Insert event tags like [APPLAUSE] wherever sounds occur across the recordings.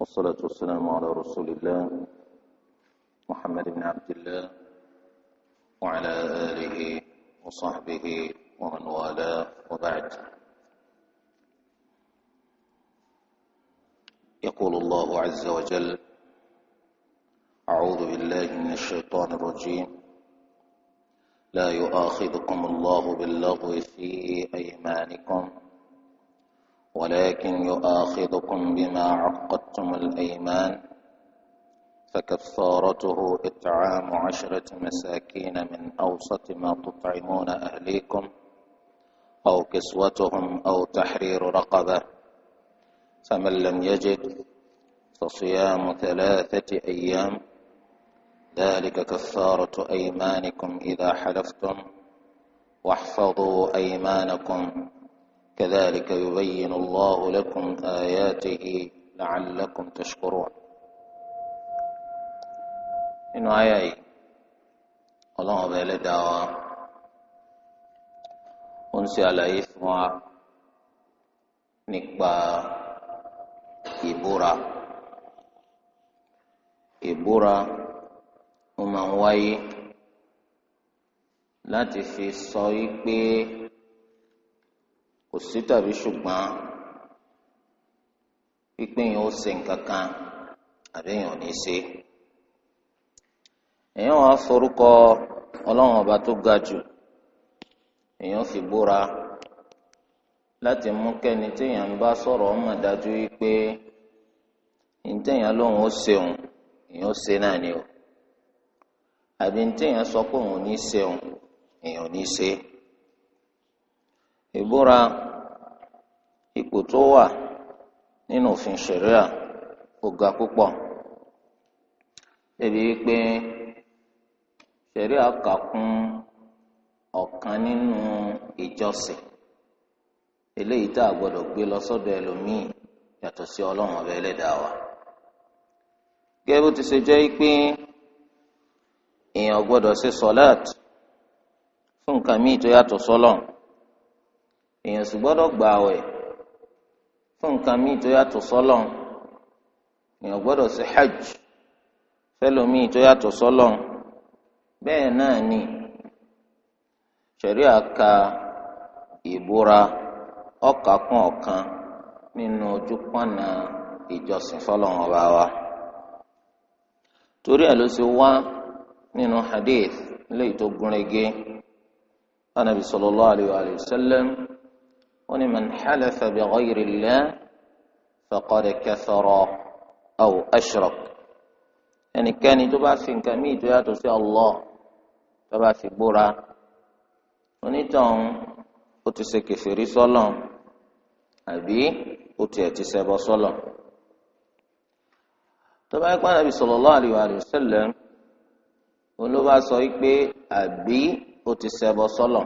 والصلاة والسلام على رسول الله محمد بن عبد الله وعلى آله وصحبه ومن والاه وبعد يقول الله عز وجل أعوذ بالله من الشيطان الرجيم لا يؤاخذكم الله باللغو في أيمانكم ولكن يؤاخذكم بما عقدتم الايمان فكفارته اطعام عشره مساكين من اوسط ما تطعمون اهليكم او كسوتهم او تحرير رقبه فمن لم يجد فصيام ثلاثه ايام ذلك كفاره ايمانكم اذا حلفتم واحفظوا ايمانكم كذلك يبين الله لكم آياته لعلكم تشكرون إنه آية الله بلا دعوة أنسي على إسمع نكبا إبورا إبورا ومن واي لا تفي صويبي kò sí tàbí ṣùgbọ́n pípín yìí ó se nǹkan kan àbí èèyàn ní í ṣe èèyàn ọlọ́run ọba tó ga jù èèyàn fi búra láti mú kẹ́ni téèyàn ń bá sọ̀rọ̀ ọmọ dájú wípé ntẹ̀yàn lòun ó ṣeun èèyàn ó ṣe náà ni àbí sọ pé òun ìbúra ipò tó wà nínú òfin ṣẹ̀ríà ó ga púpọ̀ débi wípé ṣẹ̀ríà kà kún ọ̀kan nínú ìjọsìn eléyìí tá a gbọ́dọ̀ gbé lọ sọ́dọ̀ ẹlòmíì yàtọ̀ sí Ọlọ́run ọbẹ Ẹlẹ́dàá wa gẹ́gẹ́ bó ti ṣe jẹ́ pé èèyàn gbọ́dọ̀ ṣe sọláàt fún nǹkan míì tó yàtọ̀ sọ́lọ́run. èèyàn sì gbọ́dọ̀ gbà àwẹ̀ fún nǹkan míì tó yàtọ̀ sọ́lọ́n èèyàn gbọ́dọ̀ sí hajj fẹ́lòmíì tó yàtọ̀ sọ́lọ́n bẹ́ẹ̀ náà ni ṣẹ̀ríà ka ìbúra ọ̀kan nínú ojú pọ́nà ìjọsìn fọlọ́run ọba wa torí ẹ̀ ló ṣe wá nínú hadith léyìí tó gúnrégé alayhi wa wọ́n ní man halafa bi ghayri Allah faqad kafara aw ashrak ẹnikẹ́ni tó bá fi nǹkan míì tó yàtọ̀ sí Allah tó bá fi búra onítàn ó ti ṣe kèfèrí sọ́lọ̀ àbí ó tiẹ̀ ti ṣẹbọ sọ́lọ̀ tó bá yẹ pé Ànábì sallallahu alaihi wa sallam olóbá sọ wípé àbí ó ti ṣẹbọ sọ́lọ̀.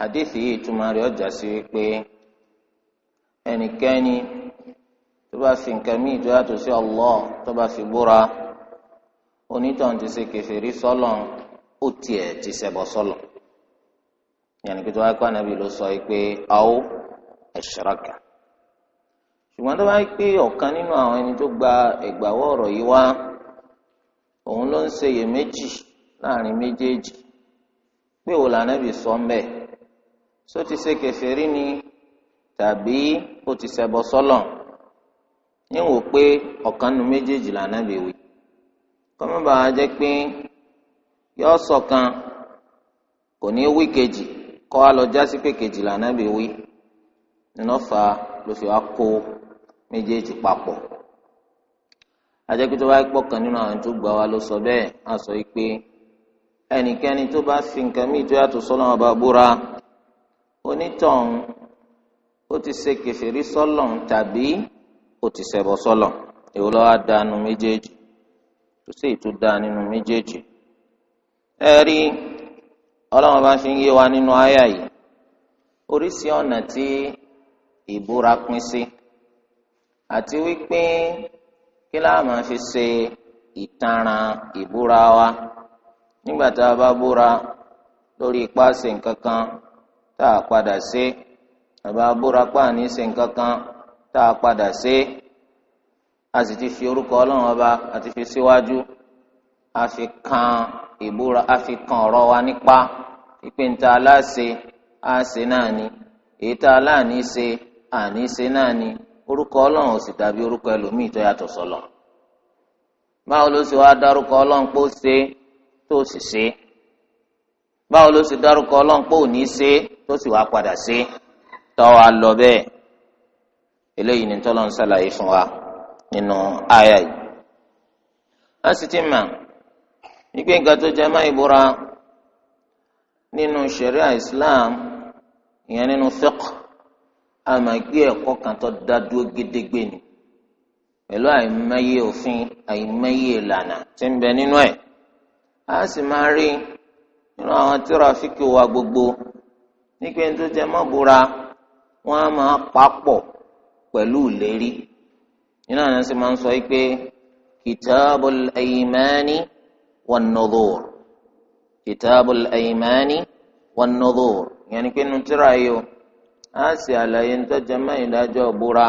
hadith yìí túmọ̀ rẹ̀ ọjà sí enikeni ẹnikẹ́ni tó bá fi nǹkan míì tó yàtọ̀ sí Allah tó bá fi búra onítàn ti ṣe kèfèrí sọ́lọ̀ ó tiẹ̀ ti ṣẹbọ sọ́lọ̀ yẹnni pé tó wáá kó ànábì ló sọ pé àwọ ẹ̀ṣọ́ràkà ṣùgbọ́n tó bá pé ọ̀kan nínú àwọn ẹni tó gba ẹ̀gbàwọ́ ọ̀rọ̀ yìí wá òun ló ń ṣeyèméjì láàrin méjèèjì pé òun làǹẹ́bì sọ mẹ́ẹ̀. só ti ṣe kèfèrí ni tàbí ó ti ṣẹbọ sọ́lọ̀ níwò pé ọ̀kan nu méjèèjì lànà lè wí kọ́mọ́bà á jẹ́ pé yọ sọ̀kan kò ní wí kejì kọ́ á lọ jásí pé kejì lànà lè wí nínú fa ló fi wá kó méjèèjì papọ̀ ajẹ́pẹ́tọ́ bá pọ̀ kan nínú àwọn tó gbà wá ló sọ bẹ́ẹ̀ á sọ pé ẹnikẹ́ni tó bá fi nǹkan míì tó yàtọ̀ sọ́lọ́wọ́n bá búra onítọ̀hún ó ti ṣe kẹfìrí sọ́lọ̀ tàbí ó ti ṣẹbọ sọ́lọ̀ èwo ló wá da nínú méjèèjì tó sì tún da nínú méjèèjì. ẹ rí ọlọ́run bá fi ń yé wa nínú àyà yìí oríṣi ọ̀nà tí ìbúra pín sí àti wípé kí láà máa fi ṣe ìtanràn ìbúra wa nígbà tá a bá búra lórí ipá ṣe nǹkan kan tá a padà ṣe bàbá búra páàní ṣe nǹkan kan tá a padà ṣe a sì ti fi orúkọ ọlọ́run ọba àti fi síwájú a fi kan ìbúra a fi kan ọ̀rọ̀ wa nípa ìpèntà aláṣẹ àṣẹ náà ni èyí tá a láàní ṣe àní ṣe náà ni orúkọ ọlọ́run sì dàbí orúkọ ẹlòmíì tó yàtọ̀ sọ́lọ́run báwo ló sì wáá dárúkọ ọlọ́run pé ṣe tó sì ṣe báwo ló sì dárúkọ ọlọ́run pé ní ṣe tó sì wá padà sí tọ́wọ́ lọ bẹ́ẹ̀ eléyìí ni tọ́lọ́ ń ṣàlàyé fún wa nínú àyà yìí. a sì ti mà wípé nǹkan tó jẹ́ máa ìbúra nínú ṣẹ̀ríà Islam ìyẹn nínú fiqh a ẹ̀kọ́ kan tó dá dúró gédégbé ni pẹ̀lú àìmọye òfin àìmọye ìlànà tí ń bẹ nínú ẹ̀ a sì máa rí nínú àwọn tírà fíkì wa gbogbo nípa ẹni tó jẹ mọ́búra wọ́n á máa papọ̀ pẹ̀lú ìlérí iná náà sì máa ń sọ yìí pé kìtàbùl aymani wan nudhur kìtàbùl aymani wan nudhur yẹn ni pé nùtírà yìí o á sì àlàyé ń tọ́jà má ìdájọ́ búra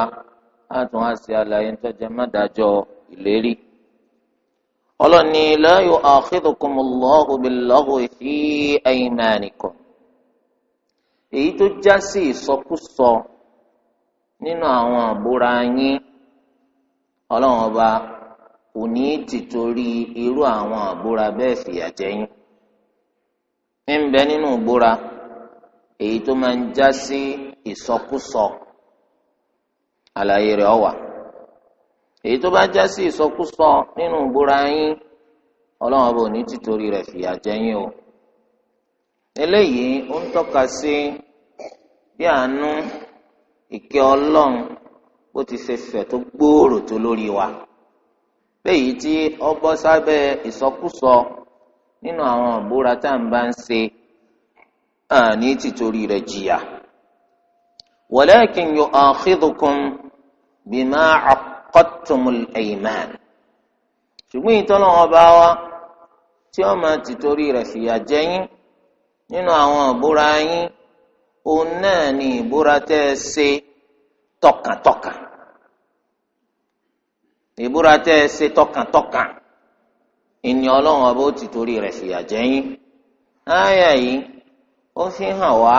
á tún á sì àlàyé ń tọ́jà má dájọ́ ìlérí. ọlọ́ni la yu'akhidhukumullahu billaghwi fi aymanikum èyí tó já sí ìsọkúsọ nínú àwọn àbúra yín ọlọ́run ọba kò ní í ti torí irú àwọn àbúra bẹ́ẹ̀ fìyà jẹ yín ń bẹ nínú ìbúra èyí tó máa ń já sí ìsọkúsọ àlàyé rẹ̀ ọ̀wà èyí tó bá já sí ìsọkúsọ nínú ìbúra yín ọlọ́run ọba ò ní ti torí rẹ̀ fìyà jẹ o eléyìí ó ń tọ́ka sí bí àánú ìkẹ́ ọlọ́run bó ti ṣe fẹ̀ tó gbòòrò tó lórí wa léyìí tí ó bọ́ sábẹ́ ìsọkúsọ nínú àwọn ìbúra tá à ń bá ń ṣe àní tìtorí rẹ̀ jìyà walakin yu'akhidhukum bima aqadtumul ayman ṣùgbọ́n ìtọ́nà ọba wa tí ó máa tìtorí rẹ̀ fìyà jẹ nínú àwọn ìbúra yín òun náà ni ìbúra tẹ́ ẹ ṣe tọkàntọkàn ìbúra tẹ́ ẹ ṣe tọkàntọkàn ìní ọlọ́run ọba ó ti torí rẹ̀ fìyà jẹ yín ááyà yìí ó fi hàn wá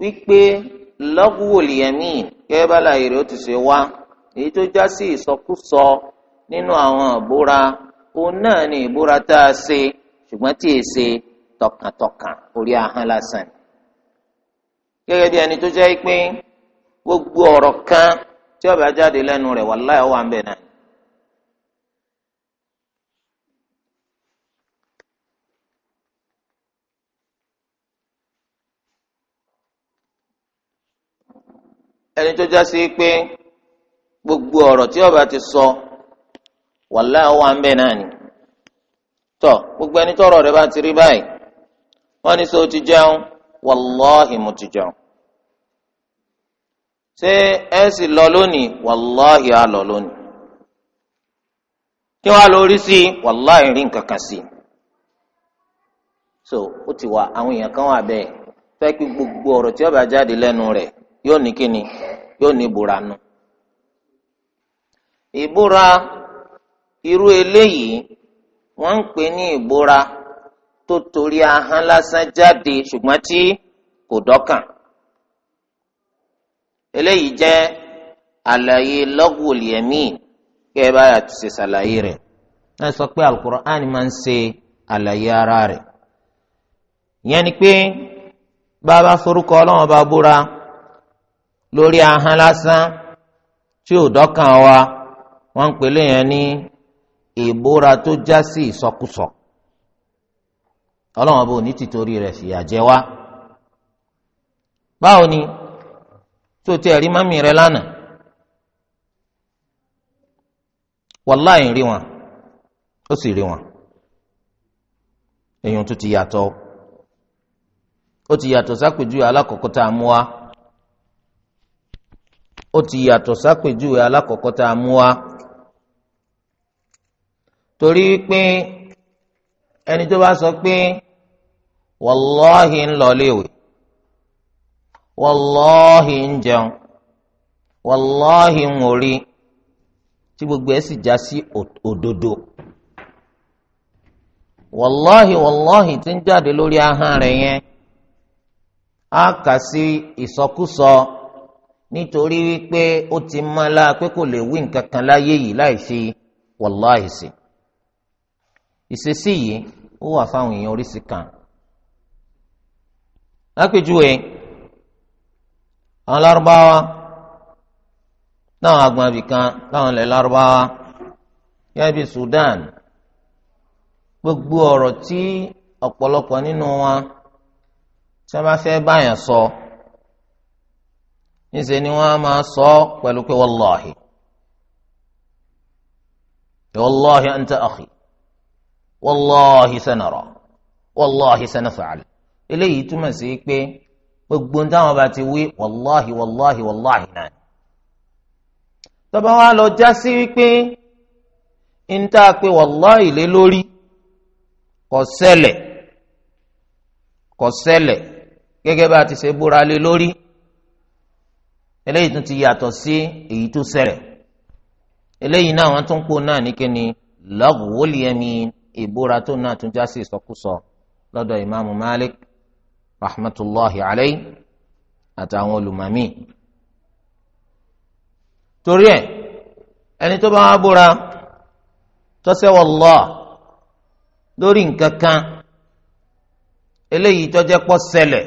wípé lọ́gùwòlìyẹ̀mí kẹ́ẹ́ bá láàyè rẹ̀ ó ti ṣe wá èyí tó já sí ìsọkúsọ nínú àwọn ìbúra òun náà ni ìbúra tá a ṣe ṣùgbọ́n tí èsè tọkàntọkàn orí ahọ́n lásán gẹ́gẹ́ bí ẹni tó jẹ́ pé gbogbo ọ̀rọ̀ kan tí ó bá jáde lẹ́nu rẹ̀ wàláhì ó wà ń bẹ̀ náà. ẹni tó já sí pé gbogbo ọ̀rọ̀ tí ó bá ti sọ wàláhì ó wà ń bẹ̀ náà ni. tọ́ gbogbo ẹni tọ́rọ̀ rẹ̀ bá ti rí báyìí. wọ́n ní sọ ti jẹun wàláhì mo ti jẹun ṣé ẹ sì lọ lónìí wàláhì á lọ lónìí kí wọ́n á lọ rí sí wàláhì rí nǹkan kan sí so ó ti wà àwọn èèyàn kan wà bẹ́ẹ̀ fẹ́ kí gbogbo ọ̀rọ̀ tí ó bá jáde lẹ́nu rẹ̀ yóò ní kíni yóò ní ìbúra nu ìbúra irú eléyìí wọ́n ń pè ní ìbúra. tó torí ahọ́n lásán jáde ṣùgbọ́n tí kò dọ́kàn. eléyìí jẹ́ àlàyé lọ́gùl yamin kẹ́ ẹ bá yà ti ṣe ṣàlàyé rẹ̀. náà sọ pé alukur'an máa ń ṣe àlàyé ara rẹ̀. ìyẹn ni pé bàbá forúkọ ọlọ́wọ́n bá búra lórí ahọ́n lásán tí ò dọ́kàn wa wọ́n ń pè léyìn ní ìbúra tó já sí ìsọkúsọ. So ọlọ́wọ́n bò ní tìtorí rẹ̀ fìyà jẹ wá báwo ni tó tẹ ẹ̀rí mami rẹ lánàá wàláì rí wọn ó sì rí wọn èèyàn tó ti yàtọ̀ ó ti yàtọ̀ sápèjúwe alákọ̀ọ́kọ́ tá a mú wa ó ti yàtọ̀ sápèjúwe alákọ̀ọ́kọ́ tá a mú wa torí pé. ẹni tó bá sọ pé wàlọ́ọ̀hì ń lọ léèwé ń jẹun ń tí gbogbo sì já sí òdodo ti ń jáde lórí ahọ́n rẹ̀ yẹn á kà sí ìsọkúsọ nítorí wípé ó ti mọ́ la pé kò lè wí nǹkan kan láyé yìí láì fi sí ìṣesí yìí ó wà fáwọn èèyàn oríṣi kan lápèjúwe àwọn lárúbáwá táwọn agbọ̀nbì kan táwọn ilẹ̀ lárúbáwá Sudan gbogbo ọ̀rọ̀ tí ọ̀pọ̀lọpọ̀ nínú wọn tí wọ́n bá fẹ́ báyàn sọ níṣẹ́ ni wọ́n máa sọ pẹ̀lú pé wallahi wàláhi sanara wàláhi sanafàl eléyìí túmọ̀ sí pé gbogbo táwọn bá ti wí wàláhi wàláhi wàláhi náà tọ́ba wa lọ já sí wípé ń tá a pé wàláhi lé lórí kò ṣẹlẹ̀ kò ṣẹlẹ̀ gẹ́gẹ́ bá a ti ṣe búra lé lórí eléyìí tún ti yàtọ̀ sí èyí tó ṣẹlẹ̀ eléyìí náà wọ́n tún kó náà ní kíni lagwul yamin ìbúra tó náà tún já sí ìsọkúsọ lọ́dọ̀ ìmáàmù Malik rahmatulahi alayhi àtàwọn olùmọ̀mí. torí ẹ ẹni tó bá wá búra tó ṣe wallah lórí nǹkan kan eléyìí tó jẹ́ pọ́ ṣẹlẹ̀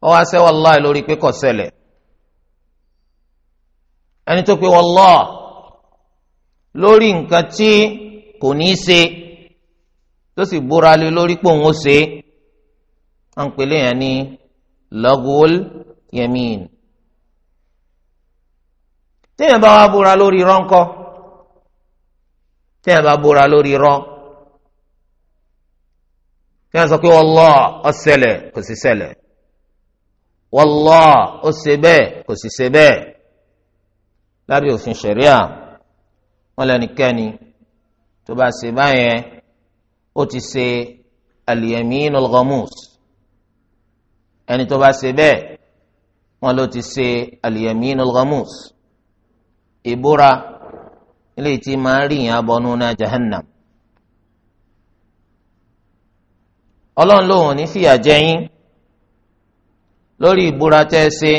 ó wá ṣe wallah lórí pé kò ṣẹlẹ̀ ẹni tó pe wallah lórí nǹkan tí kò ní í ṣe tó sì búra lé lórí pé òun ó ṣe é à ń pèlè yẹn ní lọ́gùl yẹmín téèyàn bá wá búra lórí irọ́ ńkọ́ téèyàn bá búra lórí irọ́ téèyàn sọ pé wọ́lọ́ ọ̀sẹ̀lẹ̀ kò sí ṣẹlẹ̀ wọ́lọ́ ó ṣe bẹ́ẹ̀ kò sì ṣe bẹ́ẹ̀ lábẹ́ òfin ṣẹ̀ríà wọ́n lẹ́nikẹ́ni tó bá ṣe báyẹn ó ti ṣe al-yaminul ghamus ẹni tó bá ṣe bẹ́ẹ̀ wọ́n ló ti ṣe al-yaminul ghamus ìbúra ilé tí máa rí yàn abọ́nú náà jahannam. ọlọ́run lòun ò ní fìyà jẹ lórí ìbúra tẹ́ ẹ ṣe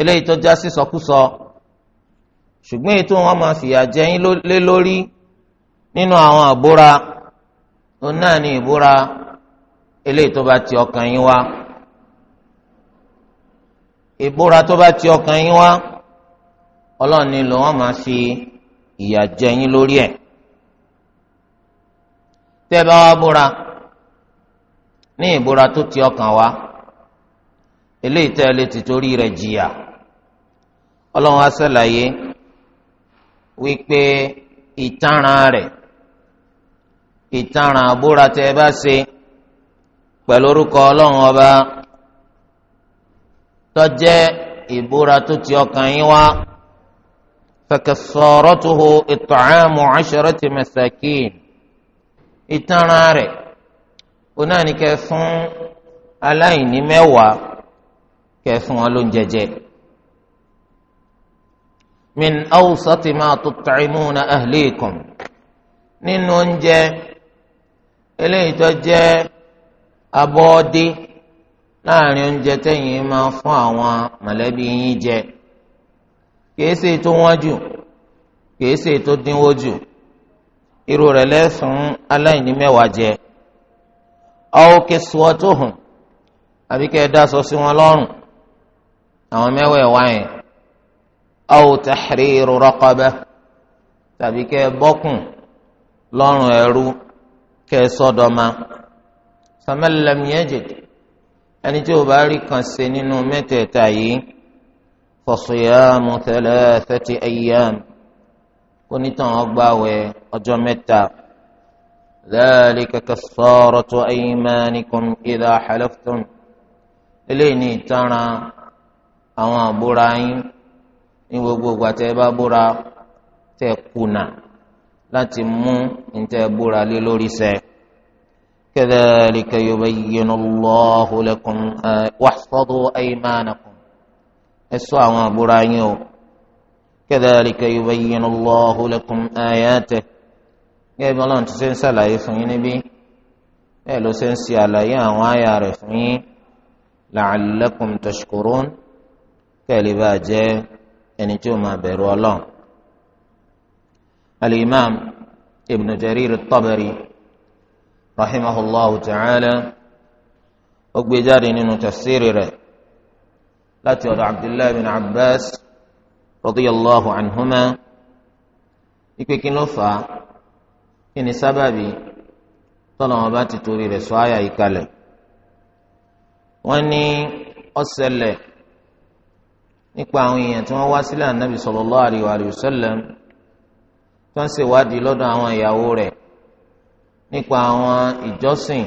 eléyìí tó já sí sọkúsọ ṣùgbọ́n ètò wọn máa fìyà jẹ lé lórí. Lo, nínú àwọn àbúra òun náà ní ìbúra eléyìí tó bá ti ọkàn yín wá ìbúra tó bá ti ọkàn yín wá ọlọ́run ni lòun máa fi ìyà jẹ yín lórí ẹ̀ tẹ́ bá wá búra ní ìbúra tó ti ọkàn wá eléyìí tẹ́ ẹ lè ti torí rẹ̀ jìyà ọlọ́run á ṣàlàyé wípé ìtanràn rẹ̀ ìtaràn àbúra tẹ ẹ bá ṣe pẹ̀lú orúkọ ọlọ́run ọba tọ́jẹ́ ìbúra tó ti ọkàn yín wá fakassaratuhu it'amu 'asharati masakin ìtaràn rẹ̀ onáníkẹ́ fún aláìní mẹ́wàá kẹ́ fún min awsati ma tut'imuna ahlikum nínú oúnjẹ. eléyìí tó jẹ́ abọ́ọ́dé láàrin oúnjẹ tẹ̀yìn máa fún àwọn mọ̀lẹ́bí yín jẹ kìí ṣe tó wọ́n jù kìí ṣe tó dínwó jù irú rẹ̀ lẹ́sùn aláìní mẹ́wàá jẹ ọ̀hún kẹsùọ́ tó hùn àbí kẹ́ ẹ dáṣọ sí wọn lọ́rùn àwọn mẹ́wẹ̀ẹ̀wá yẹn aw tahriru raqaba tàbí kẹ́ bọ́kùn lọ́rùn ẹrú kẹ́ ẹ sọ́dọ̀ma faman lam yajid ẹni tí o bá rí kan ṣe nínú mẹ́tẹ̀ẹ̀ta yìí fa siyamu thalathati ayyam kó nítàn ọgbàwẹ̀ ọjọ́ mẹ́ta dhalika kasaratu aymanikum idha halaftum eléyìí ní ìtanràn àwọn àbúra yín ní gbogbo ìgbà bá búra tẹ́ kùnà láti mú ntẹ búra lé lórí ṣẹ. كذلك يبين الله لكم واحفظوا أيمانكم اسوا ما برايو كذلك يبين الله لكم آياته يا بلان تسين سلاي فين بي يا لو سين سلاي يا رفني لعلكم تشكرون كلبا جاء ان يعني توما بيرو الله الإمام ابن جرير الطبري رحمه الله تعالى أقبجاري نينو تفسير لاتي عبد الله بن عباس رضي الله عنهما يكوكي نوفا إن سببي طالما باتي توري رسوايا يكالي واني أسأل نكبا وين تنوى سلا النبي صلى الله عليه وآله وسلم tó ń ṣèwádìí lọ́dọ̀ àwọn ìyàwó rẹ̀ nípa àwọn ìjọsìn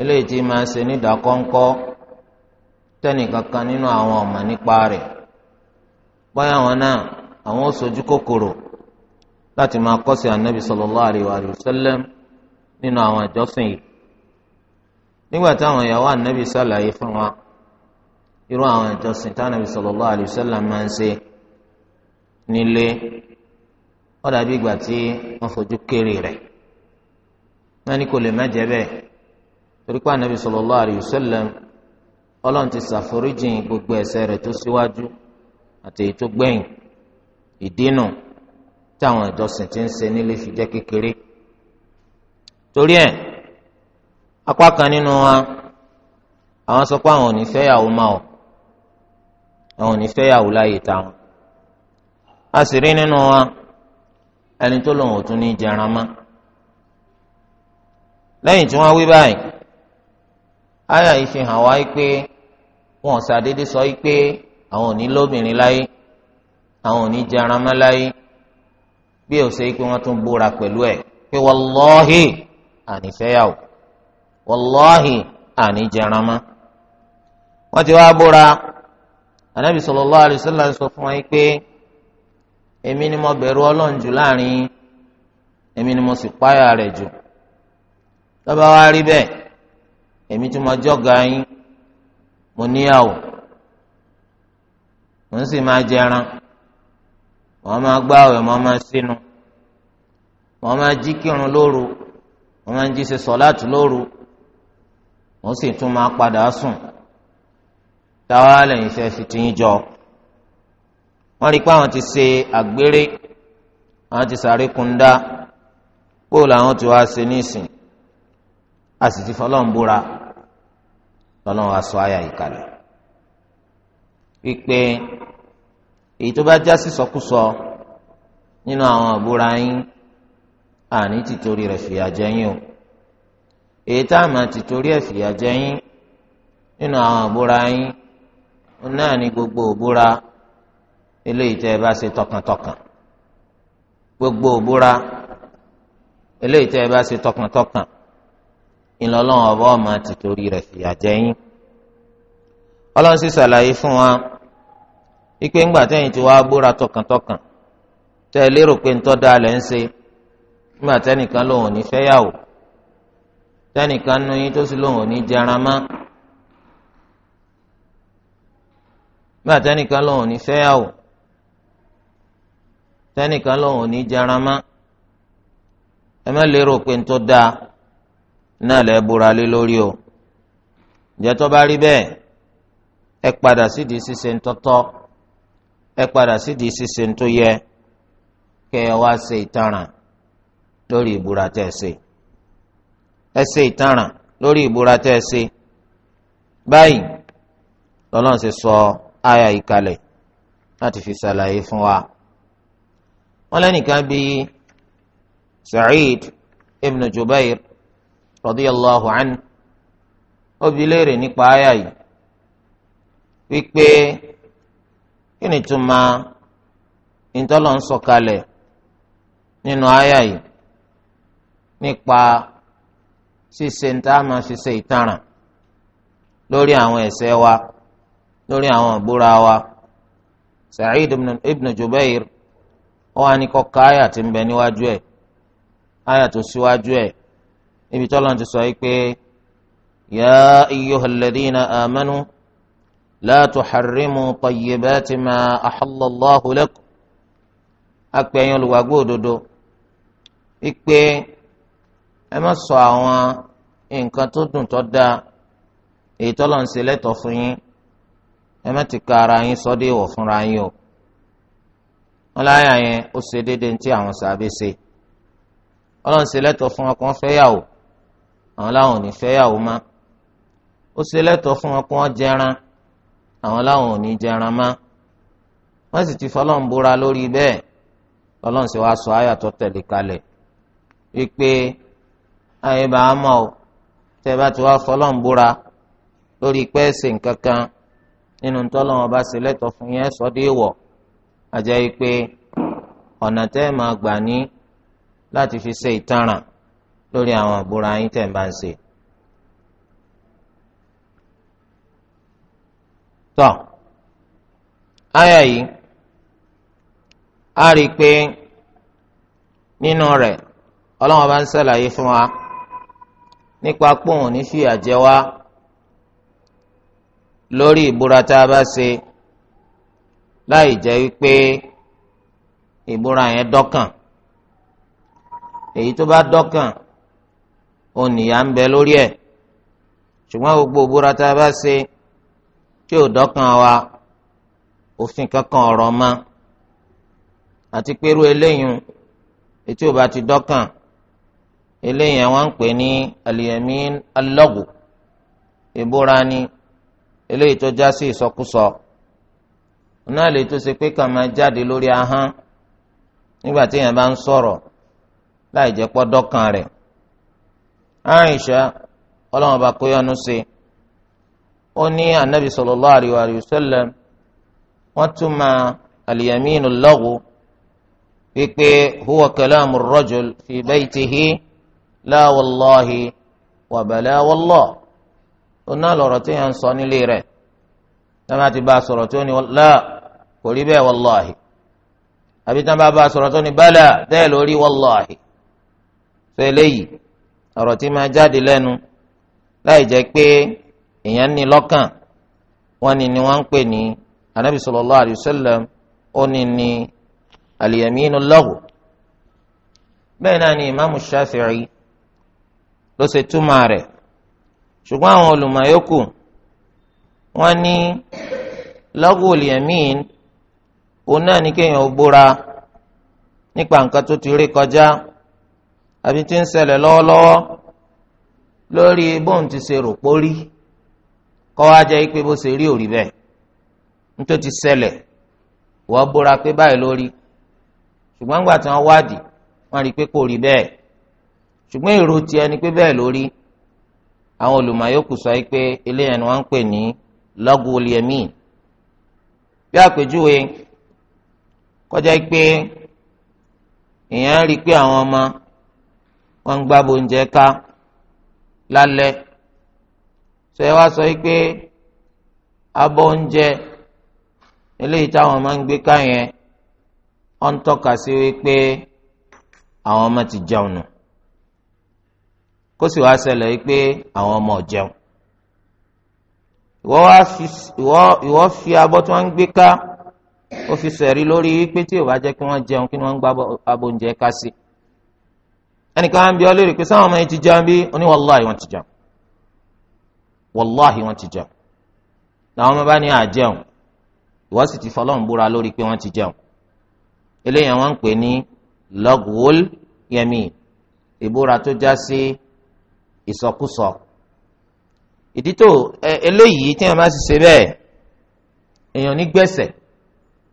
eléyìí tí máa ṣe nídàkọ́ńkọ́ tẹ́nìkankan nínú àwọn ọ̀mà nípa rẹ̀ báyà wọn náà àwọn sojú kòkòrò láti máa kọ́sí ànábì sallallahu alaihi wa sallam nínú àwọn ìjọsìn yìí nígbà táwọn ìyàwó ànábì ṣàlàyé fún wa irú àwọn ìjọsìn wọ́n dàbí ìgbà tí wọ́n fojú kéré rẹ̀ wọ́n ní kò lè má jẹ́ bẹ́ẹ̀ torí pé ànábì sallallahu alayhi wa sallam ọlọ́run ti ṣàforíjìn gbogbo ẹ̀ṣẹ̀ rẹ̀ tó síwájú àti èyí tó gbẹ̀yìn ìdínà táwọn ìjọsìn ti ń ṣe nílé fi jẹ́ kékeré torí ẹ̀ apá kan nínú wa àwọn sọ pé àwọn ò ní fẹ́yàwó máa ọ̀ àwọn ò ní fẹ́yàwó láàyè táwọn a sì rí nínú wa. ẹni tó lòun ò tún ní jẹran mọ́ lẹ́yìn tí wọ́n wí báyìí yìí hàn wá pé wọn ṣàdédé sọ pé àwọn ò ní lóbìnrin láyé àwọn ò ní jẹran mọ́ láyé bí ó ṣe pé wọ́n tún búra pẹ̀lú ẹ̀ pé wàlọ́hì ànífẹ́yàwó wàlọ́hì wọ́n ti wá búra anabi sọ fún wa pé. èmi ni mo bẹ̀rù ọlọ́run jù láàrin ni mo sì páyà rẹ̀ jù lọ́ba wa rí bẹ́ẹ̀ èmi tí mo jọ́ga yín mo níyàwó mo ń sì máa jẹran mo máa gbáwẹ̀ mo máa sínú mo máa jí kírun lóru mo máa ń jí ṣe sọ̀láàtù lóru mo sì tún máa padà sùn táwa lẹ́yìn fẹ́ wọ́n rí i pé àwọn ti ṣe àgbèrè àwọn ti sàrékúndá póòlù àwọn ti wá ṣe nísìn a sì ti fọlọ́n búra lọ́lọ́run aṣọ àyà ìkàlẹ̀ wípé èyí tó bá já sí sọkúsọ nínú àwọn àbúra yín àní tìtorí rẹ̀ fìyà jẹ yín o èyí tá a máa tìtorí ẹ̀ fìyà jẹ yín nínú àwọn àbúra yín náà ní gbogbo òbúra. eléyìí tẹ́ ẹ bá ṣe tọkàntọkàn gbogbo òbúra eléyìí tẹ́ ẹ bá ṣe tọkàntọkàn ìlọlọ́wọ́ ọba ọmọ ti torí rẹ̀ fìyà jẹ yín ọlọ́run sì ṣàlàyé fún wa ipe ńgbà tẹ́yìn tí wàá búra tọkàntọkàn tẹ́ ẹ lérò pé ńtọ́ da lẹ́ ń ṣe ńgbà tẹ́nìkan lòun ò ní fẹ́ yàwó tẹ́nìkan nu yín tó sì lòun ò ní jẹran mọ́ ńgbà tẹ́nìkan lòun ò tẹnìkan lọ́wọ́ ní jarama mọ́ ẹ má lérò pé ń tó dáa náà lẹ́ búra lé lórí o ǹjẹ́ tó bá rí bẹ́ẹ̀ ẹ padà sídìí ṣíṣe ń tọ́tọ́ ẹ padà sídìí ṣíṣe ń tó yẹ kẹ́ ẹ wá lórí ìbúra tẹ́ ẹ lórí ìbúra wọn lẹ́nìkan bí Sa'id ibn Jubair radiyallahu anhu ó bi léèrè nípa àyà yìí wípé kí ni túmọ̀ ìtọ́lọ̀ ń sọ̀kalẹ̀ nínú àyà yìí nípa ṣíṣe ń tá ìtaràn lórí àwọn ẹ̀ṣẹ̀ wa lórí àwọn ìbúra wa Sa'id ibn Jubair wọn wá ní kó ka àyà tí ń bẹ níwájú ẹ̀ àyà tó síwájú ẹ̀ níbi tí Ọlọ́run ti sọ yìí pé ya ayyuhal ladhina amanu la tuharrimu tayyibati ma ahallallahu lakum apẹ̀yìn olùwàgbọ́ òdodo wípé ẹ má sọ àwọn nǹkan tó dùn tó dáa èyí tí Ọlọ́run ṣe lẹ́tọ̀ọ́ fún yín ẹ má ti ka ara yín sọ́dẹ̀ ìwọ̀ fúnra yín o wọn láyà yẹn ó ṣe déédéé tí àwọn sàbẹ ṣe ọlọ́run ṣe lẹ́tọ̀ fún wọn kí wọ́n fẹ́yàwó àwọn láwọn ò ní fẹ́yàwó má ó ṣe lẹ́tọ̀ fún wọn kí wọ́n jẹran àwọn láwọn ò ní jẹran má wọ́n sì ti fọlọ́run búra lórí bẹ́ẹ̀ ọlọ́run ṣe wàá sọ àyà tó tẹ̀lé kalẹ̀ wípé ayé bá a mọ̀ ọ́ tẹ́ bá ti wá fọlọ́run búra lórí pẹ́ẹ́sì nǹkan kan nínú tọ́lọ́run ọba ṣe lẹ́tọ̀ fún yẹn sọ́dí ìwọ̀ àjẹ́ yìí pé ọ̀nà tẹ́ ẹ máa gbà ní láti fi ṣe ìtaràn lórí àwọn àbúrò ayín tẹ̀ ń bá ń ṣe. tọ́ àyà yìí a rí i pé nínú rẹ̀ ọlọ́wọ́n bá ń ṣàlàyé fún wa nípa pòun ní fìyà jẹ wá lórí ìbúra tá a bá ṣe láì jẹ́ wípé ìbúra yẹn dọ́kàn èyí tó bá dọ́kàn ònìyà ń bẹ lórí ẹ̀ ṣùgbọ́n gbogbo ìbúra tá a bá ṣe tí ò dọ́kàn wa òfin kankan ọ̀rọ̀ mọ́ àti pẹ̀lú eléyìí ètí ò bá ti dọ́kàn eléyìí àwọn ń pè ní al-yamin ìbúra ni eléyìí tó já sí ìsọkúsọ. So náà lè tó ṣe pé kàn máa jáde lórí ahọ́n nígbà tí èèyàn bá ń sọ̀rọ̀ láì jẹ́ pọ́ dọ́kan rẹ̀ Aisha ọlọ́run ọba kó yọnu sí ó ní anabi sallallahu alaihi wa sallam wọ́n tún máa al-yaminu lọ́wọ́ wípé huwa kalamu rajul fi baytihi la wallahi wa bala wallah lọ̀rọ̀ tí èèyàn ń sọ nílé rẹ̀ tẹ́lá ti bá a sọ̀rọ̀ tó ní láà kò rí bẹ́ẹ̀ wàláhì àbí tẹ́lá bá a sọ̀rọ̀ tó ní bálà bẹ́ẹ̀ lórí wàláhì sọ eléyìí ọ̀rọ̀ tí máa jáde lẹ́nu láì jẹ́ pé èèyàn ní lọ́kàn wọ́n ní ni wọ́n ń pè anabi sallallahu alayhi wa sallam ó ní ní aliyaminu náà ni imaamu shafi'i ló ṣe túmọ̀ rẹ̀ ṣùgbọ́n àwọn olùmọ̀ yòókù. wọn ní lọ́gùlì ẹ̀mín òun náà ní kéèyàn ó búra nípa nǹkan tó ti rí kọjá àbí tí ń ṣẹlẹ̀ lọ́wọ́lọ́wọ́ lórí bóun ti ṣe rò pórí kọ́ wá jẹ́ pé bó ṣe rí òrì bẹ́ẹ̀ nítorí ti ṣẹlẹ̀ wọ́n búra pé báyìí lórí ṣùgbọ́n nígbà tí wọ́n wádìí wọ́n rí pé kò rí bẹ́ẹ̀ ṣùgbọ́n èrò tiẹ̀ ni pé bẹ́ẹ̀ lórí àwọn olùmọ̀ yòókù sọ pé eléyàn ni wọ́n ń pè ní lọ́gùn olèmí bí àpèjúwe kọjá pé èèyàn rí i pé àwọn ọmọ wọn ń gbá bóúnjẹ ká lálẹ́ sọ ẹ wá sọ pé abọ́ oúnjẹ eléyìí táwọn máa ń gbé ká yẹn ọ ń tọ́ka sí wípé àwọn ọmọ ti jẹun nù kó sì wá ṣẹlẹ̀ wípé àwọn ọmọ ò jẹun ìwọ fi abọ́ tí wọ́n ń gbé ká ó fi sẹ̀rí lórí wípé tí ò bá jẹ́ kí wọ́n jẹun kí wọ́n ń gbá abọ́ oúnjẹ ká sí. ẹnìkan á ń bi ọ léèrè pé sáwọn ọmọ yẹn ti jẹun bí ó ní wàláhì wọ́n ti jẹun wàláhì wọ́n ti jẹun làwọn ọmọ bá ní àjẹun ìwọ sì ti fọlọ́run búra lórí pé wọ́n ti jẹun eléyàn wọ́n ń pè ní logwol yẹmi ìbúra tó já sí ìsọkúsọ ìdí tó eléyìí tí wọn bá ti ṣe bẹ́ẹ̀ èèyàn ní gbẹ̀sẹ̀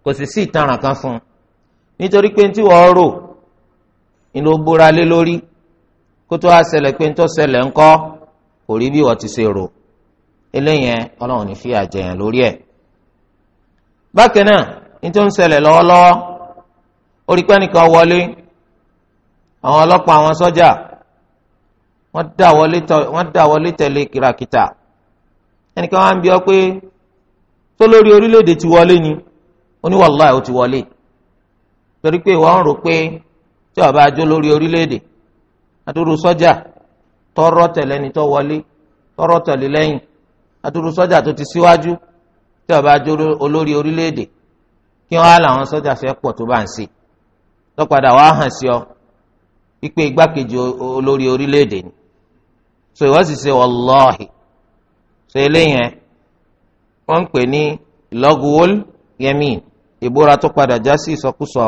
kò sì sí ìtanràn kan fún un nítorí pé tí wọ́n rò ní búra lé lórí kó tó wá ṣẹlẹ̀ pé tó ṣẹlẹ̀ ńkọ́ kò rí bí ti ṣe rò ọlọ́run ní fi àjẹyàn lórí bákan náà ní tó ń lọwọlọwọ orí wọlé àwọn àwọn wọ́n dà wọlé tẹ̀lé kìràkìtà ẹnìkan wá ń bi ọ pé tó lórí orílẹ̀-èdè ti wọlé ni oníwàláì ó ti wọlé torí pé ìwọ ń rò pé tí ọba àjọ lórí orílẹ̀-èdè adúrú sọ́jà tọrọ tẹ̀lé ni tó wọlé tọrọ tẹ̀lé lẹ́yìn adúrú sọ́jà tó ti síwájú tí ọba àjọ olórí orílẹ̀-èdè kí wọ́n á làwọn sọ́jà fẹ́ pọ̀ tó bá ń ṣe lọ́padà wàá hàn sí ọ wípé igbákejì olórí orílẹ̀-èdè ni so ìwọ sì ṣe so eléyẹn wọ́n ń pè ní lọgùwọl yẹmí ìbúra tó padà já sí ìsọkúsọ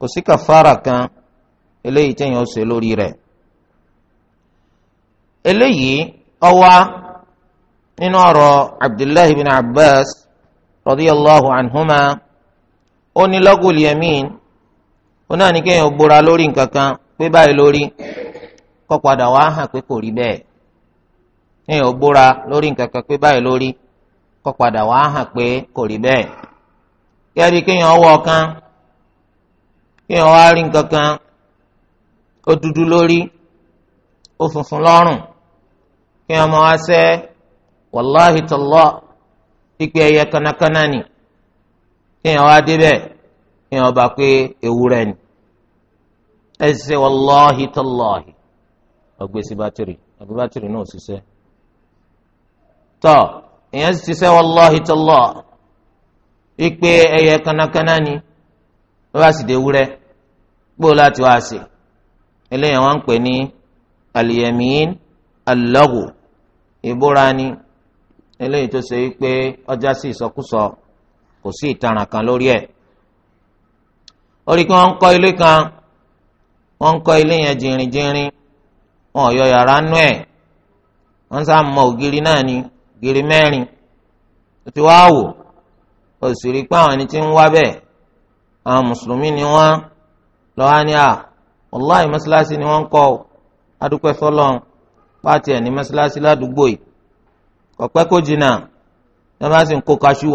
kò sí kàfàrà kan eléyìí téèyàn ṣe lórí rẹ̀ eléyìí ọwá nínú ọ̀rọ̀ abdullahi bin abbas radiyallahu anhuma ó ní lọgùwọl yẹmí ó náà ní kéèyàn búra lórí nǹkan kan pé báyìí lórí kọ́ padà wá hàn pé kò rí bẹ́ẹ̀ èèyàn búra lórí nǹkan kan pé báyìí lórí kọ́ padà wá hàn pé kò rí bẹ́ẹ̀ kéèyàn wọ kéèyàn wá rí nǹkan kan ó dúdú lórí ó funfun lọ́rùn kéèyàn máa wá sẹ́ wàláhì tọ́lọ́ pípé ẹyẹ kánákáná ni kéèyàn wá débẹ̀ kéèyàn bá ọgbẹ́ sí bátìrì àbí bátìrì náà ṣiṣẹ́. tọ́ ìyẹn ti ṣiṣẹ́ wípé ẹyẹ kánákáná ni wọ́n bá sì dé wúrẹ́ ni eléyìí tó ṣe wípé ọjà sí ìsọkúsọ kò sí kan lórí ẹ̀ orí kí wọ́n ń kọ́ ilé kan wọ́n ń wọn yara yọ yàrá nú ẹ̀ ogiri sá mọ ògiri náà ni ògiri mẹ́rin ó ti wá wò ó sì rí i pé àwọn tí ń wá mùsùlùmí ni wọn lọ́wọ́ ní à wàláì ni wọ́n ń kọ́ adúpẹ́ sọ́lọ́n pàtì ẹ̀ ní mọ́ṣáláṣí ládùúgbò yìí kọ̀pẹ́ kò jìnnà ní wọ́n sì ń kó kaṣú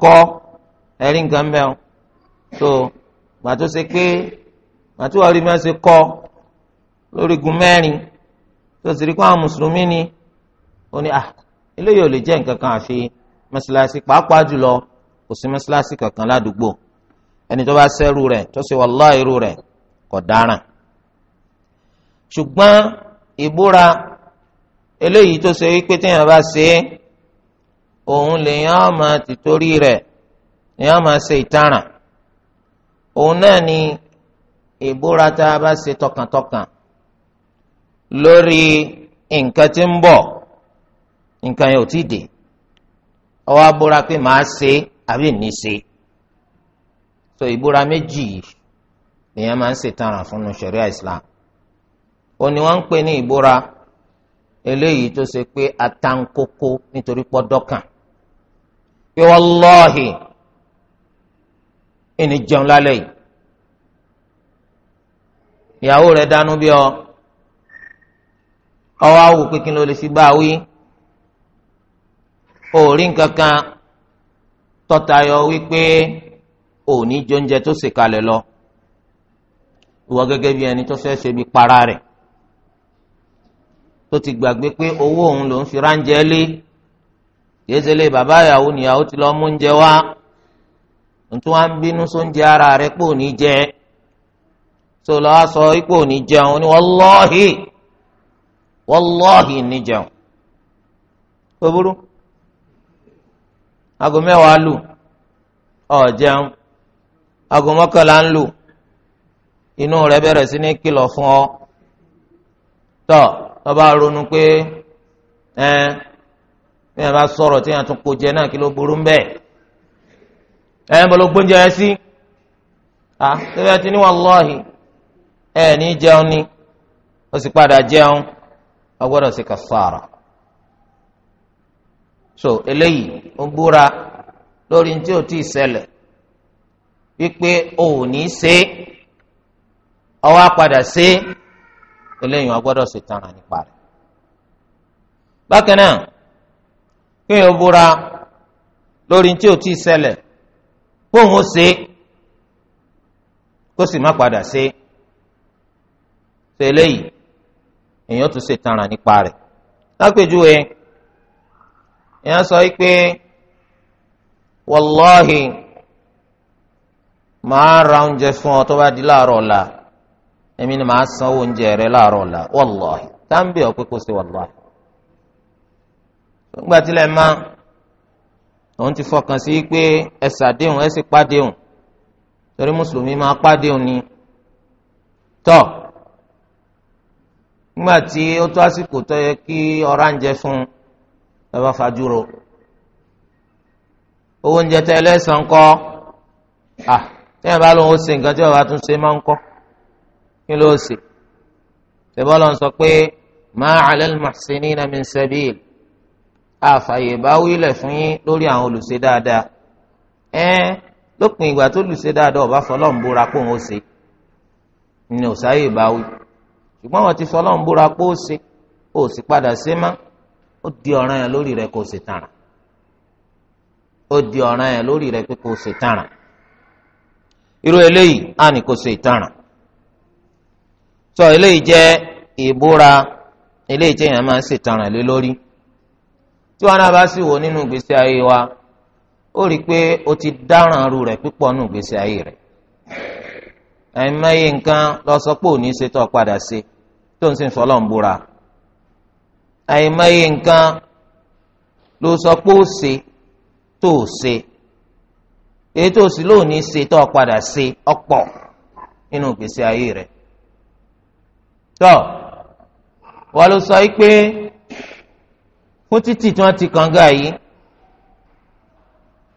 kọ́ ẹ̀rí nǹkan gbà tó ṣe pé gbà tó wà rí máa ṣe kọ́ lórí gun mẹ́rin tó sì rí pé àwọn mùsùlùmí ni ó ní à ah, eléyìí ò lè jẹ́ nǹkan kan àfi mọ́ṣáláṣí pàápàá jùlọ kò sí mọ́ṣáláṣí kankan ládùúgbò ẹni tó bá sẹ́rù rẹ̀ tó ṣe wàllá irú rẹ̀ kò dáràn ṣùgbọ́n ìbúra eléyìí tó ṣe wípé téèyàn bá ṣe é òun lèèyàn máa ti torí rẹ̀ lèèyàn máa ṣe ìtaràn òun náà ni ìbúra tá a bá ṣe tọkàntọkàn lórí nǹkan tí ń bọ̀ nǹkan yẹn ò tí ì dé ọwọ́ so ìbúra méjì nìyẹn máa ń ṣètàràn fún un Islam ó ní wọ́n ń pè ní ìbúra eléyìí tó ṣe pé atankoko nítorí pé ìní jẹun lálẹ́ yìí ìyàwó rẹ̀ dánú bí ọ ọwọ́ awò pé kí ló lè sí báwí òórí nǹkan kan tọ́tayọ wípé òní jóúnjẹ tó sì kalẹ̀ lọ ìwọ gẹ́gẹ́ bí ẹni tó fẹ́ ṣe bí para rẹ̀ tó ti gbàgbé pé owó òun lòún fi ránjẹ lé yéé bàbá ìyàwó nìyàwó ti lọ mú oúnjẹ wá. ntọ́ wa ń bínú sóúnjẹ ara rẹ pò ní jẹ sọlọ a sọ ipò ní jẹun ni wọlọ́ọ̀hì wọlọ́ọ̀hì ní jẹun kò burú aago mẹ́wàá lù ọ̀ jẹun aago mọ́kànlá ń lù inú rẹ sí ní fún ọ tọ́ ọba ronú pé ẹ bí bá sọ̀rọ̀ tí wọn jẹ ẹ ń bọ̀ ló sí tẹ́lẹ̀ ti ní ẹ ni ó sì padà ọ gbọ́dọ̀ sí so eléyìí ó lórí tí wípé o ò ní ṣe ṣe eléyìí wọn gbọ́dọ̀ nípa rẹ̀. bákan náà búra kóhun ṣe kó sì má padà ṣe ṣe eléyìí èèyàn tún ṣe tanra nípa rẹ̀ lápèjúwe èèyàn sọ pé wàláhì màá ra oúnjẹ fún ọ tó bá di èmi ni màá oúnjẹ rẹ láàárọ̀ ọ̀la wàláhì táǹbì kó ṣe òun ti fọkàn sí pé ẹ ṣàdéhùn ẹ sì pàdéhùn torí mùsùlùmí máa pàdéhùn ni tọ́ nígbà tí ó tó àsìkò tó yẹ kí ọ̀rá ń jẹ fún bàbá fàdúrò owó oúnjẹ tẹ ẹlẹ́sàn kọ́ à tí wọn bá lóun ó ṣe nǹkan tí bàbá tún ṣe máa ń kọ́ kí ló ṣe ṣe bọ́lá ń sọ pé ma ala al-muhsinina min sabil àfàyè bá wílẹ̀ fún yín lórí àwọn olùṣe dáadáa ẹ́n lópin ìgbà tó lùṣe dáadáa ọba fọlọ́n búra pò ń ṣe ni òsáyè bá wí ṣùgbọ́n wọn ti fọlọ́n búra pò ó ṣe ó sì padà ṣe má ó di ọ̀ràn yẹn lórí rẹ kó ṣe tààrà ó di ọ̀ràn yẹn lórí rẹ pé kó ṣe tààrà irú eléyìí á ní kó ṣe ìtàrà sọ eléyìí jẹ́ ìbúra eléyìí jẹ́ yẹn máa ń ṣètàrà lé lórí. tí wọn náà bá sì wò nínú ìgbésí wa ó rí i o ti dáràn aru rẹ̀ púpọ̀ nínú ìgbésí ayé rẹ̀ àìmọye nǹkan lo òní ṣe tó padà ṣe tó ń sìn fọlọ́ ń búra àìmọye nǹkan ló sọ pé ó ṣe tó ṣe èyí tó sì lóòní ṣe tó padà ṣe ọ̀pọ̀ nínú ìgbésí ayé rẹ̀ tó wọ́n ló sọ yìí pé. fún títì tí wọ́n ti kànga yìí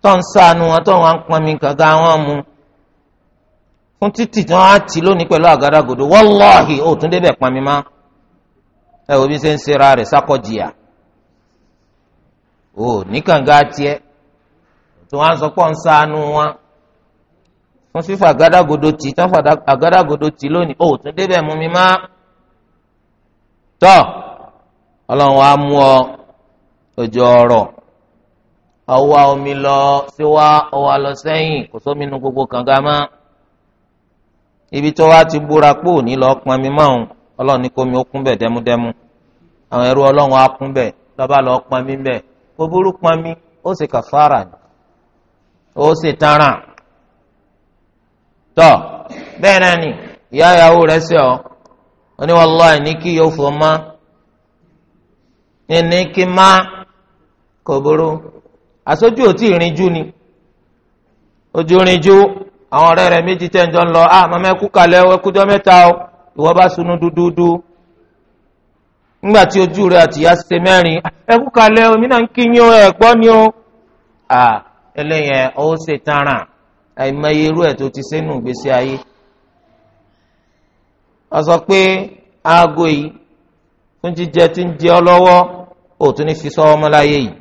tó ń sànù wọn tó wọn pọnmi kànga wọn mu fún títì tí wọ́n á ti lónìí pẹ̀lú àgádágodo wọ́láhì ó tún débẹ̀ pọnmi má ẹ wo bí ṣe ń ṣera rẹ̀ sákọ̀jìyà ó ní kànga tiẹ̀ tó wọn sọ pé ń sànù wọn fún fífa àgádágodo tì àgádágodo tì lónìí ó tún débẹ̀ mú mi má tọ́ ọlọ́run mú ọ. òjò ọ̀rọ̀ ọwọ́ omi lọ síwá ọwọ́ lọ sẹ́yìn kò sómi nu gbogbo kànga mọ́ ibi tó wá ti búra pò ní lọ pọnmi mọ́hún ọlọ́run ní kómi ó kún bẹ̀ dẹ́múdẹ́mú àwọn ẹrú ọlọ́run á kún bẹ̀ lọ́ba lọ pọnmi bẹ̀ kó burú pọnmi ó sì kàfàrà ó sì tàràn tọ́ bẹ́ẹ̀ náà ni ìyá ìyàwó rẹ̀ sí ọ oníwàlúwà ní kí yóò fọ́ mọ́ ní ní kí má. kò burú àsójú ò tí ì rinjú ni ojú rinjú àwọn ọ̀rẹ́ rẹ̀ méjì tẹ̀ ń jọ ń lọ ah màmá ẹkú kalẹ̀ ẹkújọ́ mẹ́ta o ìwọ bá sunu dúdúdú nígbà tí ojú rẹ̀ àtìyá ṣe mẹ́rin merin. kalẹ̀ omi náà ń kíyìn o ni o ah ẹlẹ́yìn ó ṣe tara àìmọye irú ẹ̀ tó ti sínú ìgbésí ayé ọ sọ pé aago yìí fún jíjẹ tí ń jẹ ọ lọ́wọ́ òtún ní fi sọ ọmọláyé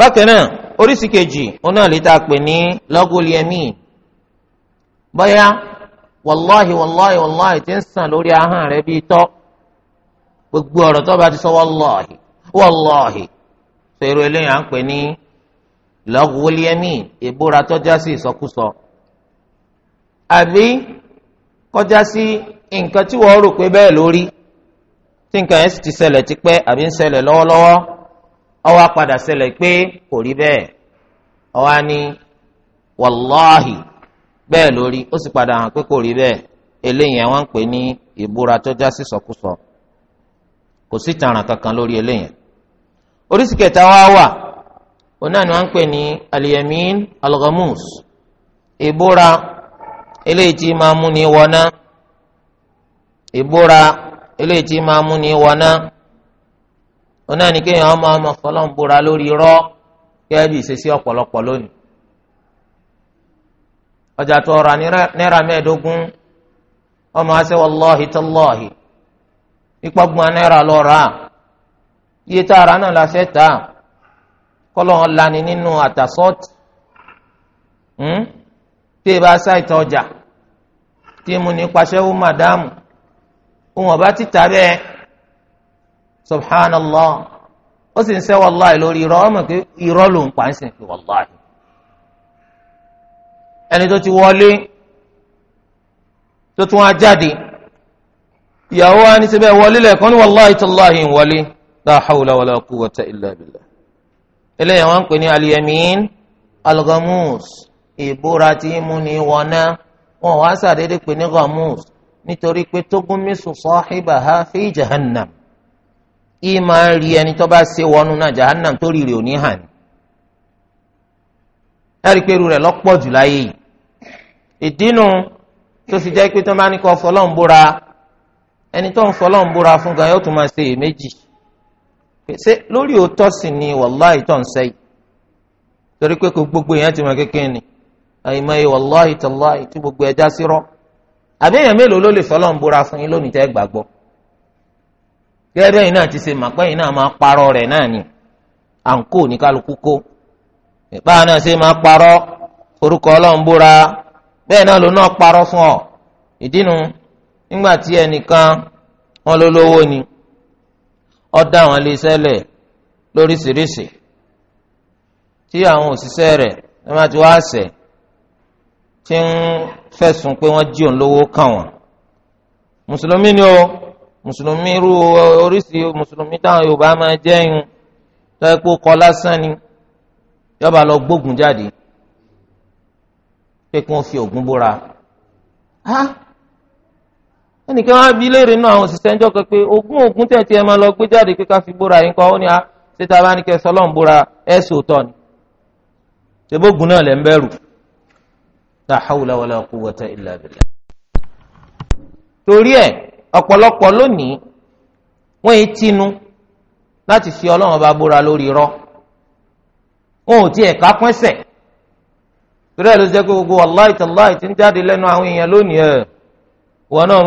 bákan náà oríṣi kejì òun náà lè tá pè ti ń sàn lórí ahọ́n rẹ bíi tọ́ gbogbo ọ̀rọ̀ tó bá ti sọ wàláhì wàláhì sọ èrò à ń pè ní lọ́gọ́lì ìbúra tó sí ìsọkúsọ àbí kọjá sí nǹkan tí wọ́n rò pé bẹ́ẹ̀ lórí tí nǹkan ti ṣẹlẹ̀ tipẹ́ àbí ń ṣẹlẹ̀ lọ́wọ́lọ́wọ́ ọwọ́ padà ṣẹlẹ̀ pé kò rí bẹ́ẹ̀ ni wàláhì bẹ́ẹ̀ lórí ó sì padà hàn pé kò rí bẹ́ẹ̀ eléyìí ń pè ní ìbúra tó já sí sọkúsọ kò sí tàràn kankan lórí eléyìí oríṣi kẹta wá wà ni wọ́n ń pè ní aliyamin ìbúra eléyìí ni ìbúra eléyìí tí máa mú ni ná. onáà ní kéèyàn ọmọ ọmọ fọlọ́n búra lórí irọ́ gẹ́gẹ́ bí ìṣesí ọ̀pọ̀lọpọ̀ lónìí ọjà tó ra náírà mẹ́ẹ̀ẹ́dógún ọmọ asẹ́ wọlọ́ọ̀hì tọ́lọ́ọ̀hì ìpọ́gbọ́n náírà lọ rà á iye tá a rà náà la fẹ́ tà á kọ́lọ́ọ̀n lani nínú àtàsọ́ọ̀tì hmm? tí ì bá ṣàìtọ́ ọjà tí mo ní paṣẹ́wó màdáàmù òun ọ̀bá ti tà bẹ́ẹ̀ subhanallah ó sì ń sẹ́ wàláì lórí irọ́ ọmọ pé irọ́ ló ń pa ń sìn pé wàláì ẹni tó ti wọlé tó tún á jáde ìyàwó wa ní síbẹ̀ wọlé lẹ́ẹ̀kan ní wàláì tàláhì wọlé la hawla wala quwwata illa billah wọn ń pè ní aliyamin algamus ìbúra tí mú ni wọná wọn wá sàdédé pè ní gamus nítorí pé tógún mísù sahibaha fi jahannam ima rie ń rí ẹni tó si na jahannam tori rí rè hàn ní. láti idinu irú rẹ̀ tó pé tó bá ní kó búra ẹni tó ń búra fún yóò tún máa èméjì. pèsè lórí òótọ́ sì ni wàláhì tó ń torí pé kò gbogbo ti mọ kékeré ni àyìnbáyé wàláhì tàláhì tí gbogbo ẹja sí rọ. àbí èèyàn mélòó ló lè búra gẹ́gẹ́ yìí náà ti ṣe màpẹ́ yìí náà máa parọ́ rẹ̀ náà ni à ní kálukú kó ìpá náà ṣe máa parọ́ orúkọ ọlọ́run búra bẹ́ẹ̀ náà ló náà parọ́ fún ọ ìdínú nígbà tí ẹnìkan wọn ló ni ọ dá àwọn ilé iṣẹ́ lẹ̀ lóríṣiríṣi tí àwọn òṣìṣẹ́ rẹ̀ ti wá ṣẹ̀ tí ń fẹ̀sùn pé wọ́n jí òun lówó kàn mùsùlùmí irú oríṣi mùsùlùmí táwọn yorùbá máa jẹ́yìn tẹ́kọ̀ kọ́ lásán ni yọba lọ gbógun jáde pé kí wọ́n fi ògùn búra ha ẹnìkan wá bí léèrè náà àwọn òṣìṣẹ́ ńjọ́ kan pé ogún ogún tẹ̀tí ẹ máa lọ gbé jáde pé ká fi búra yín kọ́ ó ní a ṣé ta bá ní kẹ́ sọlọ́n búra ẹ̀ sòótọ́ ni ṣebógun náà lẹ́ ń bẹ̀rù la hawla wala quwwata illa billah torí ẹ̀ ọ̀pọ̀lọpọ̀ lónìí wọ́n yìí tinú láti fi ọlọ́run ọba búra lórí irọ́ wọn ò tiẹ̀ ká pín sẹ̀ torí ẹ̀ ló jẹ́ pé gbogbo wàláì ti ń jáde lẹ́nu àwọn èèyàn lónìí ẹ̀ wọn náà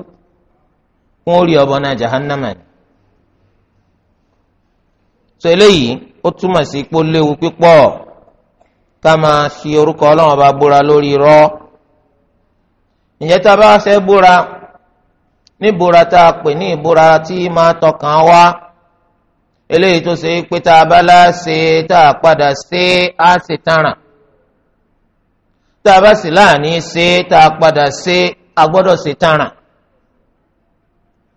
mọ̀ wọn ó rí ọbọ náà jahannama ni so eléyìí ó túmọ̀ sí pé ó léwu pípọ̀ ká máa fi orúkọ ọlọ́run bá búra lórí irọ́ ǹjẹ́ tá a bá fẹ́ búra níbúra tá a pè ní ìbúra tí máa tọkàn wá eléyìí tó ṣe pé tá a bá láṣe tá a padà ṣe á sì tàràn tá a bá sì láàní ṣe tá a padà ṣe a gbọ́dọ̀ ṣe tàràn.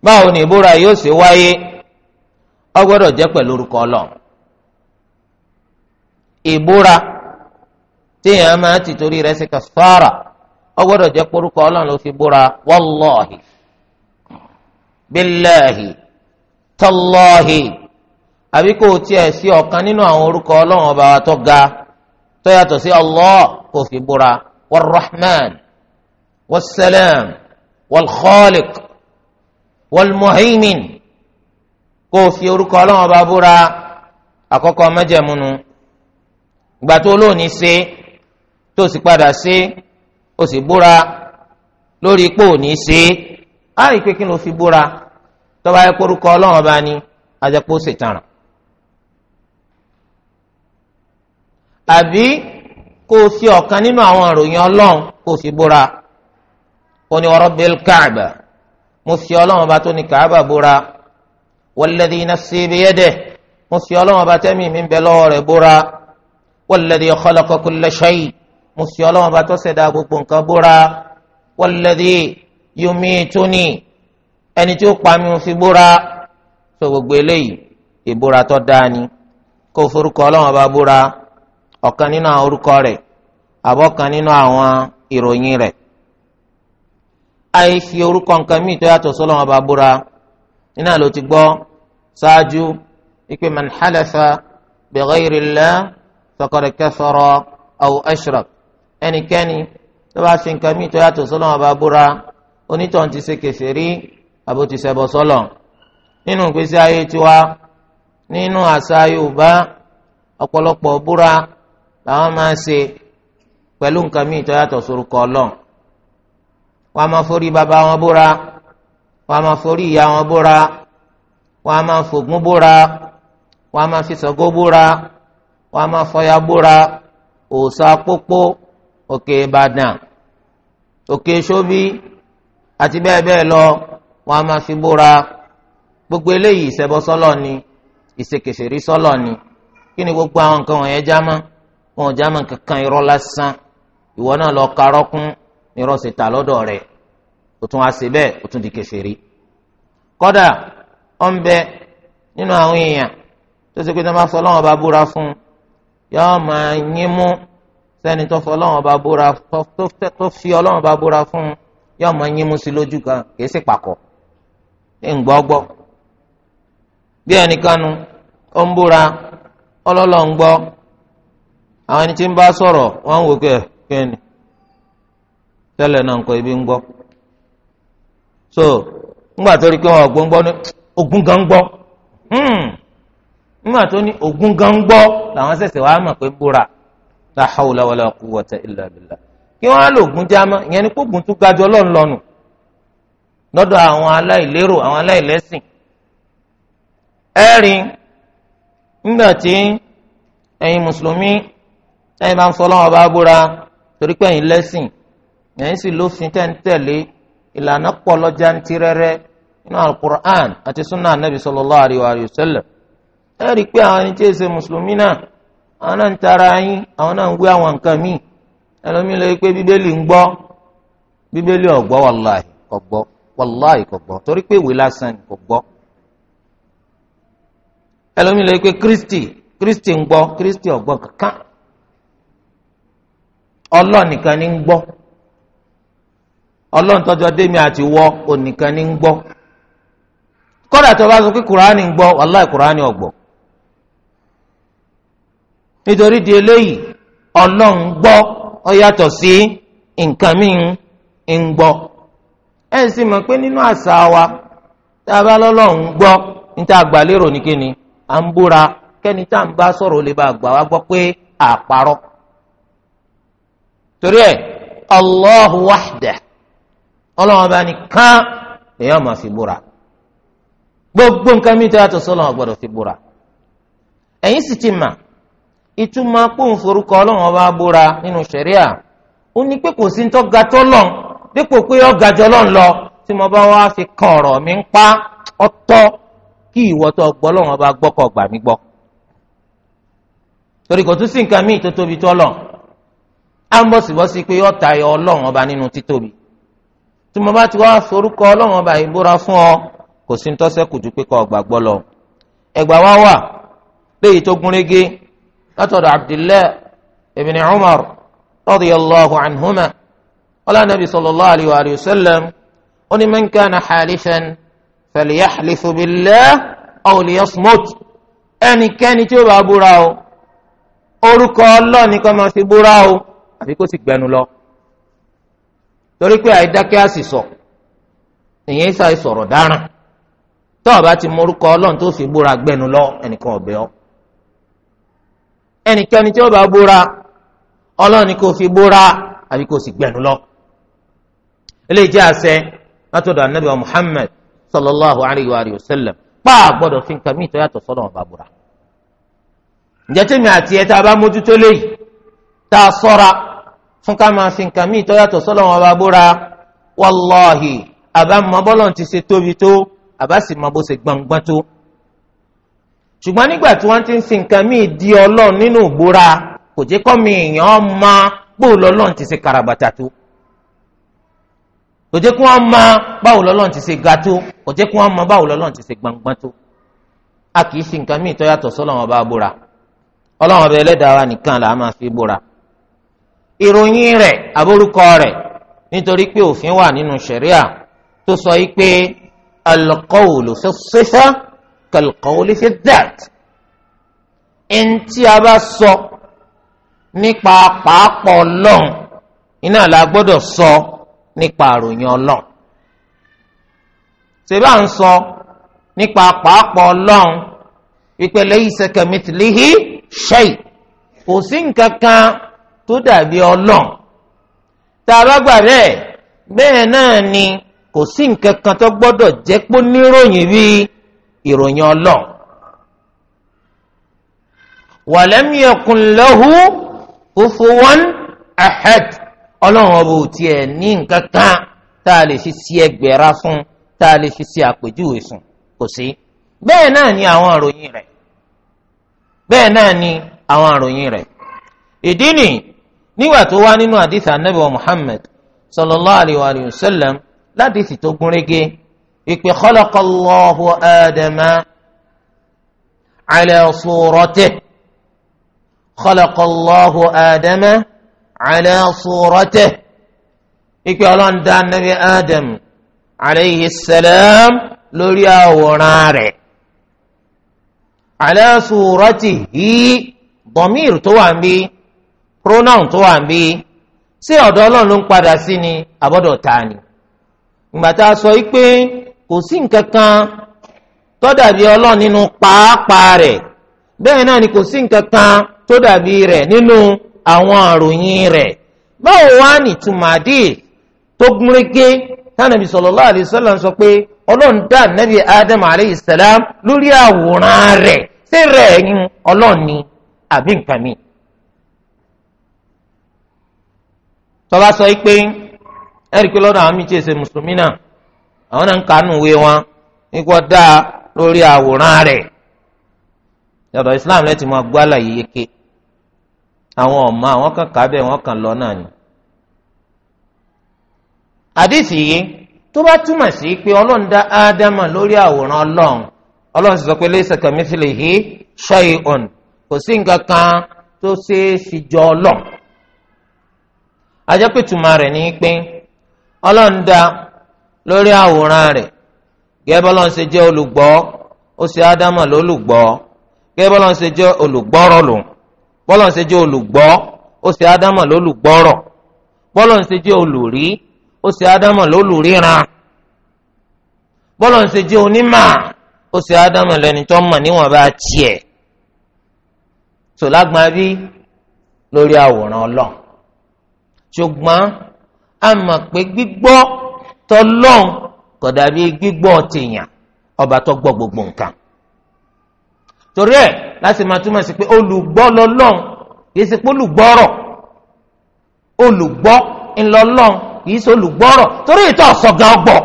báwo ni ìbúra yóò ṣe wáyé ó gbọ́dọ̀ jẹ́ pẹ̀lú orúkọ Ọlọ́run ìbúra téèyàn máa ti torí rẹ̀ ṣe kàfàrà ó gbọ́dọ̀ jẹ́ porúkọ Ọlọ́run ló fi búra wàllọhì bíláhì tọlọhì àbí kò tiẹ̀ sí ọ̀kan nínú àwọn orúkọ Ọlọ́run ọba tó ga tó yàtọ̀ sí Allah kò fi búra wàrrahman wàsálàm wàlkhọ́lìkì wọlmọhìmìn kó o fi orúkọ ọlọ́run ọba búra àkọ́kọ́ mẹ́jẹ̀múnu ìgbà tó lóòní ṣe tó sì padà ṣe ó sì búra lórí ipò òní ṣe á pé kí ló fi búra tọ́ba ẹ̀ porúkọ ọlọ́run ọba ni ajẹ́pọ̀ ṣètàràn. àbí kó fi ọ̀kan nínú àwọn ìròyìn ọlọ́run kó fi búra ó ní wa rabbil Ka'ba mo fi ọlọ́run ọba tó ní kàábà búra walladhi nafsi biyadihi mo fi ọlọ́run ọba tẹ́mi mi ń bẹ lọ́wọ́ rẹ̀ búra walladhi khalaqa kulla shay mo fi ọlọ́run ọba tó ṣẹ̀dá gbogbo nǹkan búra walladhi yumituni ẹni tí ó pa mi fi búra tó gbogbo eléyìí ìbúra tó dáa ni kó forúkọ ọlọ́run ọba búra ọ̀kan nínú àwọn orúkọ rẹ̀ àbọ̀kan nínú àwọn ìròyìn rẹ̀ àìfi orúkọ nǹkan míì tó yàtọ̀ sọ́lọ́run ọba búra iná ló ti gbọ́ ṣáájú ìpè man halafa bi ghayri Allah faqad kafara aw ashrak ẹnikẹ́ni tó bá fi nǹkan míì tó yàtọ̀ sọ́lọ́run ọba búra onítọ̀hún ti ṣe kèfèrí àbó ti ṣẹbọ sọ́lọ̀ nínú ìgbésí ayé tiwa nínú àṣà Yorùbá ọ̀pọ̀lọpọ̀ búra làwọn máa ń ṣe pẹ̀lú nǹkan míì tó yàtọ̀ sórúkọ wọ́n á máa forí bàbá wọn búra wọ́n á máa forí ìyá wọn búra wọ́n á máa fògùn búra wọ́n á máa fi Ṣàngó búra wọ́n á máa fọya búra òòṣà pópó òkè Ìbàdàn òkè Ṣóbí àti bẹ́ẹ̀ bẹ́ẹ̀ lọ wọ́n á máa fi búra gbogbo eléyìí ìṣẹbọ sọ́lọ̀ ni ìṣekèṣèrí sọ́lọ̀ ni kí ni gbogbo àwọn nǹkan wọ̀nyẹn já mọ́ wọn ò já mọ́ kankan irọ́ lásán ìwọ náà lọ karọ́ kún irọ́ ta lọ́dọ̀ rẹ̀ ó tún wá sí bẹ́ẹ̀ tún di kèfèrí kódà ó ń bẹ nínú àwọn èèyàn tó ṣe pé tó máa fọ Ọlọ́run ọba búra fún yóò máa yín mú sẹ́ni tó fọ ọba búra tó fi Ọlọ́run ọba búra fún yóò máa yín mú sí lójú kan sì pàkọ́ bí ẹnìkanu ó ń búra ọlọ́lọ́ ń gbọ́ àwọn ẹni tí ń bá sọ̀rọ̀ tẹlẹ náà nkọ ibi ń so ńgbà tó rí pé wọn ògùn gbọ́ ní ogun gan gbọ́ hmm. ńgbà tó ní ogun gan gbọ́ làwọn wàá pé búra la hawla wala quwwata illa billah kí wọ́n á lò ogun jáma ìyẹn ni tún gajọ àwọn aláìlérò àwọn ńgbà tí mùsùlùmí bá búra torí pé ẹ̀yin sì lófin tẹ́ ń tẹ̀lé ìlànà pọ̀ lọ́jà ń tirẹ́rẹ́ nínú alukur'an àti sunnah anabi sallallahu alayhi wa sallam ẹ rí i pé àwọn ẹni tí èsè mùsùlùmí náà àwọn náà ń tara yín àwọn náà ń wé àwọn nǹkan míì ẹlòmíì lè pé bíbélì ń gbọ́ bíbélì ò gbọ́ wàláì kò gbọ́ wàláì kò torí pé ìwé lásán kò gbọ́ ẹlòmíì lè pé kristi kristi ń gbọ́ kristi ò kankan ọlọ́ọ̀nìkan ni ń gbọ́ ọlọ́run démi àti wọ́ onìkan ní ń gbọ́ tó bá sọ pé kùránì ń gbọ́ wàláì kùránì ọ̀gbọ́ nítorí di eléyìí ọlọ́run gbọ́ ọ yàtọ̀ sí nǹkan míì ń gbọ́ ẹ̀ sì mọ̀ pé nínú àṣà wa tá a bá lọ́lọ́run gbọ́ ní tá a gbà lérò ní kíni à ń búra kẹ́ni tá ọlọ́run ọba nìkan lèyàn máa fi búra gbogbo nǹkan mi tó yàtọ̀ sọ́lọ́run ọgbọ́dọ̀ fi búra ẹ̀yin sì ti mà ìtumọ̀ pòun forúkọ ọlọ́run ọba búra nínú ṣẹ̀ríà ó ní pé kò sí ń tọ́ga tó lọ́n dípò pé ọ̀gá jọ lọ́n lọ tí mo bá wá fi kan ọ̀rọ̀ mi ń pa ọ̀tọ̀ kí ìwọ gbọ́ ọlọ́run gbọ́kọ̀ gbà mí gbọ́ torí kò tún sí nǹkan míì tó tóbi tó lọ́n á ń sí pé ọ̀tá yọ nínú títóbi tí mo bá ti wá forúkọ ọlọ́run ọba ìbúra fún ọ kò sí ntọ́sẹ́ kùtù pé kọ́ gbàgbọ́ lọ. ẹgbà wá wà léyìí tó gúnrégé látọ̀dọ̀ abdullahi ibn umar radiyallahu anhuma ọlá nàbì sallallahu alayhi wa sallam ó ní man kana halifan falyahlif billah aw liyasmut ẹnikẹ́ni tí ó bá búra o orúkọ ọlọ́ọ̀ni kan máa fi búra o àfi sì gbẹnu lọ. torí pé si àsìsọ èyàn ìsà ìsọ̀rọ̀ dáràn tó o bá ti morúkọ ọlọ́run tó fi búra gbẹnu lọ ẹnìkan ọ̀bẹ ọ ẹnikẹ́ni tí ó bá búra ọlọ́run ni kò fi búra àbí kò sì gbẹnu lọ eléyìí àṣẹ látọ̀dọ̀ anabi muhammed sallallahu alayhi wa sallam pa fi nǹkan míì yàtọ̀ sọ́dọ̀ ọba búra ǹjẹ́ tèmi àti ẹ̀ tá a bá fún ká máa fi nǹkan míì tó yàtọ̀ sọ́lọ́ wọn bá búra wàláhì àbámọ̀ bọ́lọ̀ ti ṣe tóbi tó àbá sì mọ bó ṣe gbọ̀ngbọ́n tó ṣùgbọ́n nígbà tí wọ́n ti ń sin nǹkan míì di ọlọ́run nínú ìbúra kò jẹ́ kọ́ mi èèyàn mọ bó lọ́lọ́run ti ṣe karabata tó kò jẹ́ kí wọ́n mọ báwo lọ́lọ́run ti ṣe ga tó kò jẹ́ kí wọ́n mọ báwo lọ́lọ́run ti ṣe gbọ̀ngbọ́n tó a kì í sin nǹkan míì tó ìròyìn rẹ̀ àbórúkọ rẹ̀ nítorí pé òfin wà nínú ṣẹ̀ríà tó sọ yìí pé al-qawlu fi as-sifa kal-qawli fi ad-dat ẹni tí a bá sọ nípa pàápọ̀ ọlọ́run iná la gbọ́dọ̀ sọ nípa àròyìn ọlọ́run ṣèbá ń sọ nípa pàápọ̀ ọlọ́run wípé laysa kamithlihi shay kò sí nǹkan kan. tó dàbí ọlọ́run tá a bá gbà bẹ́ẹ̀ bẹ́ẹ̀ náà ni kò sí nǹkan kan tó gbọ́dọ̀ jẹ́ pé níròyìn bí ìròyìn ọlọ́run walam yakun lahu kufuwan ahad ọlọ́run ọba ò tiẹ̀ ní nǹkan kan tá a lè fi sí ẹgbẹ̀ra fún tá a lè fi sí àpèjúwe fún kò sí bẹ́ẹ̀ náà ni àwọn àròyìn rẹ̀ bẹ́ẹ̀ náà ni àwọn àròyìn rẹ̀ ìdí nìyí. nígbà tó wá nínú àdìsí anabi wa muhammed sallallahu alayhi wa alihi wa sallam ládìsí tó gúnrégé ìpè khalaqallahu adama ala suratihi khalaqallahu adama ala suratihi ìpè ọlọ́run dá anabi adam alayhi salam lórí àwòrán rẹ̀ ala suratihi dọ̀míìrì tó wà ń bí. pronoun tó wà ń bí ṣé ọ̀dọ̀ ọlọ́run ló ń padà ni àbọ̀dọ̀ ta ni ìgbà tá a sọ yìí pé kò sí nǹkan kan tó dàbí ọlọ́run nínú pàápàá rẹ̀ bẹ́ẹ̀ náà ni kò sí nǹkan kan tó dàbí rẹ̀ nínú àwọn àròyìn rẹ̀ báwo wá nìtumọ̀ àdé sallallahu sọ pé ọlọ́run dá Adam alayhi lórí àwòrán rẹ̀ sí rẹ̀ t'ọba sọ pé ẹ̀rí pé lọ́dọ̀ àwọn mi tiẹ̀ ṣe mùsùlùmí náà àwọn náà ń kánú ìwé wọn nípa lórí àwòrán Islam lẹ́tì mọ́ agbálà yìí yeke àwọn ọ̀ma àwọn kan kà bẹ́ẹ̀ wọ́n kàn lọ náà ni. àdìsí yìí tó bá túmọ̀ sí pé ọlọ́run dá ádámà lórí àwòrán ọlọ́run ọlọ́run sì sọ pé kò sí nǹkan kan tó ṣeé fi jọ ajẹ́pẹ̀tùmá rẹ̀ ní pé ọlọ́run lórí àwòrán rẹ̀ gẹ́gẹ́ jẹ́ olùgbọ́ ó ṣe ádámà lólùgbọ́ gẹ́gẹ́ jẹ́ olùgbọ́rọ̀ lò bọ́lá jẹ́ olùgbọ́ ó ṣe ádámà lólùgbọ́rọ̀ bọ́lá jẹ́ olùrí ó ṣe ádámà lólùríran bọ́lá jẹ́ onímà ó ṣùgbọ́n a mọ̀ pé gbígbọ́ tọlọ́n kò dàbí gbígbọ́ tèèyàn ọba tó gbọ́ gbogbo nǹkan torí ẹ̀ láti máa túmọ̀ sí pé olùgbọ́ lọ́lọ́n kì í ṣe pé olùgbọ́rọ̀ olùgbọ́ ńlọ́lọ́n kì í ṣe olùgbọ́rọ̀ torí ìtọ́ ọ̀sọ̀gàn ọgbọ̀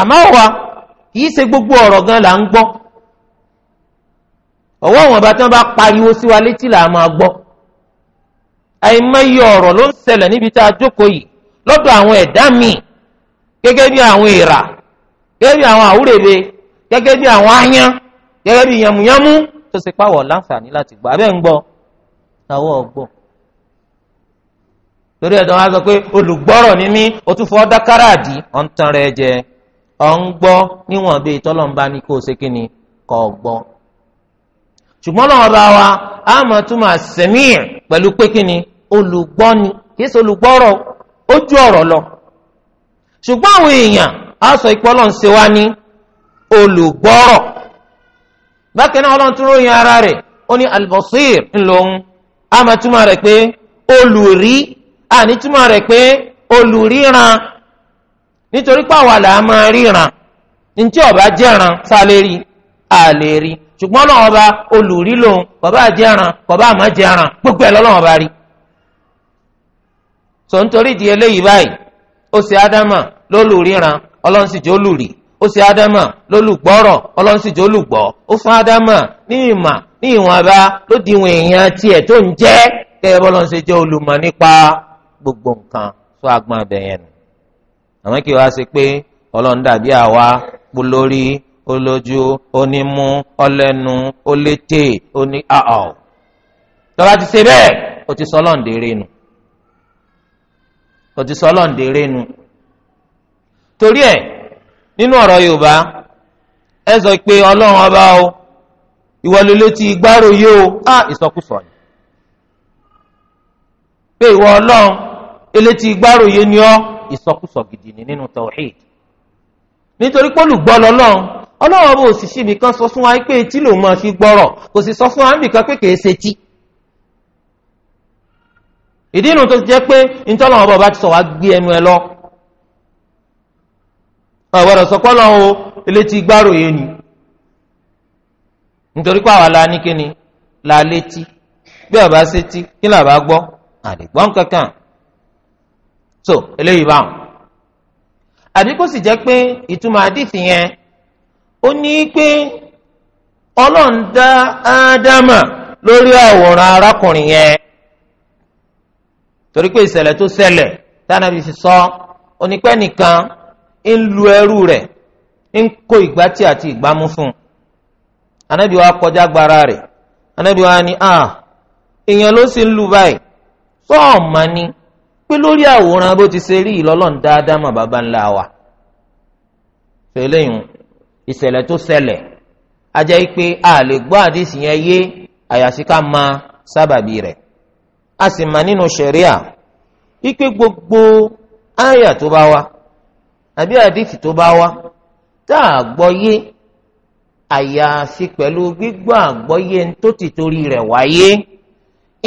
àmọ́ wa kì í ṣe gbogbo ọ̀rọ̀ gan là ń gbọ́ ọwọ́ àwọn ọba tí wọ́n bá pariwo sí wa létí là á máa gbọ́ àìmọye ọ̀rọ̀ ló ń ṣẹlẹ̀ níbi tá a jókòó yìí lọ́dọ̀ àwọn ẹ̀dá míì gẹ́gẹ́ bí àwọn èèrà gẹ́gẹ́ bí àwọn àwúrèbe gẹ́gẹ́ bí àwọn aáyán gẹ́gẹ́ bí yàmùyàmù tó ṣe pàwọ̀ láǹfààní láti gbọ́ abẹ́ ń gbọ́ táwọ̀ gbọ́ torí ẹ̀dọ́ wa sọ pé olùgbọ́rọ̀ ni mí o tún fọ́ dákàràdì ọ̀ ń tan rẹ jẹ ọ̀ ń gbọ́ níwọ̀n bí tọ́lọ́mbá ní kó ṣe kí ni kọ́ ọ gbọ́ ṣùgbọ́n lọ́wọ́ bá wa a máa tún máa pẹ̀lú pé kí olùgbọ́ni kìí ṣe olùgbọ́rọ̀ ojú ọ̀rọ̀ lọ ṣùgbọ́n àwọn èèyàn á sọ ìpọ́lọ̀ ń wá ní olùgbọ́rọ̀ bákan náà ọlọ́run tún ròyìn ara rẹ̀ ó ní albasir ńlọrun á máa túmọ̀ rẹ̀ pé olùrí àní túmọ̀ rẹ̀ pé olùríran nítorí pàwọ́ àlà máa ríran ọba ṣùgbọ́n ọba olùrí gbogbo ẹ̀ ọba rí. sọ nítorí ìdí eléyìí báyìí ó ṣe ádámà lólùríran ọlọ́run sì jẹ́ olùrí ó ṣe ádámà lólùgbọ́rọ̀ ọlọ́run sì jẹ́ olùgbọ́ ó fún ádámà ní ìmà ní ìwọ̀nba ló di ìwọ̀n èèyàn tiẹ̀ tó ń jẹ́ kẹ́ bọ́lọ́run ṣe jẹ́ olùmọ̀ nípa gbogbo nǹkan fún agbọn abẹ yẹn nù àmọ́ kí wàá ṣe pé ọlọ́run dàbí àwa polórí olójú onímú ọlẹ́nu olétè oní àọ̀ ah, oh. tọ́lá ti ṣe bẹ́ẹ̀ ó ti sọ ọlọ́run ó ti sọ Ọlọ́run dèrè nu torí ẹ̀ nínú ọ̀rọ̀ Yorùbá ẹ sọ pé Ọlọ́run ọba o ìwọlé ló ti gbárò yé o á ìsọkúsọ ni pé ìwọ Ọlọ́run elétí gbárò yé ni ọ ìsọkúsọ gidi ni nínú tawhid nítorí pé olùgbọ́ lọ́lọ́run Ọlọ́run ọba òṣìṣẹ́ nìkan sọ fún wa pé etí lòun máa fi gbọ́rọ̀ kò sì sọ fún wa nìkan pé kèé ṣe tí ìdí inú tó ti jẹ́ pé ntọ́lọ́wọ́n bọ̀ bá ti sọ wá gbé ẹnu ẹ lọ ọ̀gbọ́dọ̀ sọ pé ọlọ́run o gbárò yé ni nítorí pé àwa la ní kíni la létí bí ọba sétí kí là bá gbọ́ àdìgbọ́n kankan so eléyìí báwọn àdìgbò sì jẹ́ pé ìtumọ̀ àdìsí yẹn ó ní pé ọlọ́run dá ádámà lórí àwòrán arákùnrin yẹn. torí pé ìṣẹ̀lẹ̀ tó ṣẹlẹ̀ tánàbí fi sọ onípẹ́ nìkan ń lu ẹrú rẹ̀ ń kó ìgbátí àti ìgbámú fún un wa kọjá gbára rẹ̀ anabi wa ni ah èèyàn ló sì ń lu báyìí ni pé lórí àwòrán bó ti ṣe rí ìlọ́lọ́n wa a sì mà nínú ṣẹ̀ríà wípé gbogbo àyà tó bá wá àbí àdìsí tó bá wá tá a gbọ́ yé àyàfi pẹ̀lú gbígbọ́ àgbọ́yé ń tó ti torí rẹ̀ wáyé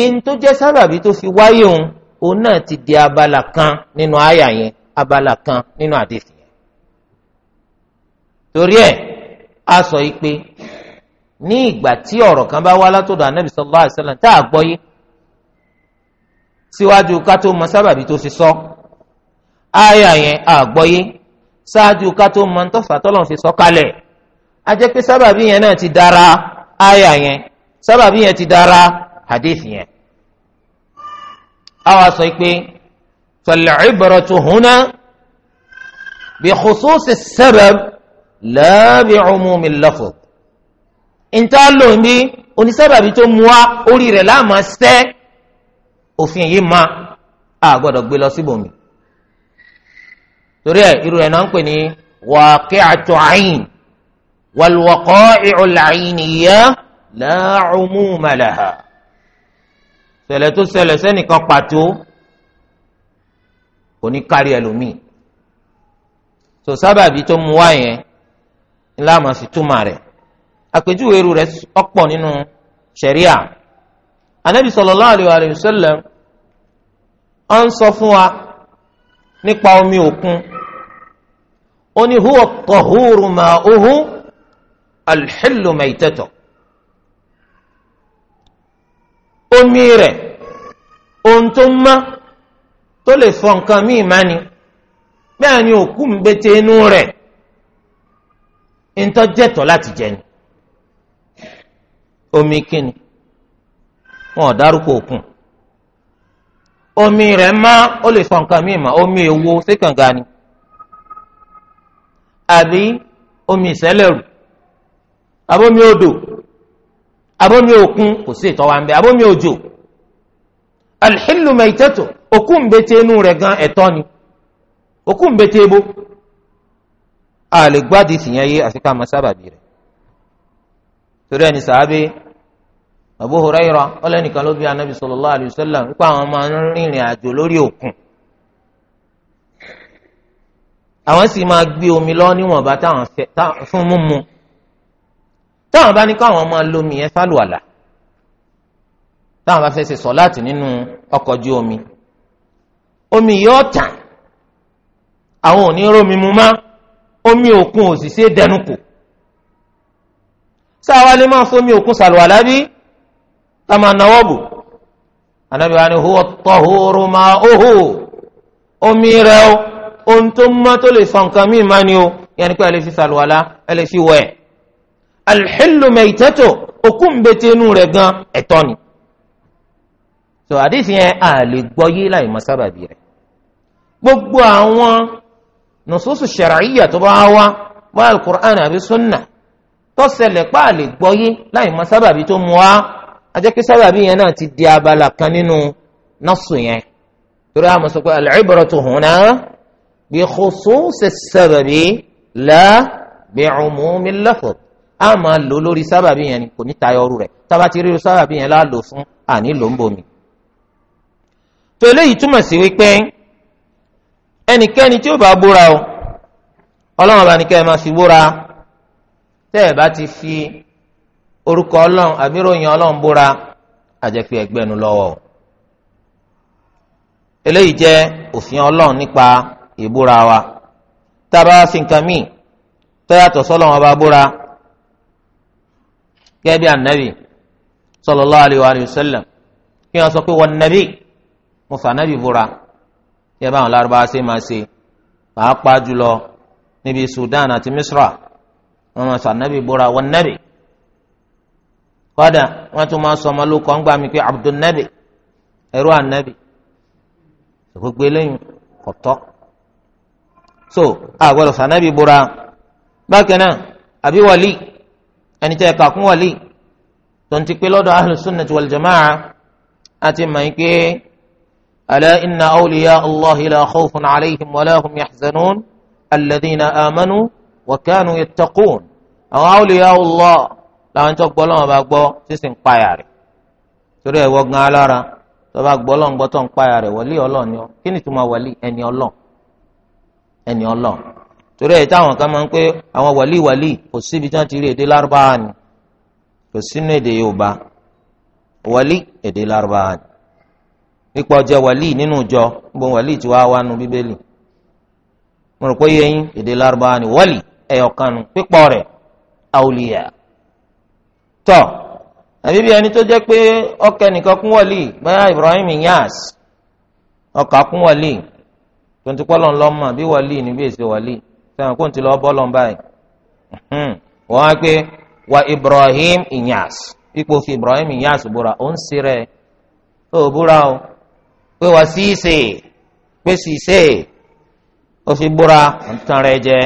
ń tó jẹ́ sábàbí tó fi wáyé òun òun náà ti di abala kan nínú àyà yẹn abala kan nínú àdìsí yẹn torí ẹ̀ a sọ yìí pé ní ìgbà tí ọ̀rọ̀ kan bá wá látọ̀dọ̀ Ànábì sallallahu alaihi wasallam tá a gbọ́ yé síwájú kátó mọ sábàbí tó fi sọ àyà yẹn àgbọ́yé ṣáájú kátó mọ ntọ́fà tọ́lọ̀ fi sọ kalẹ̀ ajẹ́ pé sábàbí yẹn náà ti dára àyà yẹn sábàbí yẹn ti dára hadith yẹn. àwa sọ pé fal-ibratu huna bi khususi as-sabab la bi umumi al-lafz. ìta lòun bí onísábàbí tó mu wá orí rẹ̀ láàmú ṣẹ́ òfin yìí máa a gbọ́dọ̀ gbé lọ síbòmí torí ẹ irú ẹ náà ń pè ní waqi'atu 'ayn wal waqa'i'u al-'ayniyya la 'umuma laha ṣẹlẹ̀ tó ṣẹlẹ̀ sẹ́nìkan pàtó kò ní kárí ẹlòmíì tó sábàbí tó mú wá yẹn ńlá màá fi túmọ̀ rẹ̀ àpèjúwe irú rẹ̀ ọ̀pọ̀ nínú ṣẹ̀ríà anabi sallallahu alayhi wa sallam ọ ń sọ fún wa nípa omi òkun ó ní huwa tahuru ma'uhu alḥillu maitatuh omi rẹ̀ ohun tó mọ́ tó lè fọ nǹkan míì má ni ni òkú ń bete inú rẹ̀ ń tọ́jẹ́tọ̀ láti jẹ omi kíni wọn ò dárúkọ omi rẹ má ó lè sọ nǹkan míì omi èwo kànga ni àbí omi ìsẹ́lẹ̀rù àbómi odò òkun kò sí ìtọ́wá ń bẹ òjò alḥillu ìtẹ́tù òkú ń bete inú rẹ gan ẹ̀tọ́ ni òkú ń bete ebo a gbádìí tìyẹn yé àti ká máa Abu Hurairah ọlẹ́nìkan ló bí anabi sallallahu alayhi wa sallam nípa àwọn máa ń rìnrìn àjò lórí òkun àwọn sì máa gbé omi lọ níwọ̀nba táwọn fún mímu táwọn bá ní káwọn máa lomi yẹn sálùwàlà táwọn bá fẹ́ ṣe sọ̀láàtì nínú ọkọ̀ ojú omi omi yóò tàn àwọn ò mu mọ́ omi òkun ò dẹnu kù sáwa lè máa fomi òkun sàlùwàlà bí kama máa náwó anabi wa ni huwa tahuru ma omi rẹ o ohun tó mọ́ tó lè sọ nǹkan mí ma ni o yẹnni pé ẹ sàlùwàlá ẹ lè fi wẹ̀ alḥilu mẹ̀tẹ́tò òkú ńbẹ́tẹ́nu rẹ̀ gan ẹ̀tọ́ ni tó àdéhìí yẹn a lè gbọ́ láì mọ sábàbí rẹ̀ gbogbo àwọn nùsùsù ṣàràyíyà tó bá wá wá alukur'an àbí sunna tó ṣẹlẹ̀ a láì mọ ajẹ́ kí sábàbí yẹn náà ti di abala kan nínú nọ́ọ̀sù yẹn torí àwọn sọ pé al-ibratu huna bi khususi sábàbí la bi umumi al-lafz a máa lò lórí sábàbí yẹn kò ní tayọ ọrú rẹ̀ tába ti sábàbí yẹn láà lò fún àní ló ń bomi. tó eléyìí túmọ̀ sí wípé ẹnikẹ́ni tí ó bá búra o ọlọ́run bá ní máa fi búra tẹ́ ẹ bá ti fi orúkọ ọlọ́run àbí ròyìn ọlọ́run búra àjẹpẹ́ ẹgbẹ́nu lọ́wọ́ eléyìí jẹ́ òfin ọlọ́run nípa ìbúra wa tá a bá fi nǹkan míì tó yàtọ̀ sọ́lọ́run ọba búra gẹ́gẹ́ bí ànábì sallallahu alayhi wa sallam kí wọ́n sọ pé wọ́n nàbí mo fà nàbí búra yẹ báwọn lárúbáwá ṣe máa ṣe pàápàá jùlọ níbi Sudan àti Misra wọ́n máa fà nàbí búra wọ́n nàbí kọ́dà wọ́n tún máa sọ ọmọ ló kọ́ ń gbà mí pé abdulnabi ẹ̀rọ ànábì gbogbo eléyìí kò tọ́ so àgbọ̀dọ̀ sànábì bora bákan náà àbí wàlí ẹni tẹ́ ẹ̀ka kún wàlí tó ń ti pé lọ́dọ̀ ahlu sunnati wal jamaa àti mọ̀ pé ala inna awliya allahi la khawfun alayhim wala hum yahzanun alladhina amanu wa kanu yattaqun awliya allah làwọn tó gbọ́ lọ́wọ́ bá gbọ́ sísè ń payà rẹ̀ torí ẹ̀wọ́ gan alára tó bá gbọ́ lọ́wọ́ gbọ́ tó ń payà rẹ̀ wọlé ọlọ́ọ̀ ni ọ kí ni túmọ̀ wọlé ẹni ọlọ́ọ̀ ẹni ọlọ́ọ̀ torí ẹ̀ táwọn kan máa ń pé àwọn wọlé wọlé kò síbi tí wọ́n ti rí èdè lárúbáwá ni kò sínú èdè Yorùbá wọlé èdè lárúbáwá ni nípa ọjọ́ wọlé nínú ìjọ gbọ́n wọlé tí wàá wá nu bíbélì mo rò pé yẹn èdè lárúbáwá ni wọlé ẹ̀yọ̀kanu pípọ̀ rẹ̀ àwòlíyà tọ àbí bí ẹni tó jẹ́ pé ọkẹ nìkan kún wọlé báyà Ibrahim Inyas ọkà kún wọlé tuntun kọ́ lọ́n lọ́mọ bí wọlé ní bí èsì wọlé sẹ́wọ̀n kó n ti lọ́ bọ́ lọ́n báyìí wọ́n á pé wa Ibrahim Inyas ipò fi Ibrahim Inyas búra ó ń sirẹ̀ ó búra o pé wà síìsè pé síìsè ó fi búra ń tan rẹ̀ jẹ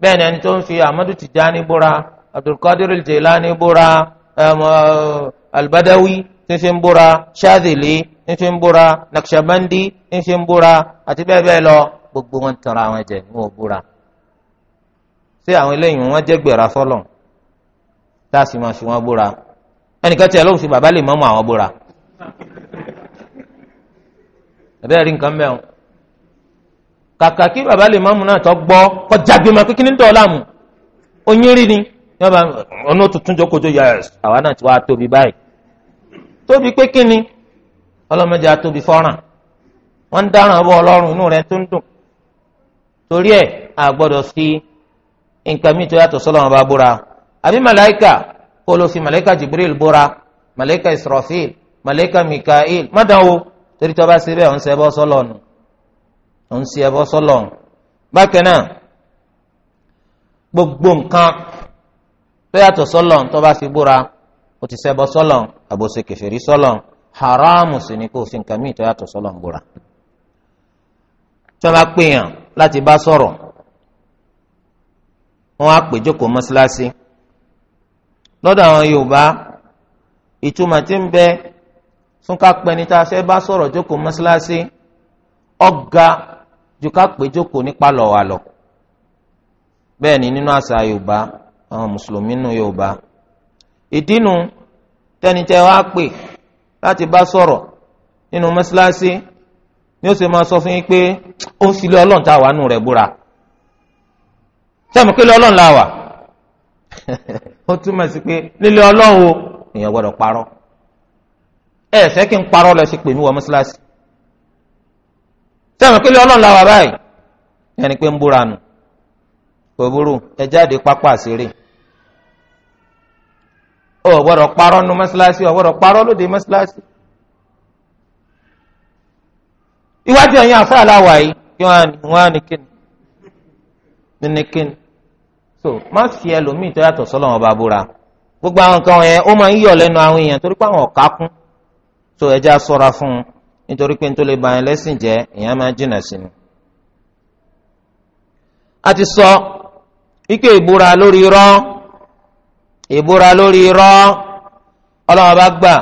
bẹ́ẹ̀ ni ẹni tó ń fi Amadu Tijani búra abdulkadir al-Jilani búra um, uh, albadawi fífi ń búra shadhili fífi ń búra naqshbandi fífi ń búra àti bẹ́ẹ̀ bẹ́ẹ̀ lọ gbogbo wọn tọrọ àwọn ẹ̀jẹ̀ ní wọn búra ṣé àwọn eléyìí wọn jẹ́ gbèrà sọ́lọ̀ tá a sì máa fi wọn búra ẹnìkan tí ẹ lóun fi bàbá lè mọ́mọ́ àwọn búra ẹ̀bẹ́ rí nǹkan mẹ́wọ̀n kàkà kí bàbá lè mọ́mọ́ náà tó gbọ́ kọjá gbé ma pé kí ni láàmú oyin rí ni yọba ọ̀nà tuntun jókòjó yà àwa náà ti wá tóbi báyìí tóbi pé kí ni ọlọ́mọdé àtóbi fọ́ràn wọ́n ń dáràn bọ́ ọlọ́run inú rẹ̀ tó ń dùn torí ẹ̀ a gbọ́dọ̀ sí nǹkan mi tó yàtọ̀ sọ́lọ́run bá búra àbí màláìkà kó ló fi màláìkà Jibril búra màláìkà Israfil màláìkà Mikael mọ́dánwó torí tó bá ṣe bẹ́ẹ̀ ọ̀n ṣe ẹbọ sọ́lọ́run ọ̀n ṣe ẹbọ sọ́lọ́run bákan náà gbogbo nǹkan tó yàtọ̀ sọ́lọ̀ tó bá fi búra ó ti ṣẹbọ sọ́lọ̀ àbòsè kèfèrí sọ́lọ̀ haramu sì ni kò sí nǹkan míì tó yàtọ̀ sọ́lọ̀ ń búra. tó bá pèèyàn láti bá sọ̀rọ̀ wọ́n á pè jókòó mọ́ṣáláṣí lọ́dọ̀ àwọn Yorùbá ìtumọ̀ tí ń bẹ fún ká pẹ́ ní tá a fẹ́ bá sọ̀rọ̀ jókòó mọ́ṣáláṣí ọ̀gá ju ká pè jókòó nípa lọ́wọ́ bẹ́ẹ̀ ni nínú àṣà Yorùbá àwọn mùsùlùmí nù yorùbá ìdínú tẹnitẹ wa pè láti bá sọ̀rọ̀ nínú mọ́ṣáláṣí ni ó sì máa sọ fún yín pé ó ń filé ọlọ́run tá a wà nù rẹ̀ búra sẹ́mi kílé ọlọ́run la wà [LAUGHS] ó túmọ̀ sí pé lílé ọlọ́run o èèyàn gbọ́dọ̀ parọ́ ẹ ẹ̀sẹ̀ kí n parọ́ lọ sí pè mí wọ mọ́ṣáláṣí sẹ́mi kílé ọlọ́run la wà báyìí ẹni pé ń búra nù òbúrú ẹ jáde pápá àṣírí ó gbọ́dọ̀ parọ́ nu mọ́ṣáláṣí ó gbọ́dọ̀ parọ́ lóde mọ́ṣáláṣí iwájú ẹ̀yin àfẹ́ aláwa yìí kí wọ́n á ní kíni ní ní kíni so má fi ẹlòmíì tó yàtọ̀ sọ́lọ́ wọn bá búra gbogbo àwọn nǹkan yẹn ó máa ń yọ̀ lẹ́nu àwọn èèyàn torí pé àwọn ọ̀ka kún so ẹja sọ́ra fún un nítorí pé nítorí báyìí lẹ́sìn jẹ́ èèyàn máa jìnnà sí ni. a sọ. So, ike ìbúra lórí rọ ìbúra lórí irọ́ ọlọ́run bá gbà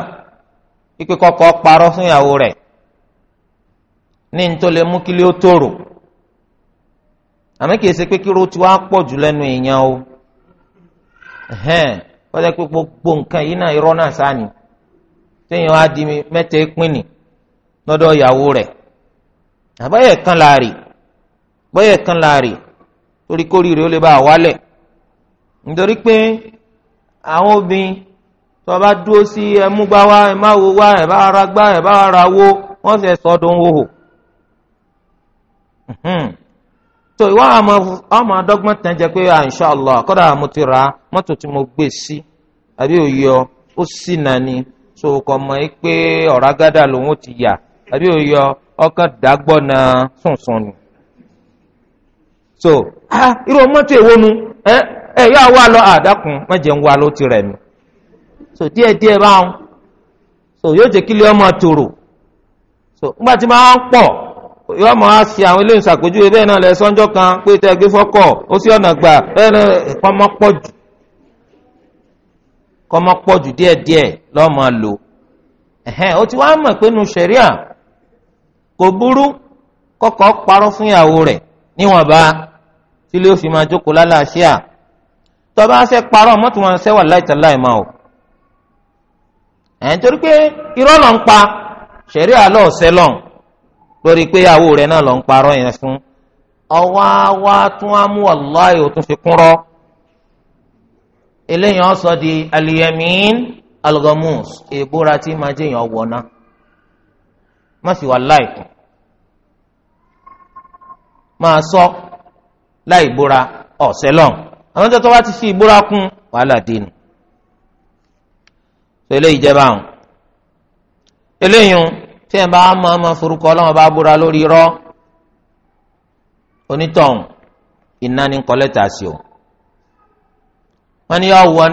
wípé kọ́kọ́ parọ́ fún ìyàwó rẹ̀ ní nítorí mú kílé ó tòrò àmì kìí ṣe pé pọ̀ jù lẹ́nu o wọ́n jẹ́ pé gbogbo nǹkan yìí náà irọ́ náà sáà téèyàn á di mẹ́ta lọ́dọ̀ ìyàwó rẹ̀ torí kórìíre ó lè bá àwálẹ̀ nítorí pé àwọn obìnrin tí wọ́n bá dúró sí ẹmúgbá wa ẹ wá ẹ ara gbá ẹ ara wo wọ́n sì sọ ọdún hóhò hmm. so ìwọ àmọ àdọ́gbọ́n tẹ̀ jẹ́ pé ah, inshallah kọ́dà mo ti ra mọ́tò tí mo gbé sí àbí òye ó sì nàní so kò mọ̀ ẹ́ pé ọ̀rá gádà lòun ó ti yà àbí òye ọkàn dàgbọ́ na sùnsùn ni. so ah irú mọ́tò èwo nu ẹ ẹ yóò wá lọ àdákùn mẹ́jẹ̀ ń ló ti so díẹ̀ díẹ̀ báwọn so yóò jẹ́ kí ilé ọmọ so nígbà tí máa ń pọ̀ yóò mọ̀ á ṣe àwọn eléyìí ṣàpèjúwe bẹ́ẹ̀ náà lẹ sọ́njọ́ kan pé tẹ́ gbé fọkọ ó sì ọ̀nà gbà bẹ́ẹ̀ náà kọ́mọ pọ̀ jù kọ́mọ pọ̀ jù díẹ̀ díẹ̀ lò ti wá mọ̀ pé nu kò burú parọ́ níwọ̀nba tí ló fi máa jókòó lálàáfíà tọba ṣe parọ́ mọ́tò wọn ṣẹ́wà láìtàláì máa o ẹ̀ ń torí pé irọ́ lọ ń pa ṣẹ̀rí àlọ́ ọ̀sẹ̀ lọ́n lórí pé ìyàwó rẹ̀ náà lọ ń parọ́ yẹn fún ọwọ́ wa tún á mú wàláì ó tún fi kún rọ́ eléyìí ó di aliyamin algamus ìbúra tí máa jẹ́yìn ọ̀wọ́ náà má sì wà láìkùn máa sọ láì búra ọ̀sẹ̀ lọ́n àwọn tó tó bá ti fi ìbúra kún wàhálà dénú. pẹ̀lú ìjẹba àwọn eléyìí tí ẹ̀ bá máa máa forúkọ ọlọ́wọ́n bá búra lórí irọ́ onítọ̀hún iná kọ́lẹ́tà sí o wọ́n ní yọ wọ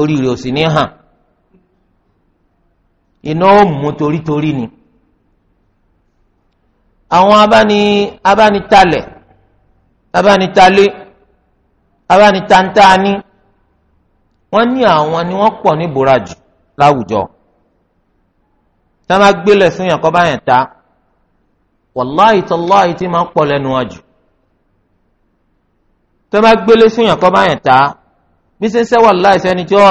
oríire ò ní hàn iná ó mú torítorí ni. àwọn abáni abánitalẹ̀ abánitalẹ̀ abánitantaani wọ́n ní àwọn ni wọ́n pọ̀ ní bùrajù láwùjọ tá a máa gbélé fún yàn kọ́ bá yàn ta tí máa pọ̀ lẹ́nu àjù tá a máa gbélé fún yàn ta bí ṣe sẹ́wà láì sẹ́ni tí ó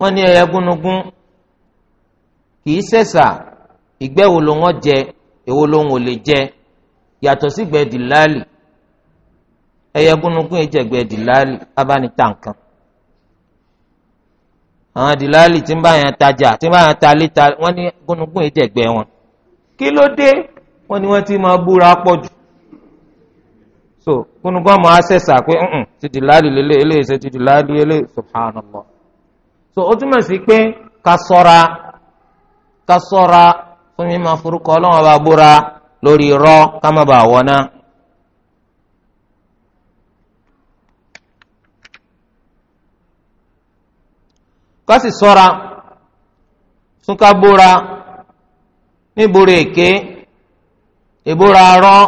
wọ́n ní ẹyẹ gúnugún kì í ṣẹ̀ṣà ìgbẹ́ wo ló wọ́n jẹ èwo ló wọ́n lè jẹ yàtọ̀ sí gbẹ́ dìláàlì ẹyẹ gúnugún yìí jẹ gbẹ́ dìláàlì abánitànkan àwọn dìláàlì tí ń bá yẹn tajà tí ń bá yẹn ta létà wọ́n ní gúnugún yìí jẹ wọn kí ló dé wọ́n ní wọ́n ti máa búra pọ̀ jù so gúnugún ọmọ asẹ̀sà pé ti dìláàlì lélẹ̀ ṣe ti dìláàlì eléyìí subhanallah so ó túmọ̀ sí pé ká sọ́ra ká sọ́ra fún mi máa forúkọ ọlọ́wọ́n bá búra lórí irọ́ ká má bàa wọ́n náà. ká sì sọ́ra fún búra níbúra èké ìbúra arọ́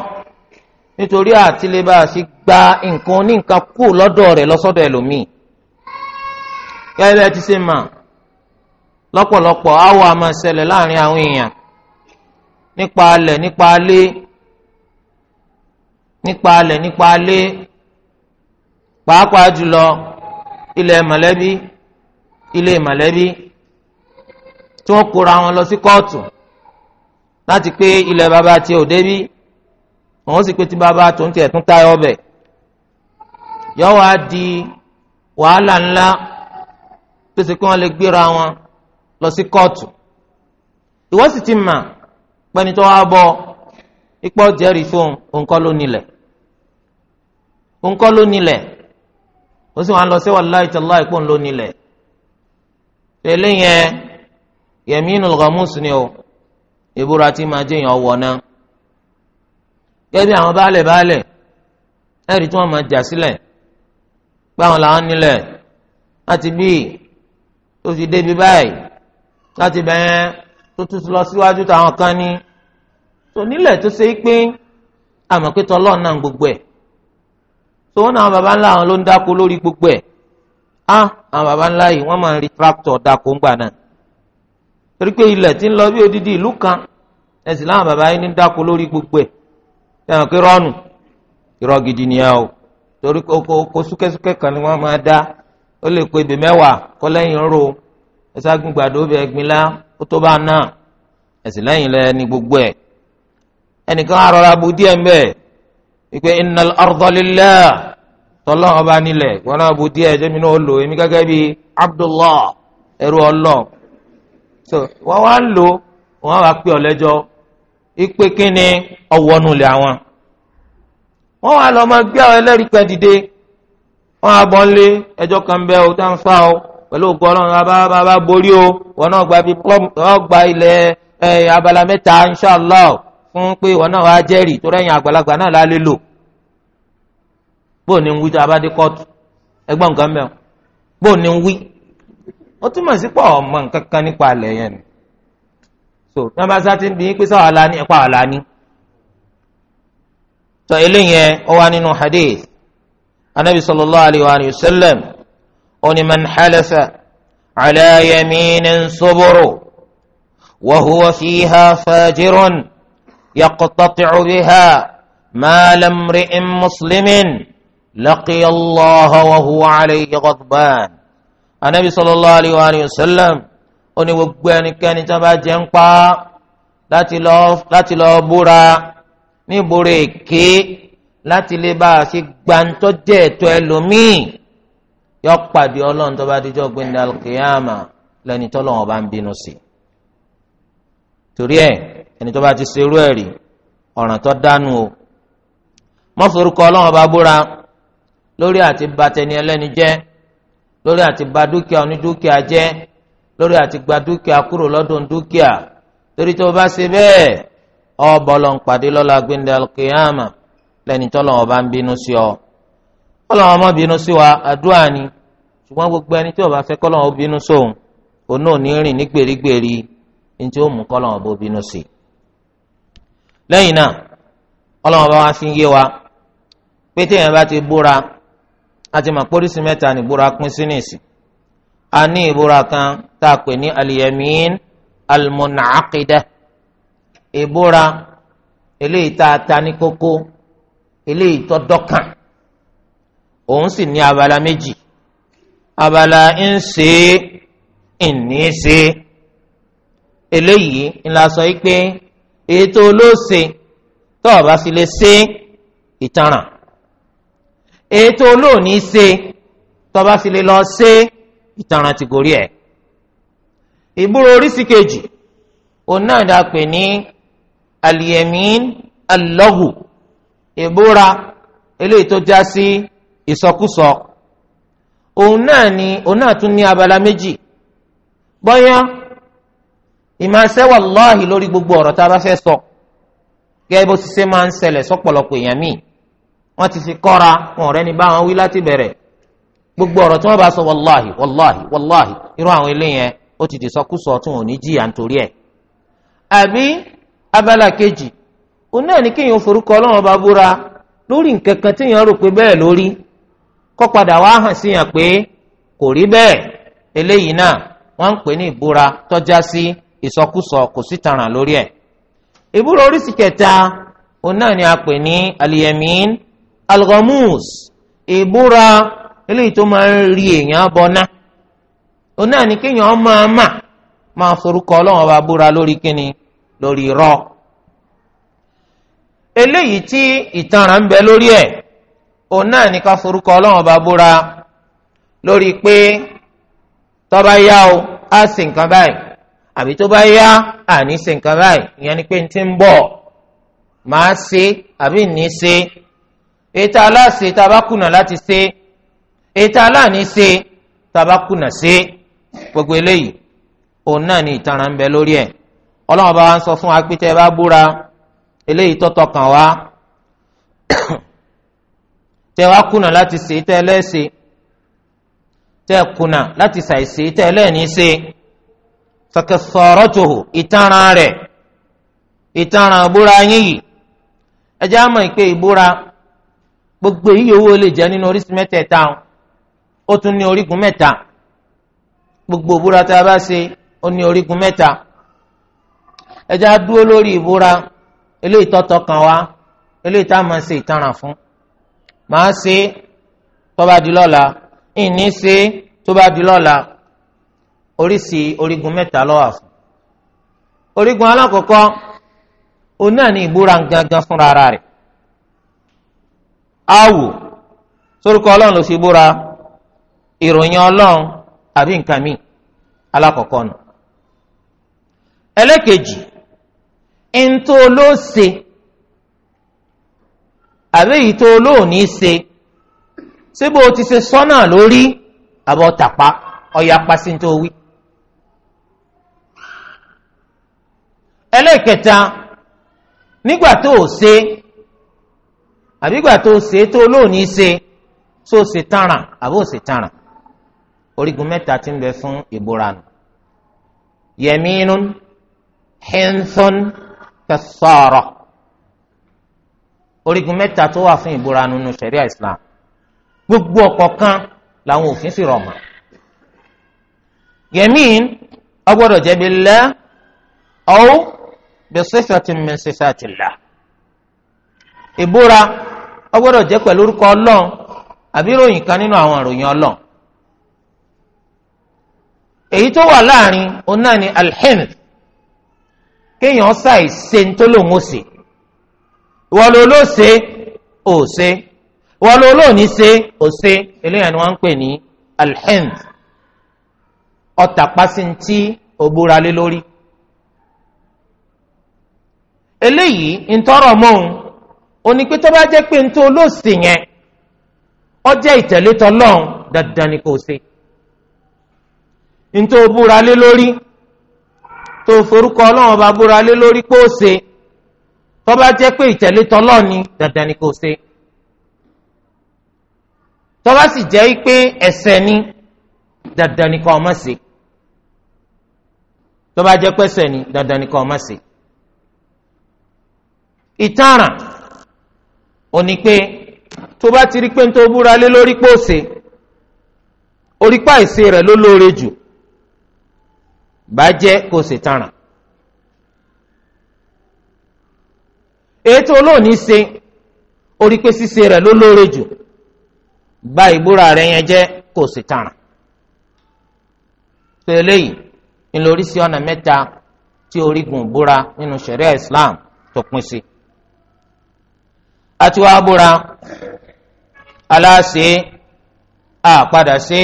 nítorí àtìlébà sí gba nǹkan oníǹkan kú lọ́dọ̀ rẹ̀ lọ́sọ́dọ̀ ẹlòmíì gẹ́gẹ́ bí ẹ ti ṣe mọ̀ lọ́pọ̀lọpọ̀ áwọ̀ a máa ṣẹlẹ̀ láàrin àwọn èèyàn nípa alẹ̀ nípa alé nípa alẹ̀ nípa alé pàápàá jùlọ ilẹ̀ mọ̀lẹ́bí ilé mọ̀lẹ́bí tí wọ́n kóra wọn lọ sí kóòtù láti pé ilẹ̀ bàbá tiẹ̀ ò débí wọ́n sì pé tí bàbá tó ń tiẹ̀ tún táyọ̀ ọbẹ̀ yọ wá di wàhálà ńlá tó ṣe pé wọ́n lè gbéra wọn lọ sí kóòtù ìwọ sì ti mà pẹ́ni tó wá bọ́ ipò jẹ́rìí fún òǹkọ́ ló nílẹ̀ òǹkọ́ ló nílẹ̀ ó sì wá lọ sí wàlúwà ìtàlá ìpò ńlọ nílẹ̀ tẹ́lẹ̀ yẹn yaminul ghamus ni o ìbúra tí máa jẹyàn ọwọ́ náà gẹ́gẹ́ bí àwọn baálẹ̀ baálẹ̀ ẹ̀rí tí wọ́n máa jà sílẹ̀ pé àwọn làwọn nílẹ̀ láti bíi tó fi débi báyìí láti bẹ̀yẹn tó tún lọ síwájú táwọn kan ní tó nílẹ̀ tó ṣe é pé àmọ́ pé tọ́lọ́ náà gbogbo ẹ̀ tó wọn àwọn baba ńlá àwọn ló ń dáko lórí gbogbo ẹ̀ á àwọn baba ńlá yìí wọ́n máa ń rí tractor dáko ńgbà náà torí pé ilẹ̀ ti ń lọ bí odidi ìlú kan ẹ̀sìn láwọn baba yìí ń dáko lórí gbogbo ẹ̀ ẹ̀hàn pé rọ́ọ̀nù irọ́ gidi nìyẹn o torí kó kó súkẹ́súkẹ́ kan ni wọ́n máa dá ó lè pe ibè mẹ́wàá kọ́ lẹ́yìn ro ẹ̀sà gbìngbàdo bẹ́ẹ̀ gbinlá ó tó bá náà ẹ̀sìn lẹ́yìn lẹ́ ní gbogbo ẹ̀ ẹnìkan arọra bu díẹ̀ ń bẹ̀ wípé innal arda lillah tọ́lọ́ ọba nílẹ̀ wọn náà díẹ̀ jẹ́mi náà lò èmi gẹ́gẹ́ bíi Abdullah ẹrú ọlọ́ so wọ́n wá ń lò wọ́n wá pé ọ̀lẹ́jọ́ ìpè kínní ọ̀wọ́nulẹ̀ àwọn wọ́n wá lọ́ọ́ máa gbé àwọn ẹlẹ́rìí wọn abọ́ ńlé ẹjọ́ kan o tá ń fa o pẹ̀lú ògùn borí o wọn náà gba ọgbà ilẹ̀ inshallah fún pé wọn náà wàá jẹ́rìí tó rẹ́yìn àgbàlagbà náà lálé lò bóun ni ń wí tó abádé kóòtù ẹgbọ́n nǹkan ni ń wí ó túmọ̀ sí pọ̀ ọmọ nǹkan kan nípa alẹ́ yẹn ni so nàbà sá ti ń bí pé sáwà ẹ̀pá wà sọ nínú hadith anabi sallallahu alayhi wa alayhi wa sallam oni man xalasa cala yamiinin suburu wa huwa fiha faajirun yaqtaticu biha maala mri'in muslimin laqiya allaha wa huwa calayhi ghadbaan anabi sallallahu alayhi wa alayhi wa sallam oni gbogbo ẹnikẹ́ni tí wọ́n bá jẹ́ ń pa láti lọ́ọ́ búra ní ìbúra èké. láti lè bá a ṣe gbàǹtọ́ jẹ́ ẹ̀tọ́ ẹlòmíì yọ pàdé ọlọ́run tó bá dijọ́ gbẹ̀ndà kìyàmà lẹ́ni tọ́lọ́run bá ń bínú sí i torí ẹ̀ ẹni tó bá ti ṣerú ẹ̀ rí ọ̀ràn tó dánú o mọ́forúkọ ọlọ́run bá búra lórí àti bà tẹni ẹlẹ́ni jẹ́ lórí àti bà dúkìá onídúkìá jẹ́ lórí àti gba dúkìá kúrò lọ́dún dúkìá torí tó bá ṣe bẹ́ẹ̀ ọ bọ́lọ̀ ń pàdé lọ́la gbẹ̀ndà kìyàmà lẹ́ni tọ́lọ̀ ọba ń bínú sí ọ ọlọ́run ọmọ bínú sí wa àdúrà ni ṣùgbọ́n gbogbo ẹni tí ọba fẹ́ kọ́lọ́run ó bínú sóun òun náà rìn ní gbèrígbèrí ní tí ó mú ọba bínú sí. lẹ́yìn náà ọba wa fi ń yé wa ti búra mọ̀ a ní ìbúra kan tá a pè ní almunaqida eléyìí tó dọ́kàn òun sì ní abala méjì abala ń ṣe é ìní ṣe é eléyìí ńlá sọ yìí pé ètò olóòṣè tó o bá sì lè ṣe ìtanràn ètò olóòní ṣe tó sì lè lọ ṣe ìtanràn ti gorí ẹ ìbúrò oríṣi kejì òun náà dà ní aliyemin allahu ìbúra eléyìí tó já sí ìsọkúsọ òun náà ni òun náà tún ní abala méjì bọ́yá ìmọ̀ọ́sẹ́ wàláhì lórí gbogbo ọ̀rọ̀ tá a bá fẹ́ sọ gẹ́gẹ́ bó ti ṣe máa ń ṣẹlẹ̀ sọ́pọ̀lọpọ̀ èèyàn míì wọ́n ti fi kọ́ra wọn ọ̀rẹ́ ni báwọn wí láti bẹ̀rẹ̀ gbogbo ọ̀rọ̀ tí wọ́n bá sọ wàláhì wàláhì wàláhì irú àwọn eléyẹn ó ti dì sọkúsọ tí wọn ò ní jìyà nítorí ẹ̀ àbí abala kejì òun náà ní kéèyàn forúkọ ọlọ́run ọba búra lórí nǹkan kan téèyàn rò pé bẹ́ẹ̀ lórí kọ́ padà wá hàn síyàn pé kò rí bẹ́ẹ̀ eléyìí náà wọ́n ń pè ní ìbúra tọ́já sí ìsọkúsọ kò sí taràn lórí ẹ̀. ìbúra oríṣi kẹta òun náà ni a pè ní aliyemin alghamus ìbúra eléyìí tó máa ń rí èèyàn bọ́ná òun náà ni kéèyàn máa mà máa forúkọ ọlọ́run ọba búra lórí kíni lórí rọ́ọ̀ eléyìí tí ìtanràn ń bẹ lórí ẹ̀ òun náà ní ká forúkọ ọlọ́run ọba búra lórí pé tó bá yá o á sì nǹkan báyìí àbí tó bá yá àní sì nǹkan báyìí ìyẹn ni pé n ti ń bọ̀ máa ṣe àbí ní ṣe ètò aláṣẹ tá a bá kùnà láti ṣe ètò aláàní ṣe tá a kùnà ṣe gbogbo eléyìí òun náà ní ìtanràn ń bẹ lórí ẹ̀ ọlọ́run ọba wa ń sọ fún wa pé tẹ́ ẹ bá búra. eléyìí tọ́tọ́ kàn wá [COUGHS] tẹ wá kùnà láti ṣe tẹ ẹlẹ́ṣe tẹ kùnà láti ṣàìṣe tẹ ẹlẹ́ni ṣe fakafaratuhu ìtanràn rẹ̀ ìtanràn ìbúra yín yìí ẹ àmọ́ ìpè ìbúra gbogbo èyí yòówó lè jẹ́ nínú orísun mẹ́tẹ̀ẹ̀ta ó tún ní orígun mẹ́ta gbogbo ìbúra tá a bá ṣe ó ní orígun mẹ́ta ẹ á dúró lórí ìbúra. eléyìí tọ́tọ́ kan wá eléyìí tá a máa ṣe ìtanràn fún màá ṣe tó bá di lọ́la ìní ṣe tó bá di lọ́la oríṣi orígun mẹ́ta ló wà fún orígun alákọ̀ọ́kọ́ òun náà ní ìbúra gangan fúnra ara rẹ̀ awò sórúkọ ọlọ́run ló fi búra ìròyìn ọlọ́run àbí nǹkan míì alákọ̀ọ́kọ́ nù ẹlẹ́kejì ẹ̀ńtó ló ṣe àbí èyí tó lóòní ṣe síbò ti ṣe sọ́nà lórí àbọ̀ tàpá ọ̀yà pàṣíntó wí. ẹlẹ́ẹ̀kẹta nígbà tó o ṣe àbígbà tó o se tó ní ṣe tó o se tàràn àbó ṣe tàràn orígun mẹ́ta ti ń bẹ fún ìbúra nù kẹsàárọ̀ orígun mẹ́ta tó wà fún ìbúra nínú ṣẹ̀ríà islam gbogbo ọ̀kọ̀ọ̀kan làwọn òfin sì rọ̀ mọ́ yẹmín ọgbọ́dọ̀ jẹ́ billah aw bi sifatin min sifatillah ìbúra ọgbọ́dọ̀ jẹ́ pẹ̀lú orúkọ ọlọ́run àbí ròyìn kan nínú àwọn ìròyìn ọlọ́run èyí tó wà láàrin òun náà kéèyàn ṣàì ṣe ń tó lòun ó ṣe wọ́n ló ló ṣe ò ṣe wọ́n ló ló ní ṣe ò ṣe eléyàn ni wọ́n ń pè ní alhend ọ̀tà pásíntì òbúralé lórí eléyìí ntọ́rọ̀ mọ́hún òní pé tó bá jẹ́ pé ntọ́ olóòsè yẹn ọjẹ́ ìtẹ̀lé tọ́lọ́hún dandan ni kò ṣe ntọ́ òbúralé lórí tó forúkọ ọlọ́run ọba búra lé lórí pé ó ṣe tó bá jẹ́ pé ìtẹ̀lé tọ́lọ́ ni dandan ni kò ṣe tó bá sì jẹ́ pé ẹ̀ṣẹ̀ ni dandan ni kò má ṣe tó bá jẹ́ pé ẹ̀ṣẹ̀ ni dandan ni kò má ṣe ìtaràn ò ní pé tó bá ti rí pé ń tó búra lé lórí pé ṣe orípa ìṣe rẹ̀ ló lóore jù bàjẹ́ kò sì taràn. ètò olóòní ṣe orí pé ṣíṣe rẹ̀ ló lóore jù gba ìbúra rẹ̀ yẹn jẹ́ kò sì taràn. pèlè yìí ńlọrí sí ọ̀nà mẹ́ta tí orígun búra nínú ṣẹ̀ríà Islam tó pín sí. àti wàá búra aláṣẹ àpadà ṣe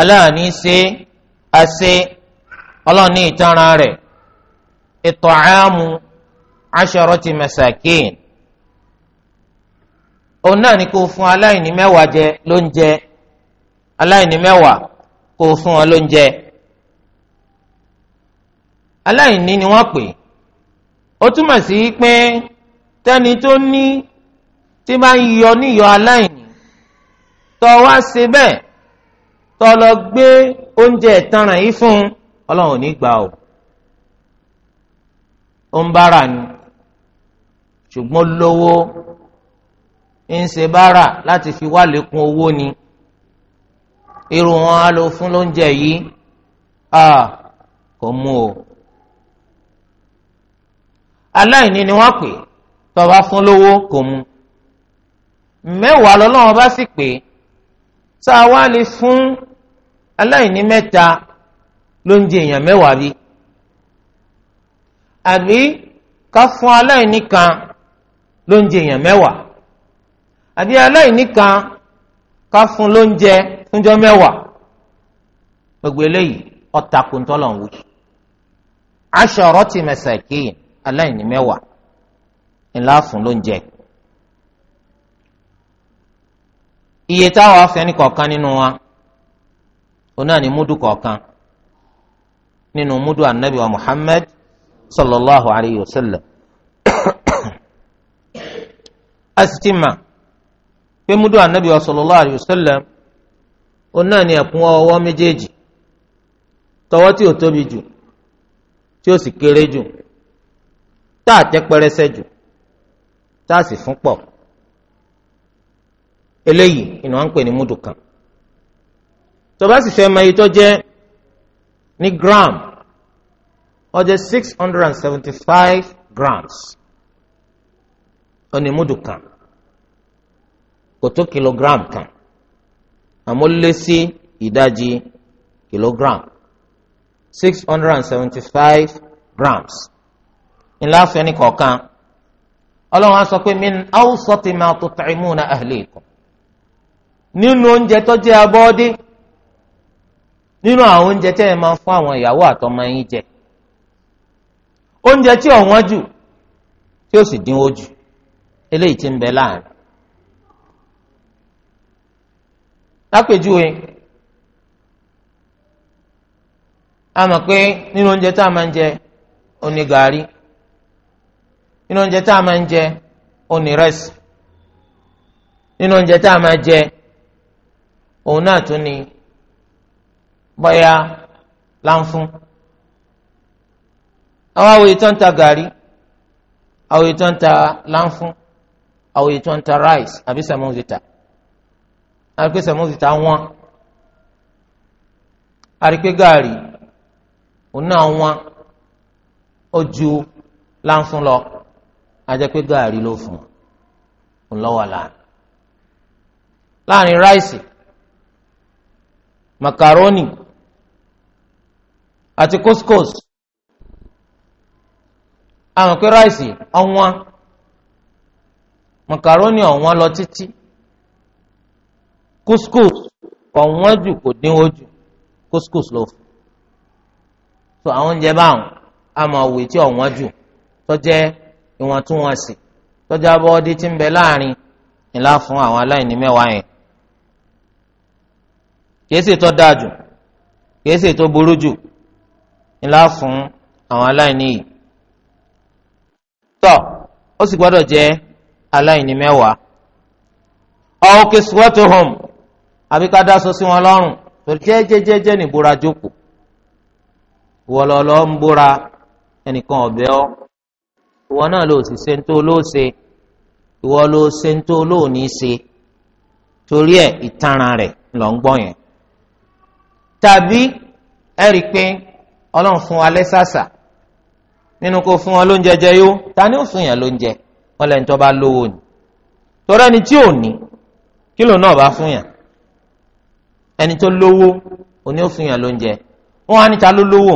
aláàní ṣe àṣẹ. ọlọ́run ní ìtanràn rẹ̀ it'amu ti masakin òun náà ni kò fún aláìní mẹ́wàá jẹ lóúnjẹ aláìní mẹ́wàá kò fún ọ lóúnjẹ aláìní ni wọ́n pè ó túmọ̀ sí pé tẹni tó ní tí yọ níyọ aláìní tọ wá bẹ́ẹ̀ lọ gbé oúnjẹ ìtanràn yìí fún ọlọ́run ò ní gbà o ó ń bára ni ṣùgbọ́n lówó ń ṣe bára láti fi wá lékún owó ni irú wọn á lò fún lóúnjẹ yìí a kò mú o aláìní ni wọ́n pè tọba fún lówó kò mú mẹ́wàá lọ́lọ́run bá sì pé tá a wá lè fún aláìní mẹ́ta ló ń jẹ èèyàn mẹ́wàá bí àbí ká fún aláìní kan ló ń jẹ èèyàn mẹ́wàá àbí aláìní kan ká fún lóúnjẹ fúnjọ́ mẹ́wàá gbogbo eléyìí ọ̀tàkùntọ́lọ̀ ń wí asharati masakin aláìní mẹ́wàá ńlá fún lóúnjẹ. iye táwọn afẹ́ni kọ̀ọ̀kan nínú wa òun náà ni múdù kọ̀ọ̀kan nínú mudu anabi wa muhammad sallallahu alayhi wa sallam asitima pé mudu anabi wa sallallahu alayhi wa sallam ó náà ní ẹ̀kún ọwọ́ méjèèjì tọwọ́ tí ò tóbi jù tí o sì kéré jù tá a tẹ́ pẹrẹsẹ jù tá a sì fún pọ̀ eléyìí ìnáwó ń pè ní mudu kan tó bá sì fẹ́ mọ ní gram ó jẹ́ six hundred and seventy five grams ó ní múdù kan kò tó kilogram kan àmọ́ lé sí ìdajì kilogram six hundred and seventy five grams ńlá fẹ́ni kọ̀ọ̀kan ọlọ́run á sọ pé min awsati ma tut'imuna ahlikum nínú oúnjẹ tó jẹ́ abọ́dé. nínú àwọn oúnjẹ tẹ́ ẹ máa fún àwọn ìyàwó àtọmọ yín jẹ oúnjẹ tí ò jù tí ó sì dínwó jù eléyìí tí ń bẹ láàrin. lápèjúwe a mọ̀ pé nínú oúnjẹ tá a máa ń jẹ ó gàárì nínú oúnjẹ tá a máa ń jẹ ó rẹ́sì nínú oúnjẹ tá a máa jẹ òun náà tún bọ́yá láǹfún àwọn àwòye tó ń ta gàrí àwòye tó ń ta láǹfún àwòye tó ń ta ráìsì àbí sàmúzìtà àrípé sàmúzìtà wọn àrípé gàrí òun náà wọn ó ju láǹfún lọ ajẹ́pé gàrí ló fún un lọ́wọ́ láàrin láàrin ráìsì makaroni àti couscous àwọn pé ráìsì ọ̀wọ́n macaroni ọ̀wọ́n lọ títí couscous kò wọ́n jù kò dínwó jù couscous ló fún so àwọn oúnjẹ báwọn a máa wò tí ọ̀wọ́n jù tó jẹ́ ìwọ̀ntúnwọ̀nsì tó jẹ́ tí ń bẹ láàrin ńlá fún àwọn aláìní mẹ́wàá yẹn kìí ṣe dáa jù kìí ṣe burú jù ńlá fún àwọn aláìní yìí tọ ó sì gbọ́dọ̀ jẹ́ aláìní mẹ́wàá aw kiswatuhum àbí ká dáṣọ sí wọn lọ́rùn torí jẹ́jẹ́jẹ́jẹ́ ní bóra jókòó wọlọlọ ń bóra ẹnìkan ọ̀bẹ ọ ìwọ náà ló sì ṣe ń tó ló ṣe ìwọ ló ṣe ń tó ló ní ṣe torí ẹ̀ ìtanràn rẹ̀ lọ ń gbọ́ yẹn tàbí ẹ rí i pé ọlọ́run fún wa lẹ́sàsà nínú kó fún wọn lóúnjẹ jẹ yó ta ni ó fún yàn lóúnjẹ wọn lẹ́ni tó bá lówó ni torí ẹni tí ò ní kílò náà bá fún yàn ẹni tó lówó òní ó fún yàn lóúnjẹ wọn á níta ló lówó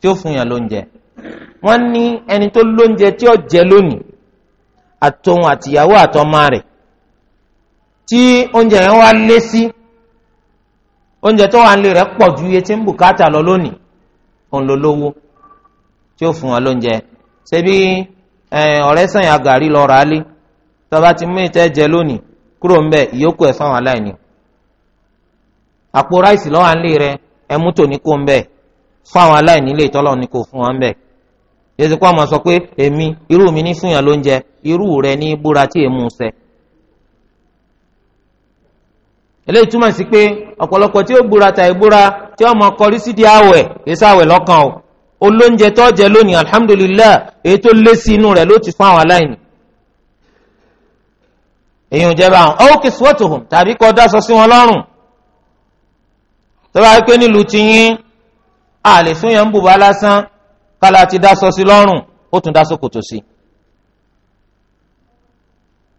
tí ó fún yàn lóúnjẹ wọn ní ẹni tó lóúnjẹ tí ó jẹ lónìí àtòun àtìyàwó àtọmọ rẹ̀ tí oúnjẹ yẹn wá lé sí oúnjẹ tó wà ń lè rẹ̀ pọ̀ ju iye tí ń bùkátà lọ lónìí òun ló tí ó fún wọn lóúnjẹ ṣebí ọ̀rẹ́ sàn àgàrí lọrọ rà á lé tọba ti mú ìtẹ́ jẹ lónìí kúrò ń bẹ ìyókù ẹ̀ fáwọn aláìní àpò ráìsì lọ́wọ́ à ń lè rẹ ẹmú tò ní kó ń bẹ fáwọn aláìní lè tọ́lọ̀ ní kò fún wọn bẹ yẹsẹ kó àwọn sọ pé èmi irú mi ní fún yàn lóúnjẹ irú rẹ ní búra tí èmu sẹ eléyìí túmọ̀ sí pé ọ̀pọ̀lọpọ̀ tí ó búra ta ìbúra tí ọmọ kọrí sí di àwẹ̀ kìí sáwẹ̀ lọ́kàn o olóúnjẹ tó jẹ lónìí alhamdulilayi èyí tó lé sí inú rẹ̀ ló ti fún àwọn aláìní èyàn jẹba àwọn ọwọ́ kiswatuhum tàbí kọ́ dáṣọ sí wọn lọ́rùn tó bá pé nílùú ti yín a fún yẹn ń bùbá lásán kálá ti dáṣọ sí lọ́rùn ó tún dá ṣòkòtò sí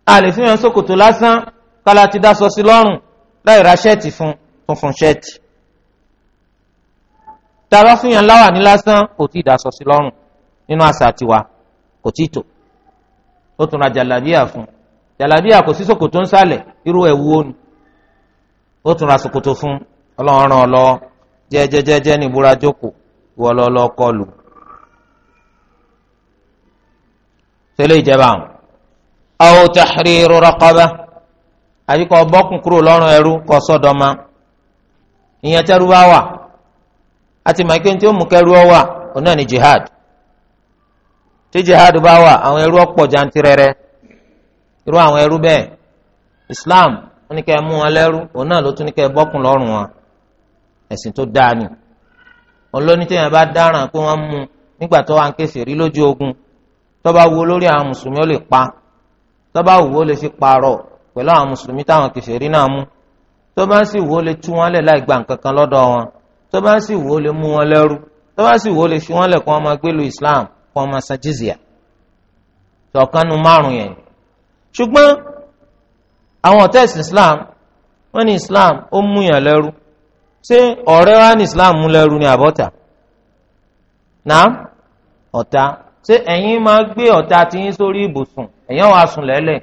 a fún yẹn ṣòkòtò lásán kálá ti dáṣọ sí lọ́rùn láì ra ṣẹ́ẹ̀tì fún funfun ṣẹ́ẹ̀tì tá a bá fún yàn láwà ní lásán kò tí ì dasọ sí lọ́rùn nínú àṣà tiwa kò tí ì tò ó tún ra jàlábíà fún jàlábíà kò sí ṣòkòtò ń sàlẹ̀ irú ẹ̀ wú ònu ó tún ra ṣòkòtò fún ọlọ́run ràn ọ́ lọ́wọ́ jẹ́jẹ́jẹ́jẹ́ ní ìbúra jókòó ìwọ lọ́lọ́ kọlù tẹ́lẹ̀ ìjẹba àwọn. aw tahriru raqaba. àbí kọ́ bọ́kùn kúrò lọ́rùn ẹrú kọ́ sọ́dọ̀mọ́ ìyẹn tẹ́rú bá wà àti màkì tí ó mú ọ wà òun náà ni jihad tí jihad bá wà àwọn ẹrú ọ̀pọ̀ jantirẹrẹ irú àwọn ẹrú bẹ́ẹ̀ Islam ó ní kẹ́ mú wọn lẹ́rú òun náà ló tún ní bọ́kùn lọ́rùn wọn ẹ̀sìn tó bá dáràn pé wọ́n mú nígbà tó wà ogun wo lórí àwọn mùsùlùmí ó lè pa wo ó fi pẹ̀lú àwọn mùsùlùmí táwọn kèfèrí náà mú tó bá sì wò ó lè tú wọn lẹ̀ láì gba nǹkan kan lọ́dọ̀ wọn tó bá sì wò lè mú wọn lẹ́rú tó bá sì wò lè fi wọn lẹ̀ kó wọn máa gbé lu Islam kó wọn máa san jizya tọ̀kanu márùn yẹn ṣùgbọ́n àwọn ọ̀tẹ́sì Islam wọ́n ní Islam ó mú yàn lẹ́rú ṣé ọ̀rẹ́ wa ní Islam mú lẹ́rú ní àbọ̀tà náà ọ̀tá ṣé ẹ̀yin máa gbé ọ̀tá tiyín sórí ibùsùn ẹ̀yin wàá sùn lẹ́lẹ̀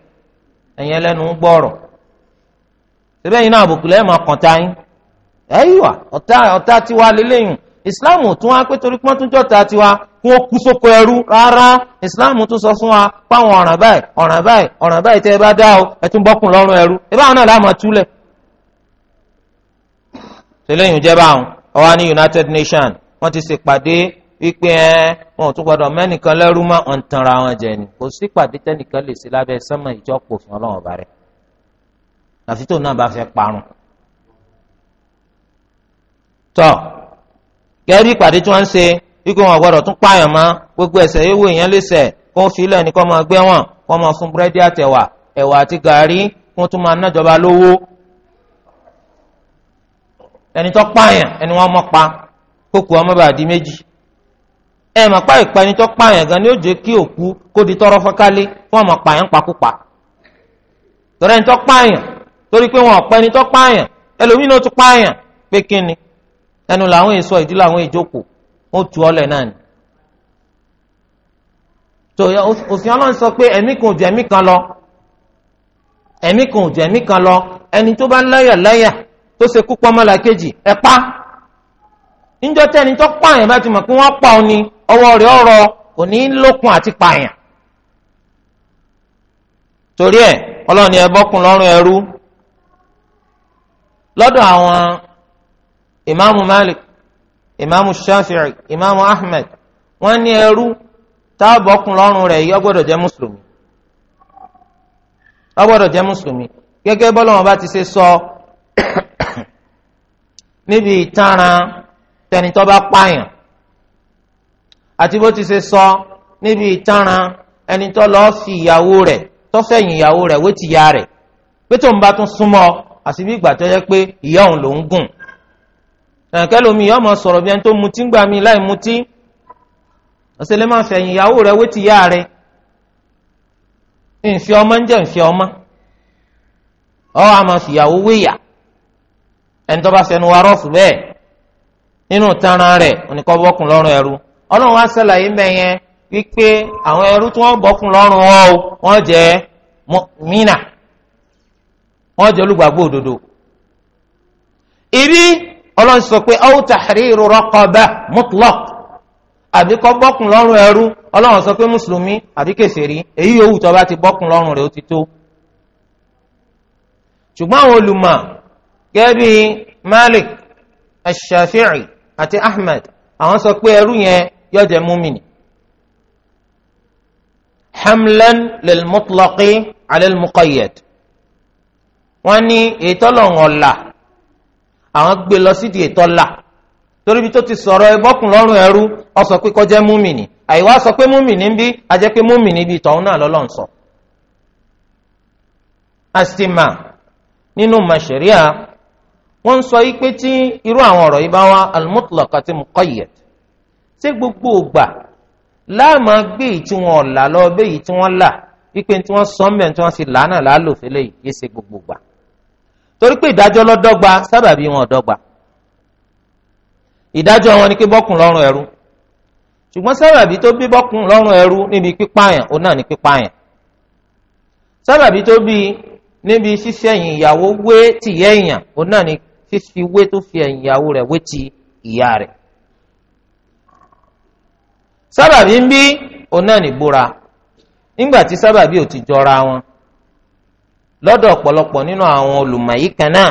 ẹ̀yin ẹlẹ́nu ń gbọ́rọ̀ síbẹ̀ yìí náà àbùkù lẹ́yìn máa kàn tá yín ẹ̀yìnwá ọ̀tá ọ̀tá tiwa lélẹ́yìn islam tún wá pé torí pọ́n tún jọ́ta tiwa kún ó kú sóko ẹrú rárá islam tún sọ fún wa páwọn ọ̀ràn báyìí ọ̀ràn báyìí ọ̀ràn báyìí tẹ́ ẹ bá dá o ẹ tún bọ́kùn lọ́rùn ẹrú ìbá wọn náà láàmú àtúlẹ̀. ṣẹlẹ́yìn jẹ́ báwọn ọwọ́ ní United Nations wọ́n ti ṣèpàdé wípé ẹ wọn ò tún gbọ́dọ̀ mẹ́nìkan lẹ́rú mọ́ ọ̀n tanra wọn jẹ ni kò sí pàdé tẹ́nìkan lè ṣe lábẹ́ sánmọ̀ ìjọpọ̀ fún ọlọ́wọ́n bá rẹ̀ àfi tó náà bá fẹ́ parun. tọ́ kẹ́rí ìpàdé tí wọ́n ń ṣe wípé wọn ò gbọ́dọ̀ tún pààyàn mọ́ gbogbo ẹ̀ṣẹ̀ yóò wò èèyàn lẹ́ṣẹ̀ kó filẹ̀ ní kó máa gbé wọn kó máa fún búrẹ́dì àtẹ̀wà ẹ̀wà àti gàárì kó tún máa nájọba lówó ẹni tó pààyàn ẹni wọn mọ̀ pa kókò ọmọ méjì ẹ mà pa ìpani tó pààyàn gan ni ó jẹ́ kí òkú kó di tọrọ fọ́kálé wọ́n mọ̀ pààyàn pakúpa tọrẹ ní tó pààyàn torí pé wọn ọ̀pẹ ní tó pààyàn ẹlòmínú tó pààyàn pé kí ni ẹnu làwọn èso ìdí làwọn ìjókòó wọ́n tu ọlẹ̀ náà ni. tó òfin ọlọ́run sọ pé ẹ̀mí kan ò ju ẹ̀mí kan lọ ẹ̀mí kan ò ju ẹ̀mí kan lọ ẹni tó bá láyà láyà tó ṣe kú pọ́nmọ́lá kejì ẹ̀ pa ọwọ́ rẹ̀ ọ̀rọ̀ kò ní lókun àti pààyàn torí ẹ̀ ọlọ́ọ̀ni ẹ bọ́kùn lọ́rùn ẹrú lọ́dọ̀ àwọn ìmáàmù Malik ìmáàmù Shafi'i ìmáàmù Ahmed wọ́n ní ẹrú tá a bọ́kùn lọ́rùn rẹ̀ yọ gbọ́dọ̀ jẹ́ mùsùlùmí ọ gbọ́dọ̀ jẹ́ mùsùlùmí gẹ́gẹ́ bá ti ṣe sọ [COUGHS] níbi ìtanràn tẹnitọ́ bá pààyàn. àti bó ti ṣe sọ níbi ìtanràn ẹni tó lọ́ọ́ fi ìyàwó rẹ̀ tó fẹ̀yìn ìyàwó rẹ̀ wé ti ya rẹ̀ pé tó ń bá tún súnmọ́ àti bí ìgbà tó yẹ pé ìyá òun ló ń gùn. ẹ̀kẹ́ lomi ìyá ọmọ sọ̀rọ̀ bí ẹni tó mutí gbà mí láì mutí ọ̀sẹ̀ lè máa fẹ̀yìn ìyàwó rẹ̀ wé ti ya rẹ̀ nfi ọmọ ń jẹ́ nfi ọmọ ọ a máa fìyàwó wéyà ẹni tó bá fẹnu wa rọ́ọ̀fù bẹ́ẹ̀ nínú tanra rẹ̀ oníkọ́ bọ́kùn lọ́rùn ẹrú ọlọ́run wá sàlàyé ń bẹ yẹn wípé àwọn ẹrú tí wọ́n bọ́kùn lọ́rùn wọn o wọ́n jẹ́ mínà wọ́n jẹ́ olùgbàgbọ́ òdodo. ibi ọlọ́run sọ pé aw tahriru raqaba mutlaq àbí kọ́ bọ́kùn lọ́rùn ẹrú ọlọ́run sọ pé mùsùlùmí àbí kèfèrí èyí yòówù tó bá ti bọ́kùn lọ́rùn rẹ̀ ó ti tó. ṣùgbọ́n àwọn olùmọ̀ gẹ́gẹ́ bíi Malik ash àti Ahmed àwọn sọ pé ẹrú yẹn yóò jẹ́ múmìnì. hamlan lil mutlaqi alal muqayyad wọ́n ní ètò ọlọ́run ọ̀la àwọn gbé lọ sí di ètò ọ̀la torí bí tó ti sọ̀rọ̀ ẹbọ́kùn lọ́rùn ẹrú ó sọ pé kó múmìnì àìwá sọ pé múmìnì ń bí a pé múmìnì bíi tọ̀hún náà lọ́lọ́run sọ. astima nínú màṣẹ́ríà wọ́n sọ yí pé tí irú àwọn ọ̀rọ̀ yìí bá wá al-mutlaq àti muqayyad ṣé gbogbo ògbà láàmú gbé èyí tí wọn là lọ bẹ èyí tí wọn là wípé tí wọn sọ mẹ tí wọn sì lànà lálòfin lẹ́yìn yìí ṣe gbogbo ògbà torí pé ìdájọ́ lọ́dọ́gba sábàbí wọn ọ̀dọ́gba ìdájọ́ wọn ni pé bọ́kùn lọ́rùn ẹrú ṣùgbọ́n sábàbí tó bí bọ́kùn lọ́rùn ẹrú níbi pípààyàn òun náà ni pípààyàn sábàbí tó bí níbi ṣíṣẹ́yìn ìyàwó wé tìyẹ́ èèyàn òun náà ni fífi wé tó fi ẹ̀yìn ìyàwó rẹ̀ wé ti ìyá rẹ̀ sábàbí ń bí òun náà nìgbóra nígbà tí sábàbí ò ti jọra wọn lọ́dọ̀ ọ̀pọ̀lọpọ̀ nínú àwọn olùmọ̀yí kan náà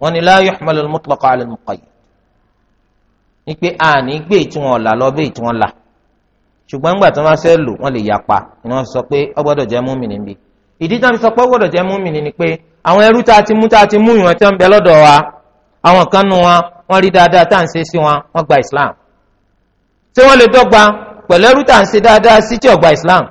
wọ́n ní la yuhmalu al-mutlaq ala al-muqayyad ní pé a ní gbé ìtiwọn ọ̀la lọ bí ìtiwọn la ṣùgbọ́n nígbà tí wọ́n fẹ́ lò wọ́n lè yapa ni wọ́n sọ pé ó gbọ́dọ̀ jẹ́ múmìnì níbi ìdí tí wọ́n sọ pé ó gbọ́dọ̀ jẹ́ múmìnì ni pé àwọn ẹrú tá a ti mú tá a ti mú ìwọ̀n tí wọ́n bẹ lọ́dọ̀ wa àwọn kan nu wọn wọ́n rí dáadáa tá à ń ṣe sí wọn wọ́n gba Islam ṣé wọ́n lè dọ́gba pẹ̀lú ẹrú tá à ń ṣe dáadáa sí tí ọgbà Islam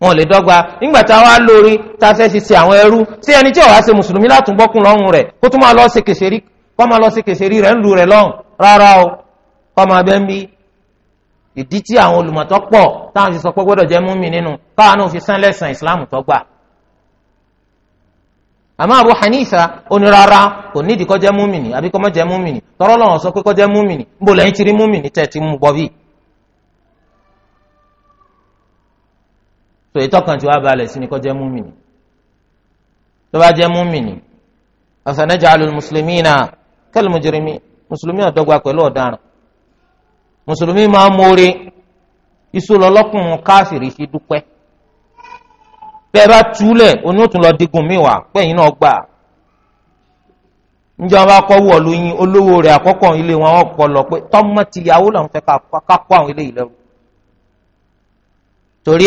wọn lè dọ́gba nígbà tá a wá lórí tá a fẹ́ fi ṣe àwọn ẹrú sí ẹni tí ọ̀wá ṣe mùsùlùmí látúnbọ́kùn lọ́rùn rẹ̀ kó tún máa lọ ṣe kèsèrí kó máa lọ ṣe kèsèrí rẹ̀ ń lu rẹ̀ lọ́rùn rárá o kó máa bẹ́ ń bí ìdí tí àwọn olùmọ̀tọ́ pọ̀ táwọn fi sọ pé gbọ́dọ̀ jẹ́ múmi nínú káwọn náà fi sán lẹ́sàn Islam tó gbà àmọ́ Abu Hanifa oní rárá kò nídìí kó jẹ́ múmi ni àbí kó má jẹ́ múmi ni tọ́rọ́ lọ́wọ́ sọ pé kó jẹ́ múmi ni ń bò lẹ́yìn tí rí múmi ni tẹ̀ ti mú bọ́ bíi so ìtọ́kàn tí wàá balẹ̀ sí ni kọ́ jẹ́ múmìnì tó bá jẹ́ múmìnì afanaj'alul muslimina kal mujrimin mùsùlùmí ọ̀dọ́gba pẹ̀lú ọ̀daràn mùsùlùmí máa ń mórí iṣu lọlọ́kùnrin káfìrí fi dúpẹ́ bẹ́ẹ̀ bá túlẹ̀ onótùn lọ digun mi wà pẹ́yìn náà gbà njẹ́ wọn kọ́ olówó rẹ̀ àkọ́kọ́ ilé wọn wọn kọ́ lọ pé làwọn fẹ́ ká kọ́ àwọn ilé yìí lẹ́rù torí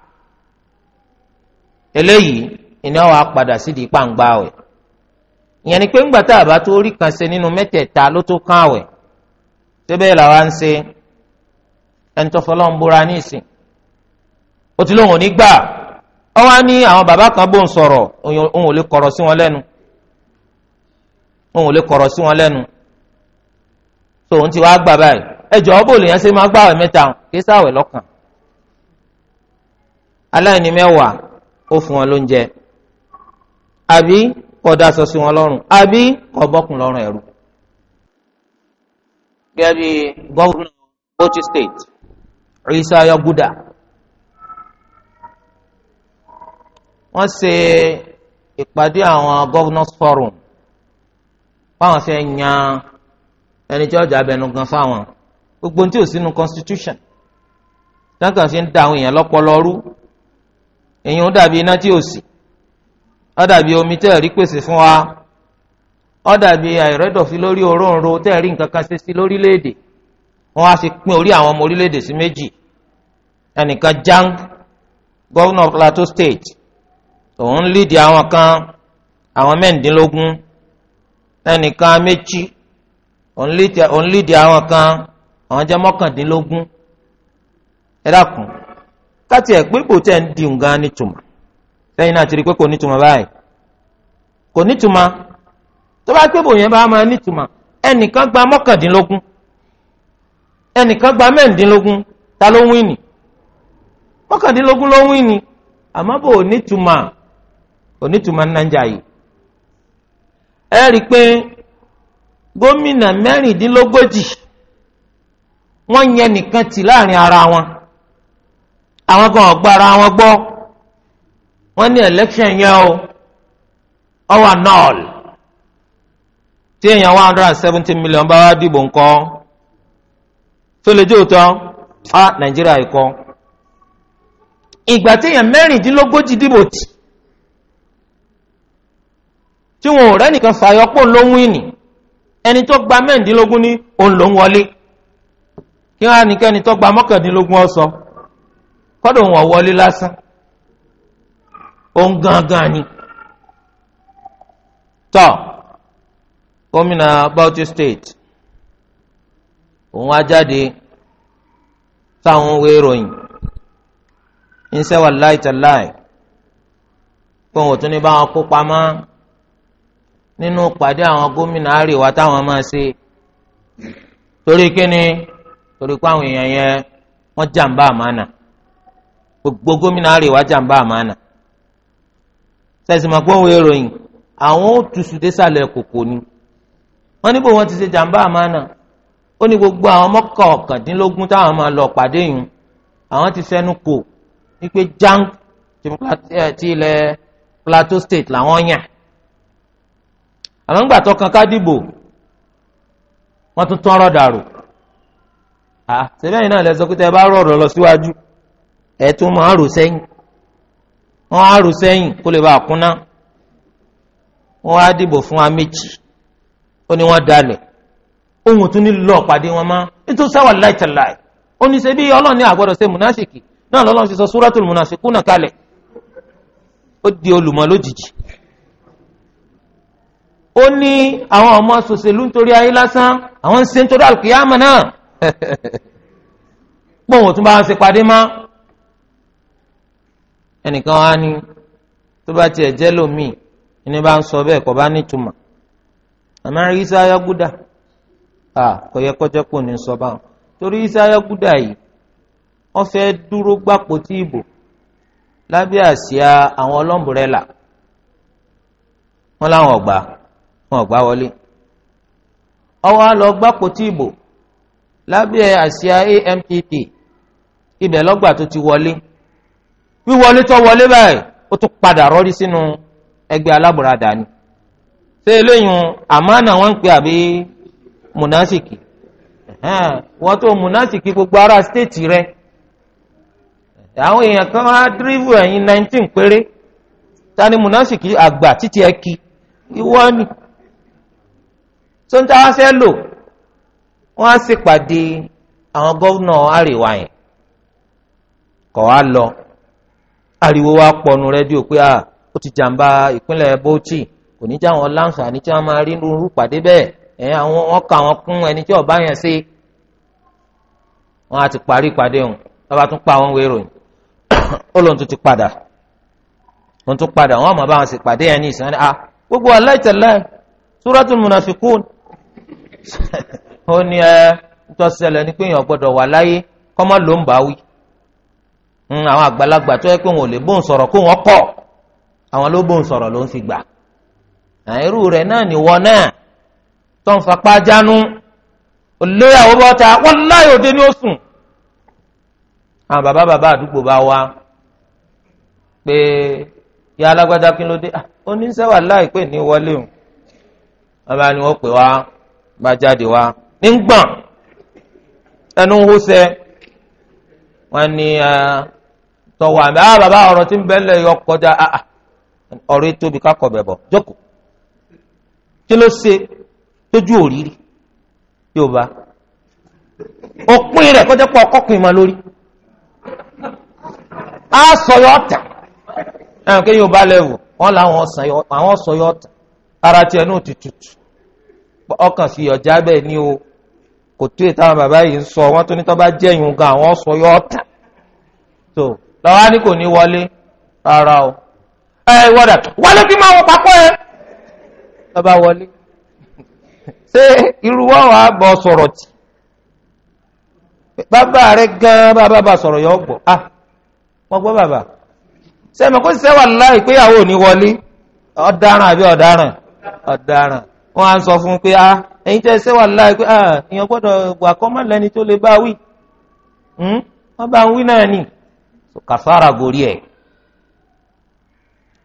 eléyìí iná wa padà sídìí pàǹgbà àwẹ̀ ìyẹn ni pé ńgbà tá a bá tó rí kan ṣe nínú mẹ́tẹ̀ẹ̀ta ló tó kán àwẹ̀ síbẹ̀ làwa ń ṣe ẹni tó fọlọ́n búra ní ìsìn ó ti wá ní àwọn bàbá kan bó ń sọ̀rọ̀ òun ò lè kọ̀rọ̀ sí wọn lẹ́nu òun ò lè wọn lẹ́nu tó òun ti wá gbà báyìí ẹ jọ̀ọ́ bò lèèyàn ṣe máa gbà àwẹ̀ mẹ́ta kí sáwẹ̀ lọ́kàn ó fún wọn lóúnjẹ àbí kó daṣọ sí wọn lọ́rùn àbí kó bọ́kùn lọ́rùn ẹ̀rú. gẹ́gẹ́ bí gọ́vùnà Bauchi state Isa Yaguda wọ́n ṣe ìpàdé àwọn governors forum fáwọn fẹ́ yan ẹni tí ọjà abẹnugan fáwọn gbogbo ní tí ò sínú constitution dáńkà fi ń da àwọn èèyàn lọ́pọ̀lọ́rú èyàn dàbí iná tí ò sí ó dàbí omi tẹ́ ẹ̀ rí pèsè fún wa ó dàbí àìrẹ́dọ̀fí lórí òróǹro tẹ́ ẹ̀ rí nǹkan kan ṣe sí lórílẹ̀‐èdè wọ́n á sì pín orí àwọn ọmọ orílẹ̀‐èdè sí méjì ẹnìkan jang governor Plateau State òun lídìí àwọn kan àwọn mẹ́ǹdínlógún ẹnìkan méjì òun lídìí àwọn kan àwọn jẹ́ mọ́kàndínlógún ẹ dákun káti ẹ̀ pé kò tẹ̀ ń di nǹkan nítumọ̀ sẹ́yìn náà ti rí i pé kò nítumọ̀ báyìí kò nítumọ̀ tó bá pé bòyẹn bá máa nítumọ̀ ẹnìkan gba mọ́kàndínlógún ẹnìkan gba ta ló ń mọ́kàndínlógún ló ń i pé gómìnà mẹ́rìndínlógójì wọ́n yẹn nìkan ara wọn. àwọn kan ọ̀gbára àwọn gbọ́ wọ́n ní election yẹn o ọwà nọ́ọ̀l tí èèyàn one hundred and seventy million bá wá dìbò nǹkan tó lè jẹ́ òótọ́ a nàìjíríà ikọ́ ìgbà tí èèyàn mẹ́rìndínlógójì dìbò tì tí wọn ò rẹ́nìkan fàyọ́pọ̀ ló ń wíìnì ẹni tó gba mẹ́rìndínlógún ní òun ló ń wọlé kí wọ́n á ní tó gba mọ́kàndínlógún ọ̀sán. kọ́dọ̀ wọn wọlé lásán òun gangan ni tọ́ gómìnà Bauchi State òun á jáde táwọn wéèròyìn ń sẹ́wà láìtàláì pé òun ò tún ní báwọn wọn kópa mọ́ nínú pàdé àwọn gómìnà àríwá táwọn máa ṣe torí kíni torí pé àwọn èèyàn yẹn wọ́n jàǹbá àmàna. gbogbo gómìnà àrèwá jàǹbá àmàna sẹ̀sìmọ̀ gbọ́wọ́ ìròyìn àwọn ó tùsù désàlẹ̀ kòkò ni wọ́n níbo wọ́n ti ṣe jàǹbá àmàna ó ní gbogbo àwọn mọ́kàndínlógún táwọn máa lọ pàdé yìí àwọn ti sẹ́nu kò wípé jank eh, ti ilẹ̀ Plateau State làwọn yàn àwọn gbà tó kan ká dìbò wọ́n tún tán ọ̀rọ̀ dàrú àtẹ̀lẹ́yìn náà lẹ́sọ̀ pé tẹ́ ẹ bá rọ̀rọ̀ lọ síwájú. Si ẹ tún máa rò kó lè bá a kúnná wọ́n á dìbò fún wa méjì ó ní wọ́n dalẹ̀ ohun tún ní lọ pàdé wọn mọ́ nítorí sáwà láìtàláì ó bí ọlọ́run ní àgbọ̀dọ̀ ṣe múnásìkì náà lọ́lọ́run ti sọ kalẹ̀ ó di ó ní àwọn ọmọ sòṣèlú nítorí ayé lásán [LAUGHS] ẹnìkan á ní tó bá tiẹ̀ jẹ́ lómìn ẹni bá ń sọ bẹ́ẹ̀ kò bá nítumọ̀ àmọ́ Isa Yaguda kò yẹ kọjá kò ní sọ báwọn torí Isa Yaguda yìí wọ́n fẹ́ dúró gbàpò tí ìbò lábẹ́ àsíá àwọn ọlọ́mbùrẹ́là wọ́n láwọn ọ̀gbà wọn ọ̀gbà wọlé ọwọ́ á lọ gbàpò tí ìbò lábẹ́ àsíá AMPP ibẹ̀ lọ́gbà tó ti wọlé wíwọlé tó wọlé báyìí ó tún padà rọrí sínú ẹgbẹ́ alábùradà ni ṣé eléyìí àmánà wọn ń pè àbí mùnásìkì wọ́n tó mùnásìkì gbogbo ara stéètì rẹ̀ àwọn èèyàn kan á dírìvù ẹ̀yìn nineteen péré ta ni mùnásìkì àgbà títí ẹ kí ìwọ ni tó ń lò wọ́n á sì pàdé àwọn gómìnà àríwá yẹn kọ̀ wá lọ ariwo wa pọnu rédíò pé ah, ó ti jàǹbá ìpínlẹ̀ Bauchi kò ní jáwọn láǹfààní tí wọ́n máa rí irú pàdé bẹ́ẹ̀ ẹ̀ àwọn wọ́n kà wọ́n kún ẹni tí ọ̀bá yẹn sí wọ́n á ti parí ìpàdé òun lọ́ba tún pa àwọn wéèrò yìí ó lóun tún ti padà wọ́n tún padà wọ́n àmọ́ bá sì pàdé yẹn ní ìsìn ah, gbogbo aláìtẹ̀lẹ́ súrátù munafikun ó ní ẹ ń tọ́ ṣẹlẹ̀ ní pé èèyàn gbọ́dọ̀ wà láyé kọ́mọ́ ló ń bá wí Hmm, àwọn àgbàlagbà tó yẹ pé wọn ò lè bóun sọ̀rọ̀ kó wọn kọ̀ àwọn ló bóun sọ̀rọ̀ ló ń fi gbà irú rẹ̀ náà nìwọ náà tó ń fapá jánu olóyàwó bọ́ ta wọ́n láyò dé ní oṣù àwọn bàbá bàbá àdúgbò bá wá pé ya alágbádá kí ló dé oníṣẹ́wà láìpẹ́ ní wọlé o bàbá ni wọ́n pè wá bá jáde wá nígbọ̀n ẹnu ń húṣẹ́ wọ́n ní ẹ. tọwọ àmì ah bàbá ọ̀rọ̀ tí ń bẹ lẹ yọ kọjá ah, ah ọ̀rọ̀ yìí tóbi kakọ bẹbọ jókòó kí ló ṣe tójú òrìrì yóò bá òpin rẹ kọjá pọ ọkọkùn ma lórí á sọ yọ ọtà ẹn kí yóò bá wọn làwọn yọ àwọn o kò tó ètò àwọn bàbá yìí ń sọ wọn tó lọ́wọ́ ni kò ní wọlé rárá o ẹ wọ́dà wọlé kí máa wọ papọ̀ ẹ lọ́ba wọlé [LAUGHS] ṣé irú wọn bọ̀ sọ̀rọ̀ tì bàbá rẹ gan bàbá bá sọ̀rọ̀ yọ gbọ́ ah wọ́n gbọ́ bàbá sẹ́mi kó ṣiṣẹ́ wà láì péyàwó ò ní wọlé ọ̀daràn àbí ọ̀daràn ọ̀daràn wọ́n á sọ fún un pé ah ẹ̀yin tẹ́ ṣiṣẹ́ wà láì pé ah gbọ́dọ̀ wà kọ́ mọ́ lẹ́ni tó lè bá wí hmm? wọ́n bá ń wí náà nìyí kàfàrà gorí ẹ̀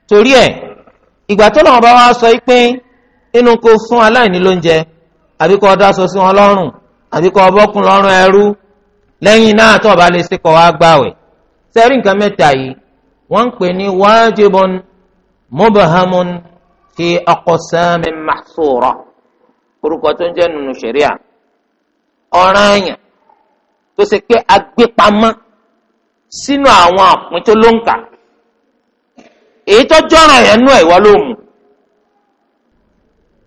torí ẹ̀ ìgbà tó lọ́wọ́ bá wá sọ pé inú kò fún aláìní lóúnjẹ àbí kò dáṣọ sí wọn lọ́rùn àbí kò bọ́kùn lọ́rùn ẹrú lẹ́yìn náà tó bá lè ṣe kó wá gbààwẹ̀ sẹ́rí nǹkan mẹ́ta yìí wọ́n ń pè ní wájibun mubahamun fi aqsami mahsura orúkọ tó ń jẹ́ nínú ṣẹ̀ríà ọ̀ranyàn tó ṣe pé agbépamọ́ sínú àwọn àpín tó ló ń kà èyí tó jọ́ràn yẹn nú ẹ̀wọ́ ló mú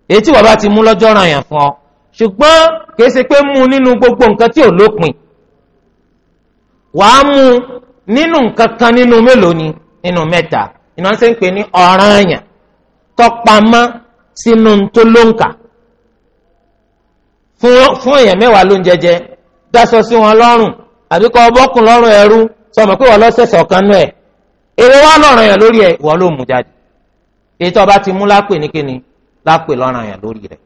èyí tí wọ́n bá ti mú lọ́jọ́ràn yẹn fún ọ ṣùgbọ́n kìí ṣe pé mú nínú gbogbo nǹkan tí ò lópin wàá mú nínú nǹkan kan nínú mélòó ni nínú mẹ́ta iná ṣe ń pè ní ọ̀ràn àyàn tọpamọ́ sínú tó ló ń kà fún èèyàn mẹ́wàá ló ń jẹjẹ dáṣọ sí wọn lọ́rùn àbíkọ́ ọbọ̀kùn lọ́rùn ẹrú sọmọ pé wọ́n lọ sẹ̀sẹ̀ ọ̀kan nú ẹ̀ èrè wa lọ́ràn yàn lórí ẹ̀ wọ́n ló mú jáde èyí tó bá ti mú lápè ní kíni lápè lọ́ràn yàn lórí rẹ̀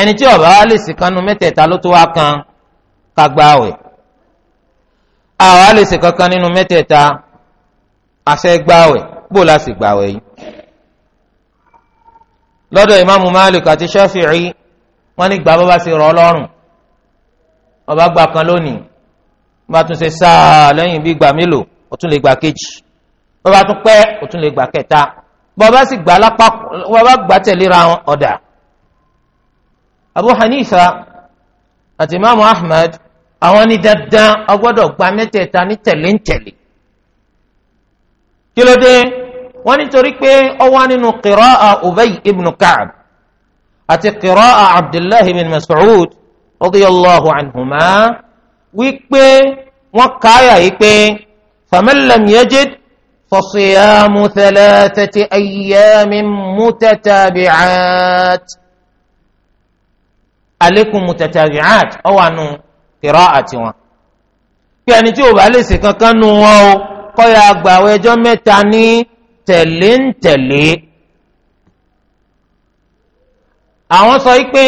ẹni tí ọ̀bá wa lè sì kánú mẹ́tẹ̀ẹ̀ta ló tó wá kan kagbáwẹ̀ àwa lè sì kankan nínú mẹ́tẹ̀ẹ̀ta àṣẹ gbáwẹ̀ bó la sì gbáwẹ̀ yìí lọ́dọ̀ ìmáàmù Malik àti Shafi'i wọ́n ní gbà bọ́ bá ti rọ̀ ọlọ́run ọba gbà kan lónìí bá tún ṣe sáà lẹ́yìn bí gbà mélòó o tún lè gbà kejì bó bá tún pẹ́ o tún lè gbà kẹta bó bá sì gbà lápapọ̀ bó bá gbà tẹ̀léra wọn ọ̀dà. Abu Hanifa àti imaamu Ahmad àwọn ní dandan ọgbọ́dọ̀ gba mẹ́tẹ̀ẹ̀ta ní tẹ̀léńtẹ̀lé kí ló dé wọ́n nítorí pé ó wà nínú qira'a Ubay ibn Ka'b àti qira'a Abdullahi bin Mas'ud radiyallahu anhuma wípé wọ́n káyà yìí pé famallam yajid fasiyamu thalathati ayyamin mutatabi'at alaikum mutatabi'at ọwọ́ àánú kìrọ́ àti wọn. pé ẹni tí ò bá lè ṣe kankan nu wọn o kọ́ya àgbàwọ̀ ẹjọ́ mẹ́ta ní tẹ̀léǹtẹ̀lé. àwọn sọ yìí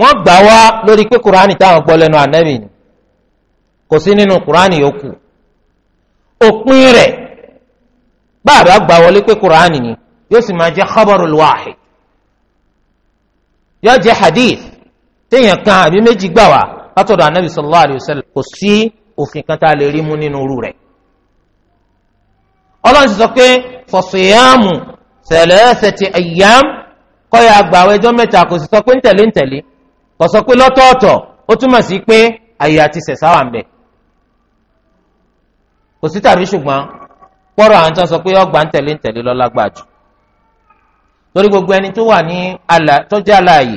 wọ́n gbà wá lórí pé kùránì táwọn gbọ́ lẹ́nu ànábì ni kò sí nínú kuraani yòókù òpin rẹ̀ báàbá gbà wọlé pé kuraani ni yóò sì máa jẹ́ khabarul wahid yóò jẹ́ hadith téèyàn kan àbí méjì gbà wá látọ̀dọ̀ anabi sallallahu alayhi wa sallam kò sí òfin kan tá a lè rí mú nínú irú rẹ̀ ọlọ́run ti sọ pé fọ̀sùyàmù sẹ̀lẹ́sẹ̀tì ayyam kọ́ya àgbàwọ̀ ẹjọ́ mẹ́ta kò sì sọ pé ntẹ̀léntẹ̀lé kò sọ pé lọ́tọ̀ọ̀tọ̀ ó túmọ̀ sí pé àyè àti sẹ̀sáwà ń bẹ kò sí tàbí ṣùgbọ́n pọ́rọ̀ àwọn tó sọ pé ọgbà ń tẹ̀lé ń tẹ̀lé lọ́la gbà jù torí gbogbo ẹni tó wà ní àlà tó jẹ́ aláàyè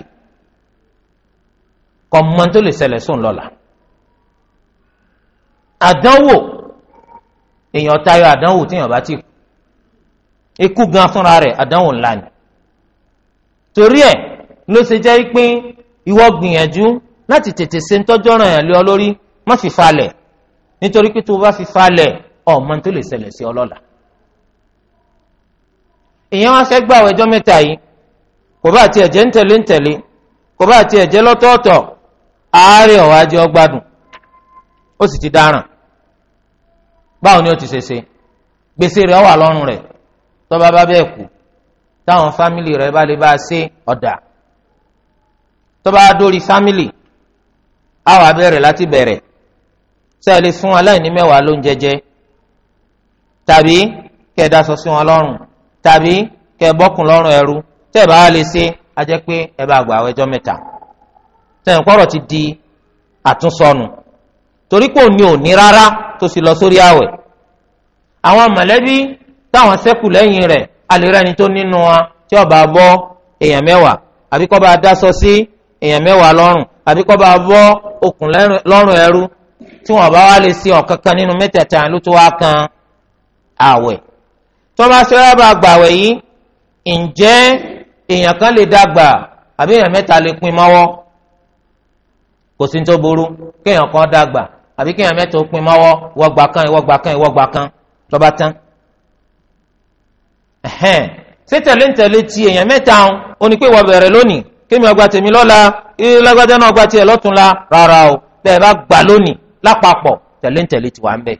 kò mọ tó lè ṣẹlẹ̀ sóun lọ́la àdánwò èèyàn tayọ àdánwò téèyàn bá ti kú ikú gan fúnra rẹ̀ àdánwò ńlá ni torí ẹ̀ ló ṣe jẹ́ pé ìwọ gbìyànjú láti tètè ṣe ń tọ́jọ́ ràn yàn lé ọ lórí má fi falẹ̀ nítorí pé tó o bá fi falẹ̀ ọmọ tó lè ṣẹlẹ̀ sí ọlọ́la èèyàn wá fẹ́ gbà ọjọ́ mẹ́ta yìí kò bá tiẹ̀ jẹ́ ńtẹ̀lé ńtẹ̀lé kò bá tiẹ̀ jẹ́ lọ́tọ̀ọ̀tọ̀ àárẹ̀ ọ̀wá jẹ́ ọgbádùn ó sì ti dáràn báwo ni ó ti ṣe ṣe gbèsè rẹ̀ wà lọ́rùn rẹ̀ tọ́ba bá bẹ́ẹ̀ kú táwọn fámìlì rẹ̀ bá lè bá a ṣe ọ̀dà tọ́ba adórí fámìlì àwọn abẹ́rẹ̀ láti bẹ̀rẹ̀ ṣé ẹ lè fún aláìní mẹ́wàá lóúnjẹ jẹ tàbí kẹ́ ẹ dáṣọ sí wọn lọ́rùn tàbí kẹ́ ẹ bọ́kùn lọ́rùn ẹrú tẹ́ ẹ lè ṣe a pé ẹ bá gbà àwẹ̀jọ́ mẹ́ta sẹ́yìn kọ́rọ̀ ti di àtúnsọnù torí pé òní òní rárá tó sì lọ sórí àwẹ̀ àwọn mọ̀lẹ́bí táwọn ṣẹ́kù lẹ́yìn rẹ̀ alẹ́rẹ́ni tó nínú wa tí ó bá bọ́ èèyàn mẹ́wàá àbí kó bá dáṣọ sí èèyàn mẹ́wàá lọ́rùn àbí kó bá bọ́ okùn lọ́rùn ẹrú tí wọn bá wá lè ṣe ọ̀kankan nínú mẹ́tẹ̀ẹ̀ta ló tó wá kan àwẹ̀ tó bá ṣe rábà gbàwẹ̀ yìí ǹjẹ́ èèyàn kan lè dàgbà àbí èèyàn mẹ́ta lè pin mọ́wọ́ kò sí tó burú kéèyàn kan dàgbà àbí kéèyàn mẹ́ta ó pin mọ́wọ́ wọ́gbà kan ìwọ́gbà kan ìwọ́gbà kan tó bá tán ṣé tẹ̀léǹtẹ̀lé ti èèyàn mẹ́ta ó ní pé wọ́n bẹ̀rẹ̀ lónìí kémi ọgbà tèmi lọ́la ilé lágbájá náà ọgbà tiẹ̀ lọ́tún la rárá o bẹ́ẹ̀ bá gbà lónìí lápapọ̀ tẹ̀léńtẹ̀lé ti wà ń bẹ̀.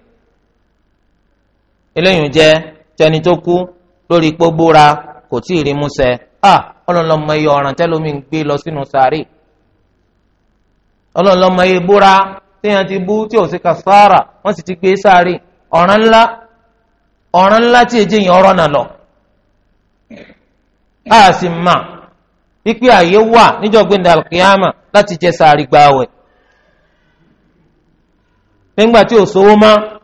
eléyìí jẹ́ tẹni tó kú lórí ipò búra kò tí ì rí músẹ à ọlọ́lọ́mọ iye ọ̀ràn tẹ́lómi ń gbé lọ sínú sàárè ọlọ́lọ́mọ iye búra téèyàn ti bú tí ò sí kàsáàrà wọ́n sì ti gbé sáré ọ̀ràn ńlá ọ̀ràn ńlá tí èjì yẹn ọ̀rọ̀ nà lọ. a sì mà pípé àyè wà níjọ́ gbẹ̀ndàlùkìyàmà láti jẹ sàárì gbààwẹ̀ nígbà tí ò sówó mọ́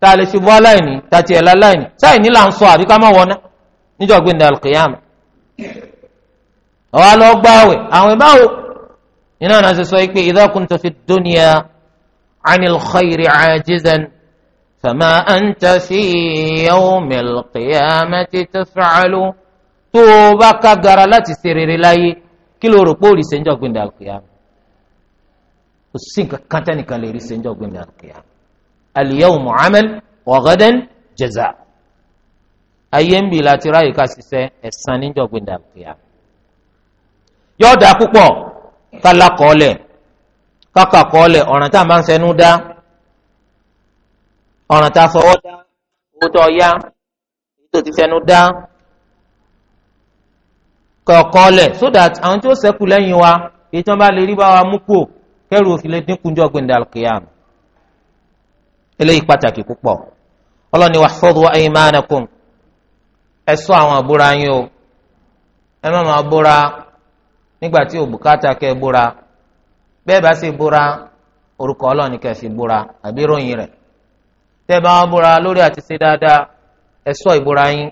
tá a lè ṣubú aláìní tàti ẹ̀la aláìní sáìní là ń sọ àbí ká má wọná níjọ́ gbẹ̀ndẹ̀ alqiyama àwa lọ gbààwẹ̀ àwọn ìbáwò iná náà ṣe sọ pé idha kunta fi dunya anil khayri ajizan fama anta fi yawmil qiyamati tas'alu tó o bá ká gara láti ṣe rere láyé kí ló rò pé òrìṣẹ́ níjọ́ gbẹ̀ndẹ̀ alqiyama kò sí nǹkan kan tẹ́nìkan lè rí sẹ́ńjọ́ gbẹ̀mí àkìyà al-yawmu amal wa ghadan jaza ayé ń bì láti ráyè ká ṣiṣẹ́ ẹ̀san níjọ́ gbẹ̀mí àkìyà yóò dáa púpọ̀ kálá kọ́ọ̀lẹ̀ káka kọ́ọ̀lẹ̀ ọ̀ràn tá a máa ń fẹnu dá ọ̀ràn tá a fọwọ́ dá owó tó yá tó ti fẹnu dá kọ̀ọ̀kọ́ọ̀lẹ̀ so that àwọn tí ó ṣẹ́kù lẹ́yìn wa èyí tí lè rí bá wa mú kú o. kẹrù ofile lè dínkù jọ gbẹndẹ alqiyam eléyìí pàtàkì púpọ̀ ọlọ́ni wahfadhu aymanakum ẹ ṣọ́ àwọn àbúra yín o ẹ má máa búra nígbà tí òbúkátà kẹ búra bẹ́ẹ̀ bá sì búra orúkọ ọlọ́ni kẹ fi búra àbí ròyìn rẹ̀ tẹ́ bá wọn búra lórí àti ṣe dáadáa ẹ ìbúra yín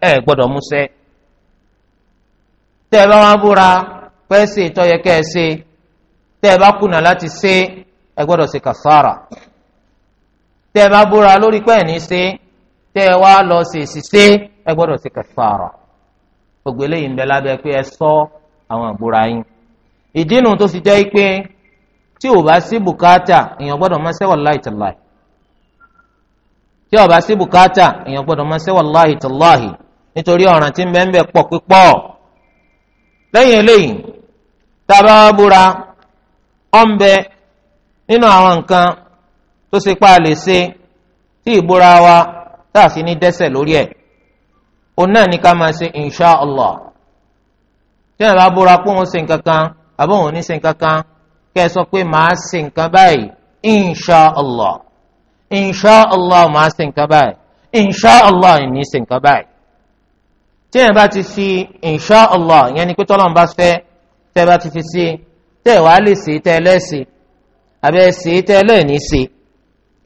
ẹ tẹ́ ẹ bá wá búra pẹ́ ṣe ìtọ́yẹ kẹ́ ẹ ṣe tẹ́ ẹ bá kùnà láti ṣe ẹ ṣe kàfàrà ẹ bá búra lórí ní ṣe ẹ wá lọ ṣe ṣiṣẹ́ ṣe kàfàrà gbogbo eléyìí ń bẹ pé ẹ sọ àwọn àbúra yín ìdínú tó fi jẹ́ pé tí ò bá sí bùkátà èèyàn máa wallahi tallahi tí ò bá sí bùkátà lẹ́yìn eléyìí tá a bá wá búra ọ̀nbẹ nínú àwọn nǹkan tó ṣe pa lè ṣe tí ìbúra wa tá a fi ní dẹ́ṣẹ̀ lórí ẹ̀ òun náà ní ká máa ṣe insha allah tí wọn bá búra pé òun ṣe nǹkan kan àbọ̀ òun ní ṣe nǹkan kan kẹ́ ẹ sọ pé màá ṣe nǹkan báyìí insha allah insha allah màá ṣe nǹkan báyìí insha allah ìní ṣe nǹkan báyìí tí ẹ̀ bá ti fi insha allah ìyẹn ni pé tọ́lọ́n bá fẹ́ tẹ́ ẹ bá ti fi sí tẹ́ ẹ wàá lè ṣe tẹ́ ẹ lẹ́sẹ̀ abẹ́ ṣe tẹ́ ẹ lẹ́ẹ̀ni ṣe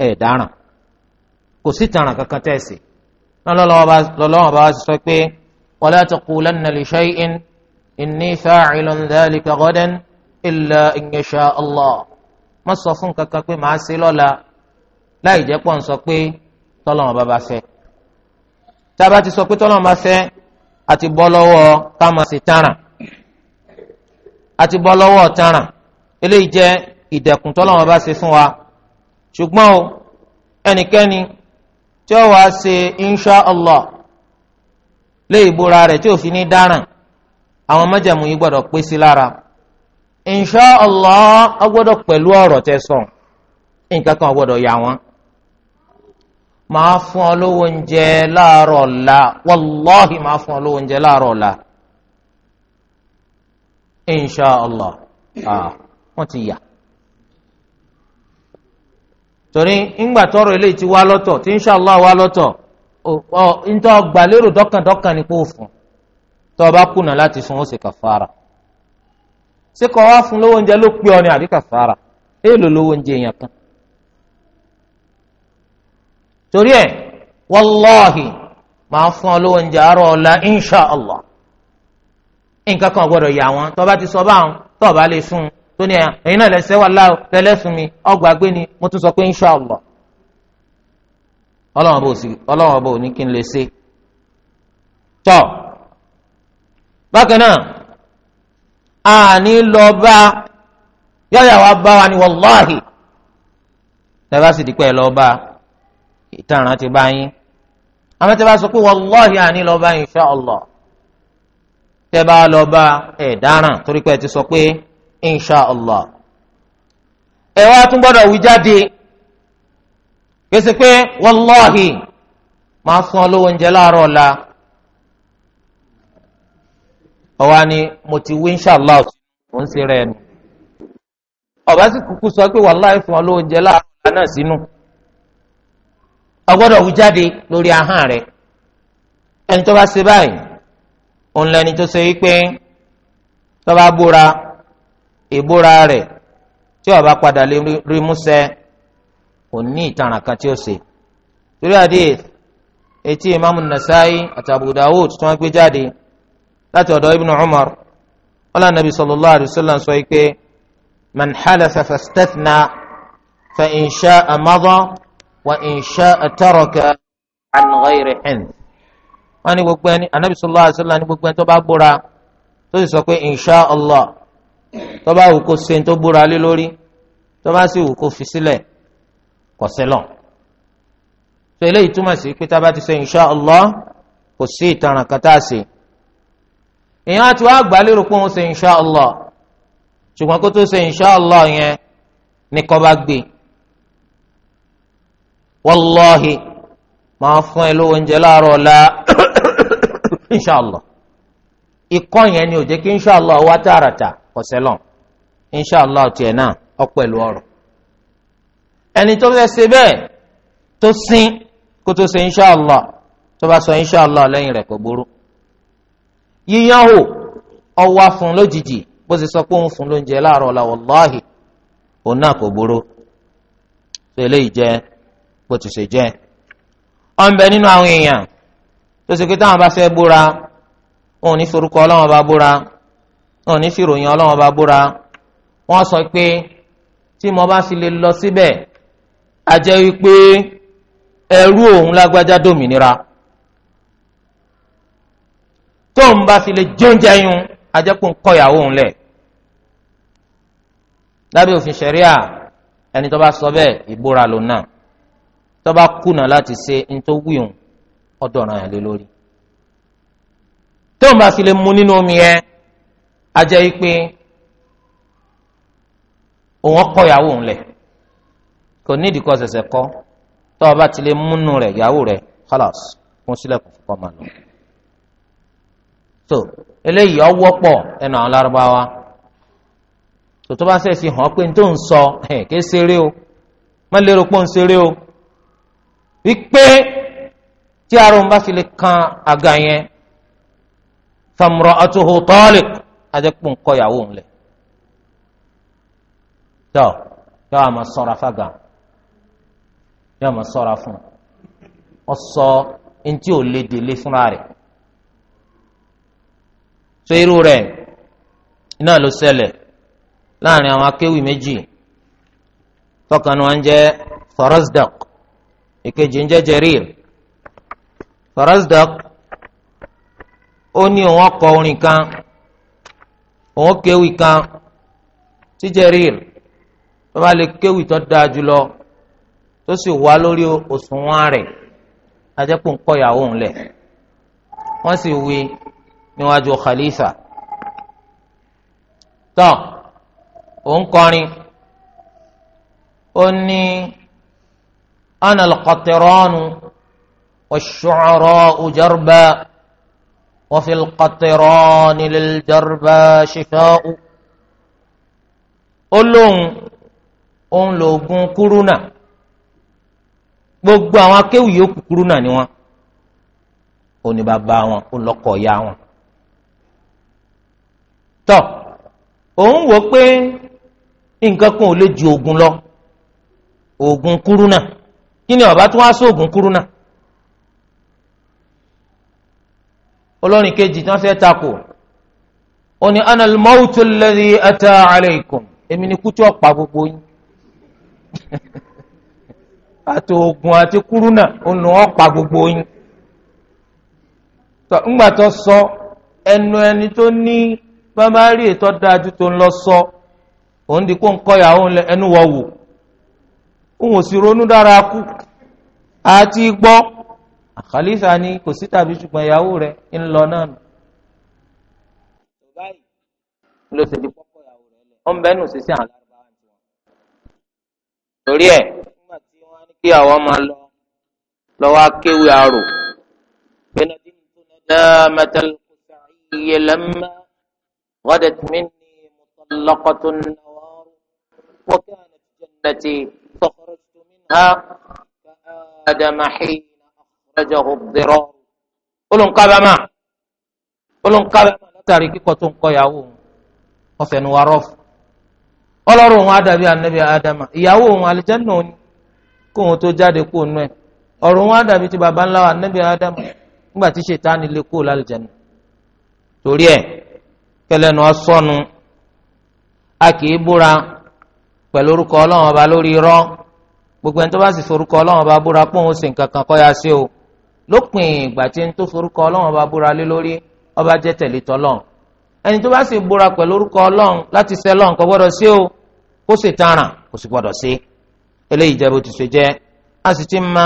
ẹ̀ dáràn kò sí tàràn kankan tẹ́ ẹ ṣe lọ́lọ́wọ́ bá wá sọ pé wala taqulanna li shay'in inni fa'ilun dhalika ghadan illa in yasha allah má sọ fún kankan pé màá ṣe lọ́la láì jẹ́ pọ̀ ń sọ pé tọ́lọ́wọ́ bá bá fẹ́ àti bọ́ lọ́wọ́ kámasì tààràn àti bọ́ lọ́wọ́ tààràn eléyìí jẹ́ ìdẹ̀kùn tọ́lọ́wọ́n bá ṣe fún wa ṣùgbọ́n o ẹnikẹ́ni tí ó wàá ṣe insha allah lé ìbúra rẹ̀ tí òfin ní dáràn àwọn májẹ̀mú yìí gbọ́dọ̀ pé sí lára insha allah ó gbọ́dọ̀ pẹ̀lú ọ̀rọ̀ tẹ́ sọ nǹkan kan ó gbọ́dọ̀ yà wọ́n màá fún ọ lówó oúnjẹ láàárọ̀ ọ̀la wàláhì màá fún ọ lówó oúnjẹ láàárọ̀ ọ̀la allah wọ́n ti yà. torí ńgbà tọrọ eléyìí ti wá lọ́tọ̀ tí inshàlá wá lọ́tọ̀ ọ ntọ́ gbàlérò dọ́kàndọ́kàn ni kò fún tọ́ ọ bá kùnà láti fún ó sì kàfàrà ṣé kọ́ wá fún lówó oúnjẹ ló pé ọ ní àbí kàfàrà èèlò lówó oúnjẹ yẹn kan. torí ẹ wàláhì màá fún ọ lówó oúnjẹ àárọ̀ ọ̀la insha allah nǹkan kan gbọ́dọ̀ yà wọ́n tó bá ti sọ báwọn tó bá lè sùn tó ní ẹ̀yin náà lẹ́sẹ̀ wà láò lẹ́lẹ́sùn mi ọgbà gbé ni mo tún sọ pé insha allah ọlọ́run ọba ò ní kí n lè ṣe tọ́ bákan náà àní lọ bá yọ̀yà wa bá wa ni wàláhì tẹ́ sì dípẹ́ lọ bá a. ìtàràn ti bá yín àmọ́ tẹ́ bá sọ pé wàláhì àní lọ bá insha Allah tẹ́ bá lọ bá ẹ̀ dáràn torí pé ẹ ti sọ pé insha Allah ẹ wá tún gbọ́dọ̀ wí jáde kése pé wàláhì máa san olówó oúnjẹ láàárọ̀ ọ̀la ọ̀wá ni mo ti wí insha Allah ò ń ṣe rẹ̀ ni sì kúkú sọ pé wàláhì fún olówó oúnjẹ láàárọ̀ ọ̀la náà sínú ọgbọ́dọ̀ wù jáde lórí ahọ́n rẹ̀ ẹni tó bá ṣe báyìí òun lẹni tó ṣe wípé tó bá búra ìbúra rẹ̀ tí ó bá padà lè rí músẹ kò ní ìtaràn kan tí ó ṣe torí hadith etí imaamu nasaayi àti abu dawud tí wọ́n gbé jáde láti ọ̀dọ̀ ibnu umar ọlá nàbí sallallahu alayhi sọ wípé man halafa fastathna fa in sha'a وإن شاء ترك عن غير حنث wọ́n ní gbogbo ẹni anabi sallallahu alaihi wasallam ní gbogbo ẹni tó bá búra tó sì sọ pé insha allah tó bá wù kó ṣe tó búra lé lórí tó bá sì wù kó fi sílẹ̀ kò sẹ́lọ̀ tó eléyìí túmọ̀ sí pé tá a bá ti sọ insha allah kò sí ìtanràn kan tá a ṣe èèyàn àti wàá gbà lérò pé òun ṣe insha allah ṣùgbọ́n kó tó ṣe insha allah yẹn ni kó bá gbé e wàlláhi máa fún ẹ lówó oúnjẹ láàárọ̀ ọ̀la [COUGHS] inṣàlá ikọ́ yẹn ni ò jẹ́ kí inṣàlá wá tààràtà ọ̀sẹ̀lọ̀ inṣàlá tiẹ̀ náà ọ pẹ̀lú ọ̀rọ̀ ẹni tó fẹ́ ṣe bẹ́ẹ̀ tó sin kó tó ṣe tó bá sọ lẹ́yìn rẹ̀ kò burú yíyan fún lójijì bó ṣe bó ti ṣe jẹ́ ọ̀nbẹ nínú àwọn èèyàn tó ṣe pé táwọn bá fẹ́ búra wọn ò ní forúkọ ọlọ́wọ́n bá búra wọn ò ní fìròyìn ọlọ́wọ́n bá búra wọ́n sọ pé tí mo bá fi lè lọ síbẹ̀ a jẹ́ wípé ẹrú òun lágbájá dòmìnira tóun bá fi lè jóúnjẹ yún a kó ń kọ́ ìyàwó òun lẹ̀ lábẹ́ òfin ṣẹ̀ríà ẹni tó bá sọ bẹ́ẹ̀ ìbúra lòun náà tó bá kùnà láti ṣe ntọ́wí òun ọ̀dọ̀ràn yẹn lé lórí. tóun bá fi lè mu nínú omi yẹn a jẹ́ yí pé òun ọkọ ìyàwó òun lẹ̀ kò nídìí kọ́ ṣẹ̀ṣẹ̀ kọ́ tó o bá ti lè múnú rẹ̀ ìyàwó rẹ̀ kọ́lọ́s fún sílẹ̀kùn fún kọ́mà lọ. tó eléyìí ọwọ́pọ̀ ẹnu àwọn lárúbáwá tó tó bá ṣẹ̀ṣì hàn pé n sọ [LAUGHS] kì o má lérò pé ń ṣeré o. wípé tí arun bá sì lè kan aga yẹn famurọ atuhu tọ́ọ̀lì adẹ́kùn kọyàwó ńlẹ̀ tọ́ yọ àmọ́ sọ̀rọ̀ afága yọ àmọ́ sọ̀rọ̀ afún ọ sọ ntí ò lè délé fúnra rẹ̀ so irú rẹ̀ iná ló ṣẹlẹ̀ láàrin àwọn akéwì méjì ìkejì ń jẹ́ Jarir Farazdaq ó ní òun ọkọ orin kan òun kéwì kan tí Jarir tó bá lè kéwì tó dáa jùlọ tó sì wá lórí òṣùwọ̀n rẹ̀ ajẹ́pọ̀ ń kọ́ ìyàwó òun lẹ̀ wọ́n sì wí níwájú khalifa tán òun kọrin ó ní. أنا القطران والشعراء جربا وفي القطران للجربا شفاء olóhùn òun lòògùn kúrúnà gbogbo àwọn akéwì yòókù kúrúnà ni wọn òní bàbá wọn òlọkọ ya wọn tọ òun wò pé nǹkan kan ò lè ju oògùn lọ oògùn kúrúnà kí ni ọba tún wá sóògùn kúrú náà olórin kejì tí wọ́n fẹ́ takò ó ní ana al-mawtu alladhi ata alaykum èmi ni kú tí ó pa gbogbo yín [LAUGHS] àti oògùn àti kúrú náà ó nù ó pa gbogbo yín tó ńgbà tó sọ ẹnu ẹni tó ní bàbá rí ètò dájú tó ń lọ sọ òun di kó ń kọ ìyàwó ẹnu wọ wò òun sì ronú dára kú àti gbọ́ àkàlífà ni kò sí tàbí ṣùgbọ́n ìyàwó rẹ̀ ń lọ náà nù. báyìí ló ṣe di pọ́pọ́ ìyàwó rẹ̀ lẹ̀ ọ́n bẹ́ẹ̀ nù sí sí àwọn alárùbáwá ti wọn. torí ẹ̀ nígbà tí wọ́n á ní kí àwọn máa lọ lọ́wọ́ akéwì àrò. bẹ́ẹ̀ni ọdún tó ń dá mẹ́tẹ́lì kò sàáyé lẹ́mọ́ غدت مني مطلقة النوار وكانت جنتي آدم حين أخرجه الضرار قلن قبما قلن قبما látàrí kíkọ tó ń kọ ìyàwó wọn fẹnu wa rọfù Ọlọ́run òun àdàbí anabi adama ìyàwó òun alìjẹnà òun kó òun tó jáde kó nù ẹ ọ̀rọ̀ òun àdàbí ti baba ńlá wa anabi adama nígbà tí ṣètánì lè kó lálìjẹnà torí ẹ kẹlẹnu ọsọnu a kì í búra pẹ̀lú orúkọ Ọlọ́run ọba lórí irọ́ gbogbo ẹni tó bá sì forúkọ ọlọ́run bá búra pọ̀ òun sì nǹkan kan kọ́ ya sí o lópin ìgbà tí ń tó forúkọ ọlọ́run bá búra lé lórí ọba jẹ́ tẹ̀lé tọ́lọ́run ẹni tó bá sì búra pẹ̀lú orúkọ ọlọ́run láti ṣe ọlọ́run kò gbọ́dọ̀ sí o kó sì taràn kò sì gbọ́dọ̀ sí eléyìí jẹ́ bó jẹ́ a sì ti ma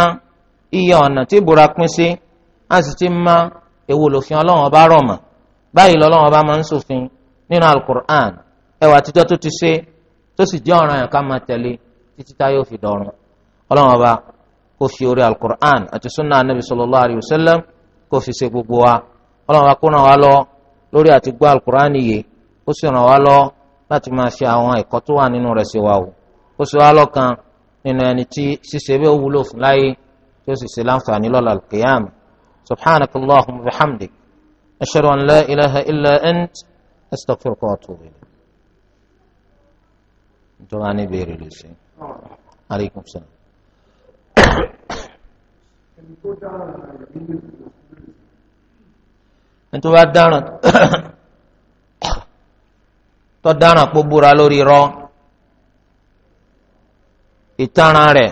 iye ọ̀nà tí ìbúra pín sí a sì ti ma èwo lòfin ọlọ́run ọba rọ̀ mọ́ báyìí lọ́lọ́run ọba máa ń ṣòfin nínú ọlọ́run ọba kó fi orí alukur'an àti sunna anabi sallallahu alayhi wa sallam kó fi ṣe gbogbo wa ọlọ́run ọba kó ràn wá lọ lórí àti gbọ́ alukur'an yìí ó sì ràn wá lọ láti máa ṣe àwọn ẹ̀kọ́ tó wà nínú rẹ̀ sí wa o ó sì wá lọ́kàn nínú ẹni tí ṣíṣe bẹ́ẹ̀ wúlò fún láyé tí ó sì ṣe láǹfààní lọ́la alqiyam subhanaka allahumma wa bihamdik ashhadu an la ilaha illa ant astaghfiruka wa atubu ilayk. nítorí wọn ní ìbéèrè lè ṣe. aleykum salaam ẹni tó bá dáràn tó dáràn kó búra lórí irọ́ ìtaràn rẹ̀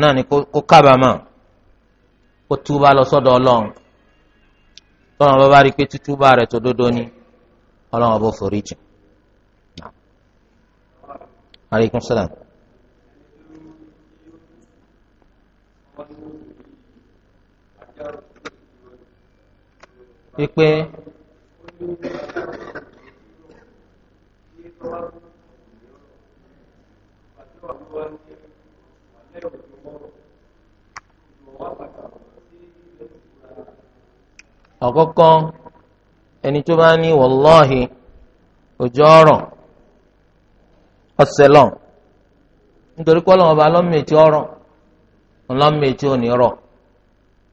náà ni kó kábàámọ̀ kó túbà lọ sọ́dọ̀ ọlọ́run tọ́lọ́run bá bá rí i pé títúbà rẹ̀ tó dódó ni ọlọ́run ọ̀bọ foríjì. aleykum salaam. wípé ọ̀kọ́kọ́ ẹni tó bá ní wọ́lọ́ọ̀hì òjò ọ̀rọ̀ ọ̀sẹ̀lọ̀ nítorí kọ́ lọ́wọ́ bá lọ́mọ ètí ọ̀rọ̀ ọlọ́mọ ètí ní rọ̀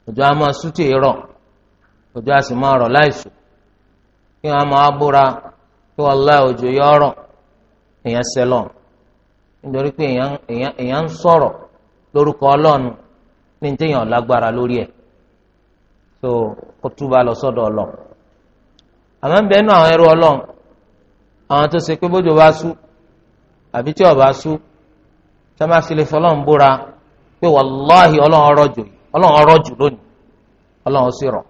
òjò a máa sútì rọ̀ òjò a sì máa rọ̀ láìsù kí wọ́n máa búra kí wọ́n lá òjò yọ èèyàn sẹlọ̀ nítorí pé èèyàn ń sọ̀rọ̀ lórúkọ ọlọ́run ní téèyàn lágbára lórí ẹ̀ so kó túbà lọ sọdọ ọlọ́ àmọ́ ń bẹ́ẹ̀ àwọn ẹrú ọlọ́run àwọn tó ṣe pé bójú bá sú àbí tí ọba sú tí wọ́n fi lè búra pé wàláhì ọlọ́run ọrọ̀ jù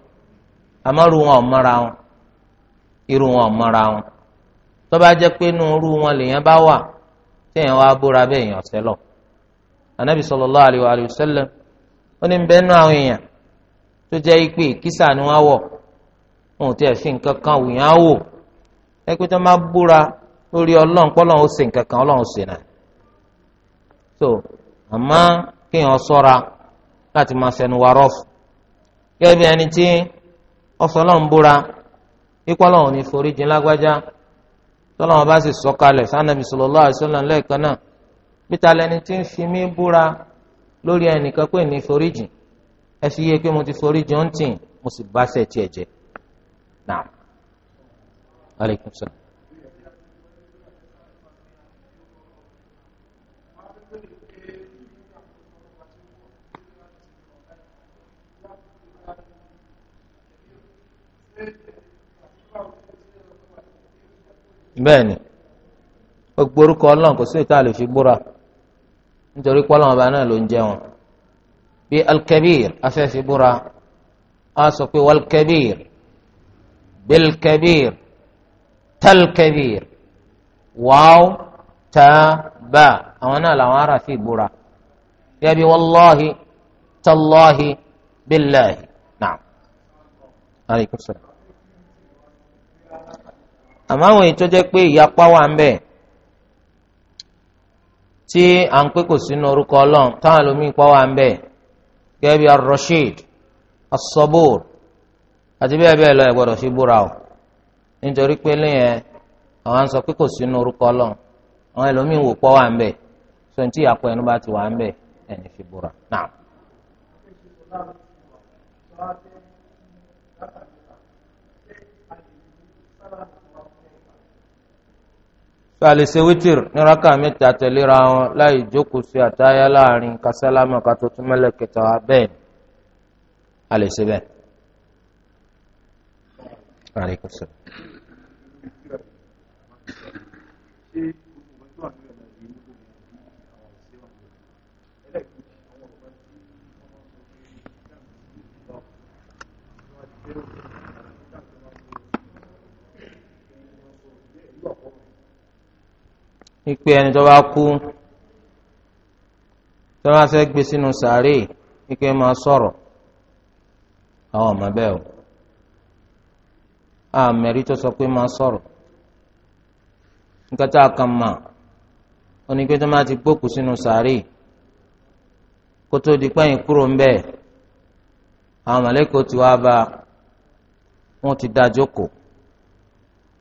àmọ́rú wọn ò mọ́ra wọn iru wọn ò wọn tó bá jẹ́ pé inú irú wọn lèèyàn bá wà téèyàn wá búra bẹ́ẹ̀ èèyàn ọ̀sẹ̀ lọ anabi sallallahu alaihi wa sallam ó ní bẹ́ẹ̀ nú àwọn èèyàn tó jẹ́ kísà ni wọ́n wọ̀ wọn ò tiẹ̀ fi nǹkan kan wù yẹn wò ẹ pé búra lórí ó nǹkan kan ó náà so ọfọlọ́n búra ikú ọlọ́run ní foríjìn lágbájá tọ́lọ́wọ́n bá sì sọ̀kalẹ̀ sànàbì sallallahu alaihi wasallam lẹ́ẹ̀kan náà peter lẹni tí ń fi mí búra lórí ẹnìkan pé ní foríjìn ẹ fi yé pé mo ti foríjìn ó ń tì mo sì bá sẹ̀ tiẹ̀ jẹ́ naam aleykum salaam. bẹ́ẹ̀ni gbogbo orúkọ Ọlọ́run kò sí ìta lè fi búra nítorí pé Ọlọ́run ọba náà ló ń jẹun bí alkabir afẹ́fi búra a sọ pé walkabir bilkabir talkabir wàá tàbá àwọn náà làwọn ará fi búra yẹbi wàlláhi tàlláhi bíláhi naam. aleykum àmọ́ àwọn èyí tó jẹ́ pé ìyapa wà ń bẹ tí à ń pé kò sínú orúkọ ọlọ́run táwọn ẹlòmíín pa wà ń bẹ gẹ́gẹ́ bí àti bẹ́ẹ̀ bẹ́ẹ̀ lọ búra o nítorí pé sọ pé kò sínú orúkọ ọlọ́run àwọn ẹlòmíín wò pọ̀ wà ń sọ wà ń tó a lè ṣe wítìrì ní rákà mẹ́ta tẹ̀léra wọn láì jókòó sí àtáyá láàrin kásálámà ká tó tún mẹ́lẹ̀ kẹta wa bẹ́ẹ̀ a lè ṣe bẹ́ẹ̀. Thank you. ikpe ẹni tó bá kú tó bá fẹ́ gbé sínú sàárè wípé máa sọ̀rọ̀ àwọn ọmọ bẹ́ẹ̀ o àmẹ́rí tó sọ pé máa sọ̀rọ̀ tá a kàn mà onígbé tó máa ti gbókù sínú sàárè kó tó di pẹ́yìn kúrò ń àwọn mọ̀lẹ́kọ̀ọ́ ti wá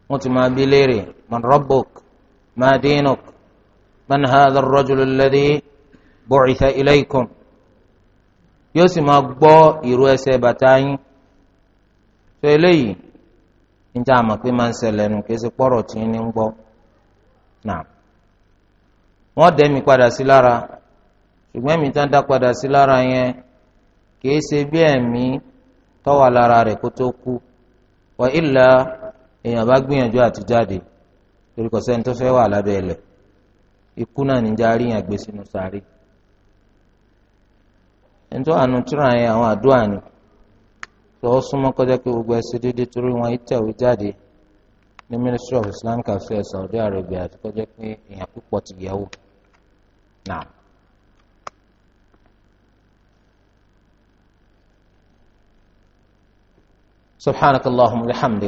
wọ́n ti ما دينك من هذا الرجل الذي بعث إليكم yóò sì máa gbọ́ ìró ẹsẹ̀ bàtà yín tó eléyìí níta àmọ̀ pé máa ń wọ́n dẹ́mi padà sí lára ṣùgbọ́n ẹ̀mí tá dá padà sí lára yẹn kì í ṣe bí ẹ̀mí tọ́wà lára rẹ̀ kó tó kú wọ́n èèyàn bá torí kò sẹ́ni tó fẹ́ wà lábẹ́ ilẹ̀ ikú náà níjà ríyàn gbé sínú sáré ẹni tó àánú túra yẹn àwọn àdúrà ni lọ́wọ́ súnmọ́ kọjá pé gbogbo ẹsẹ̀ dédé torí wọn ministry of islam affairs Saudi Arabia àti kọjá pé èèyàn púpọ̀ ti náà.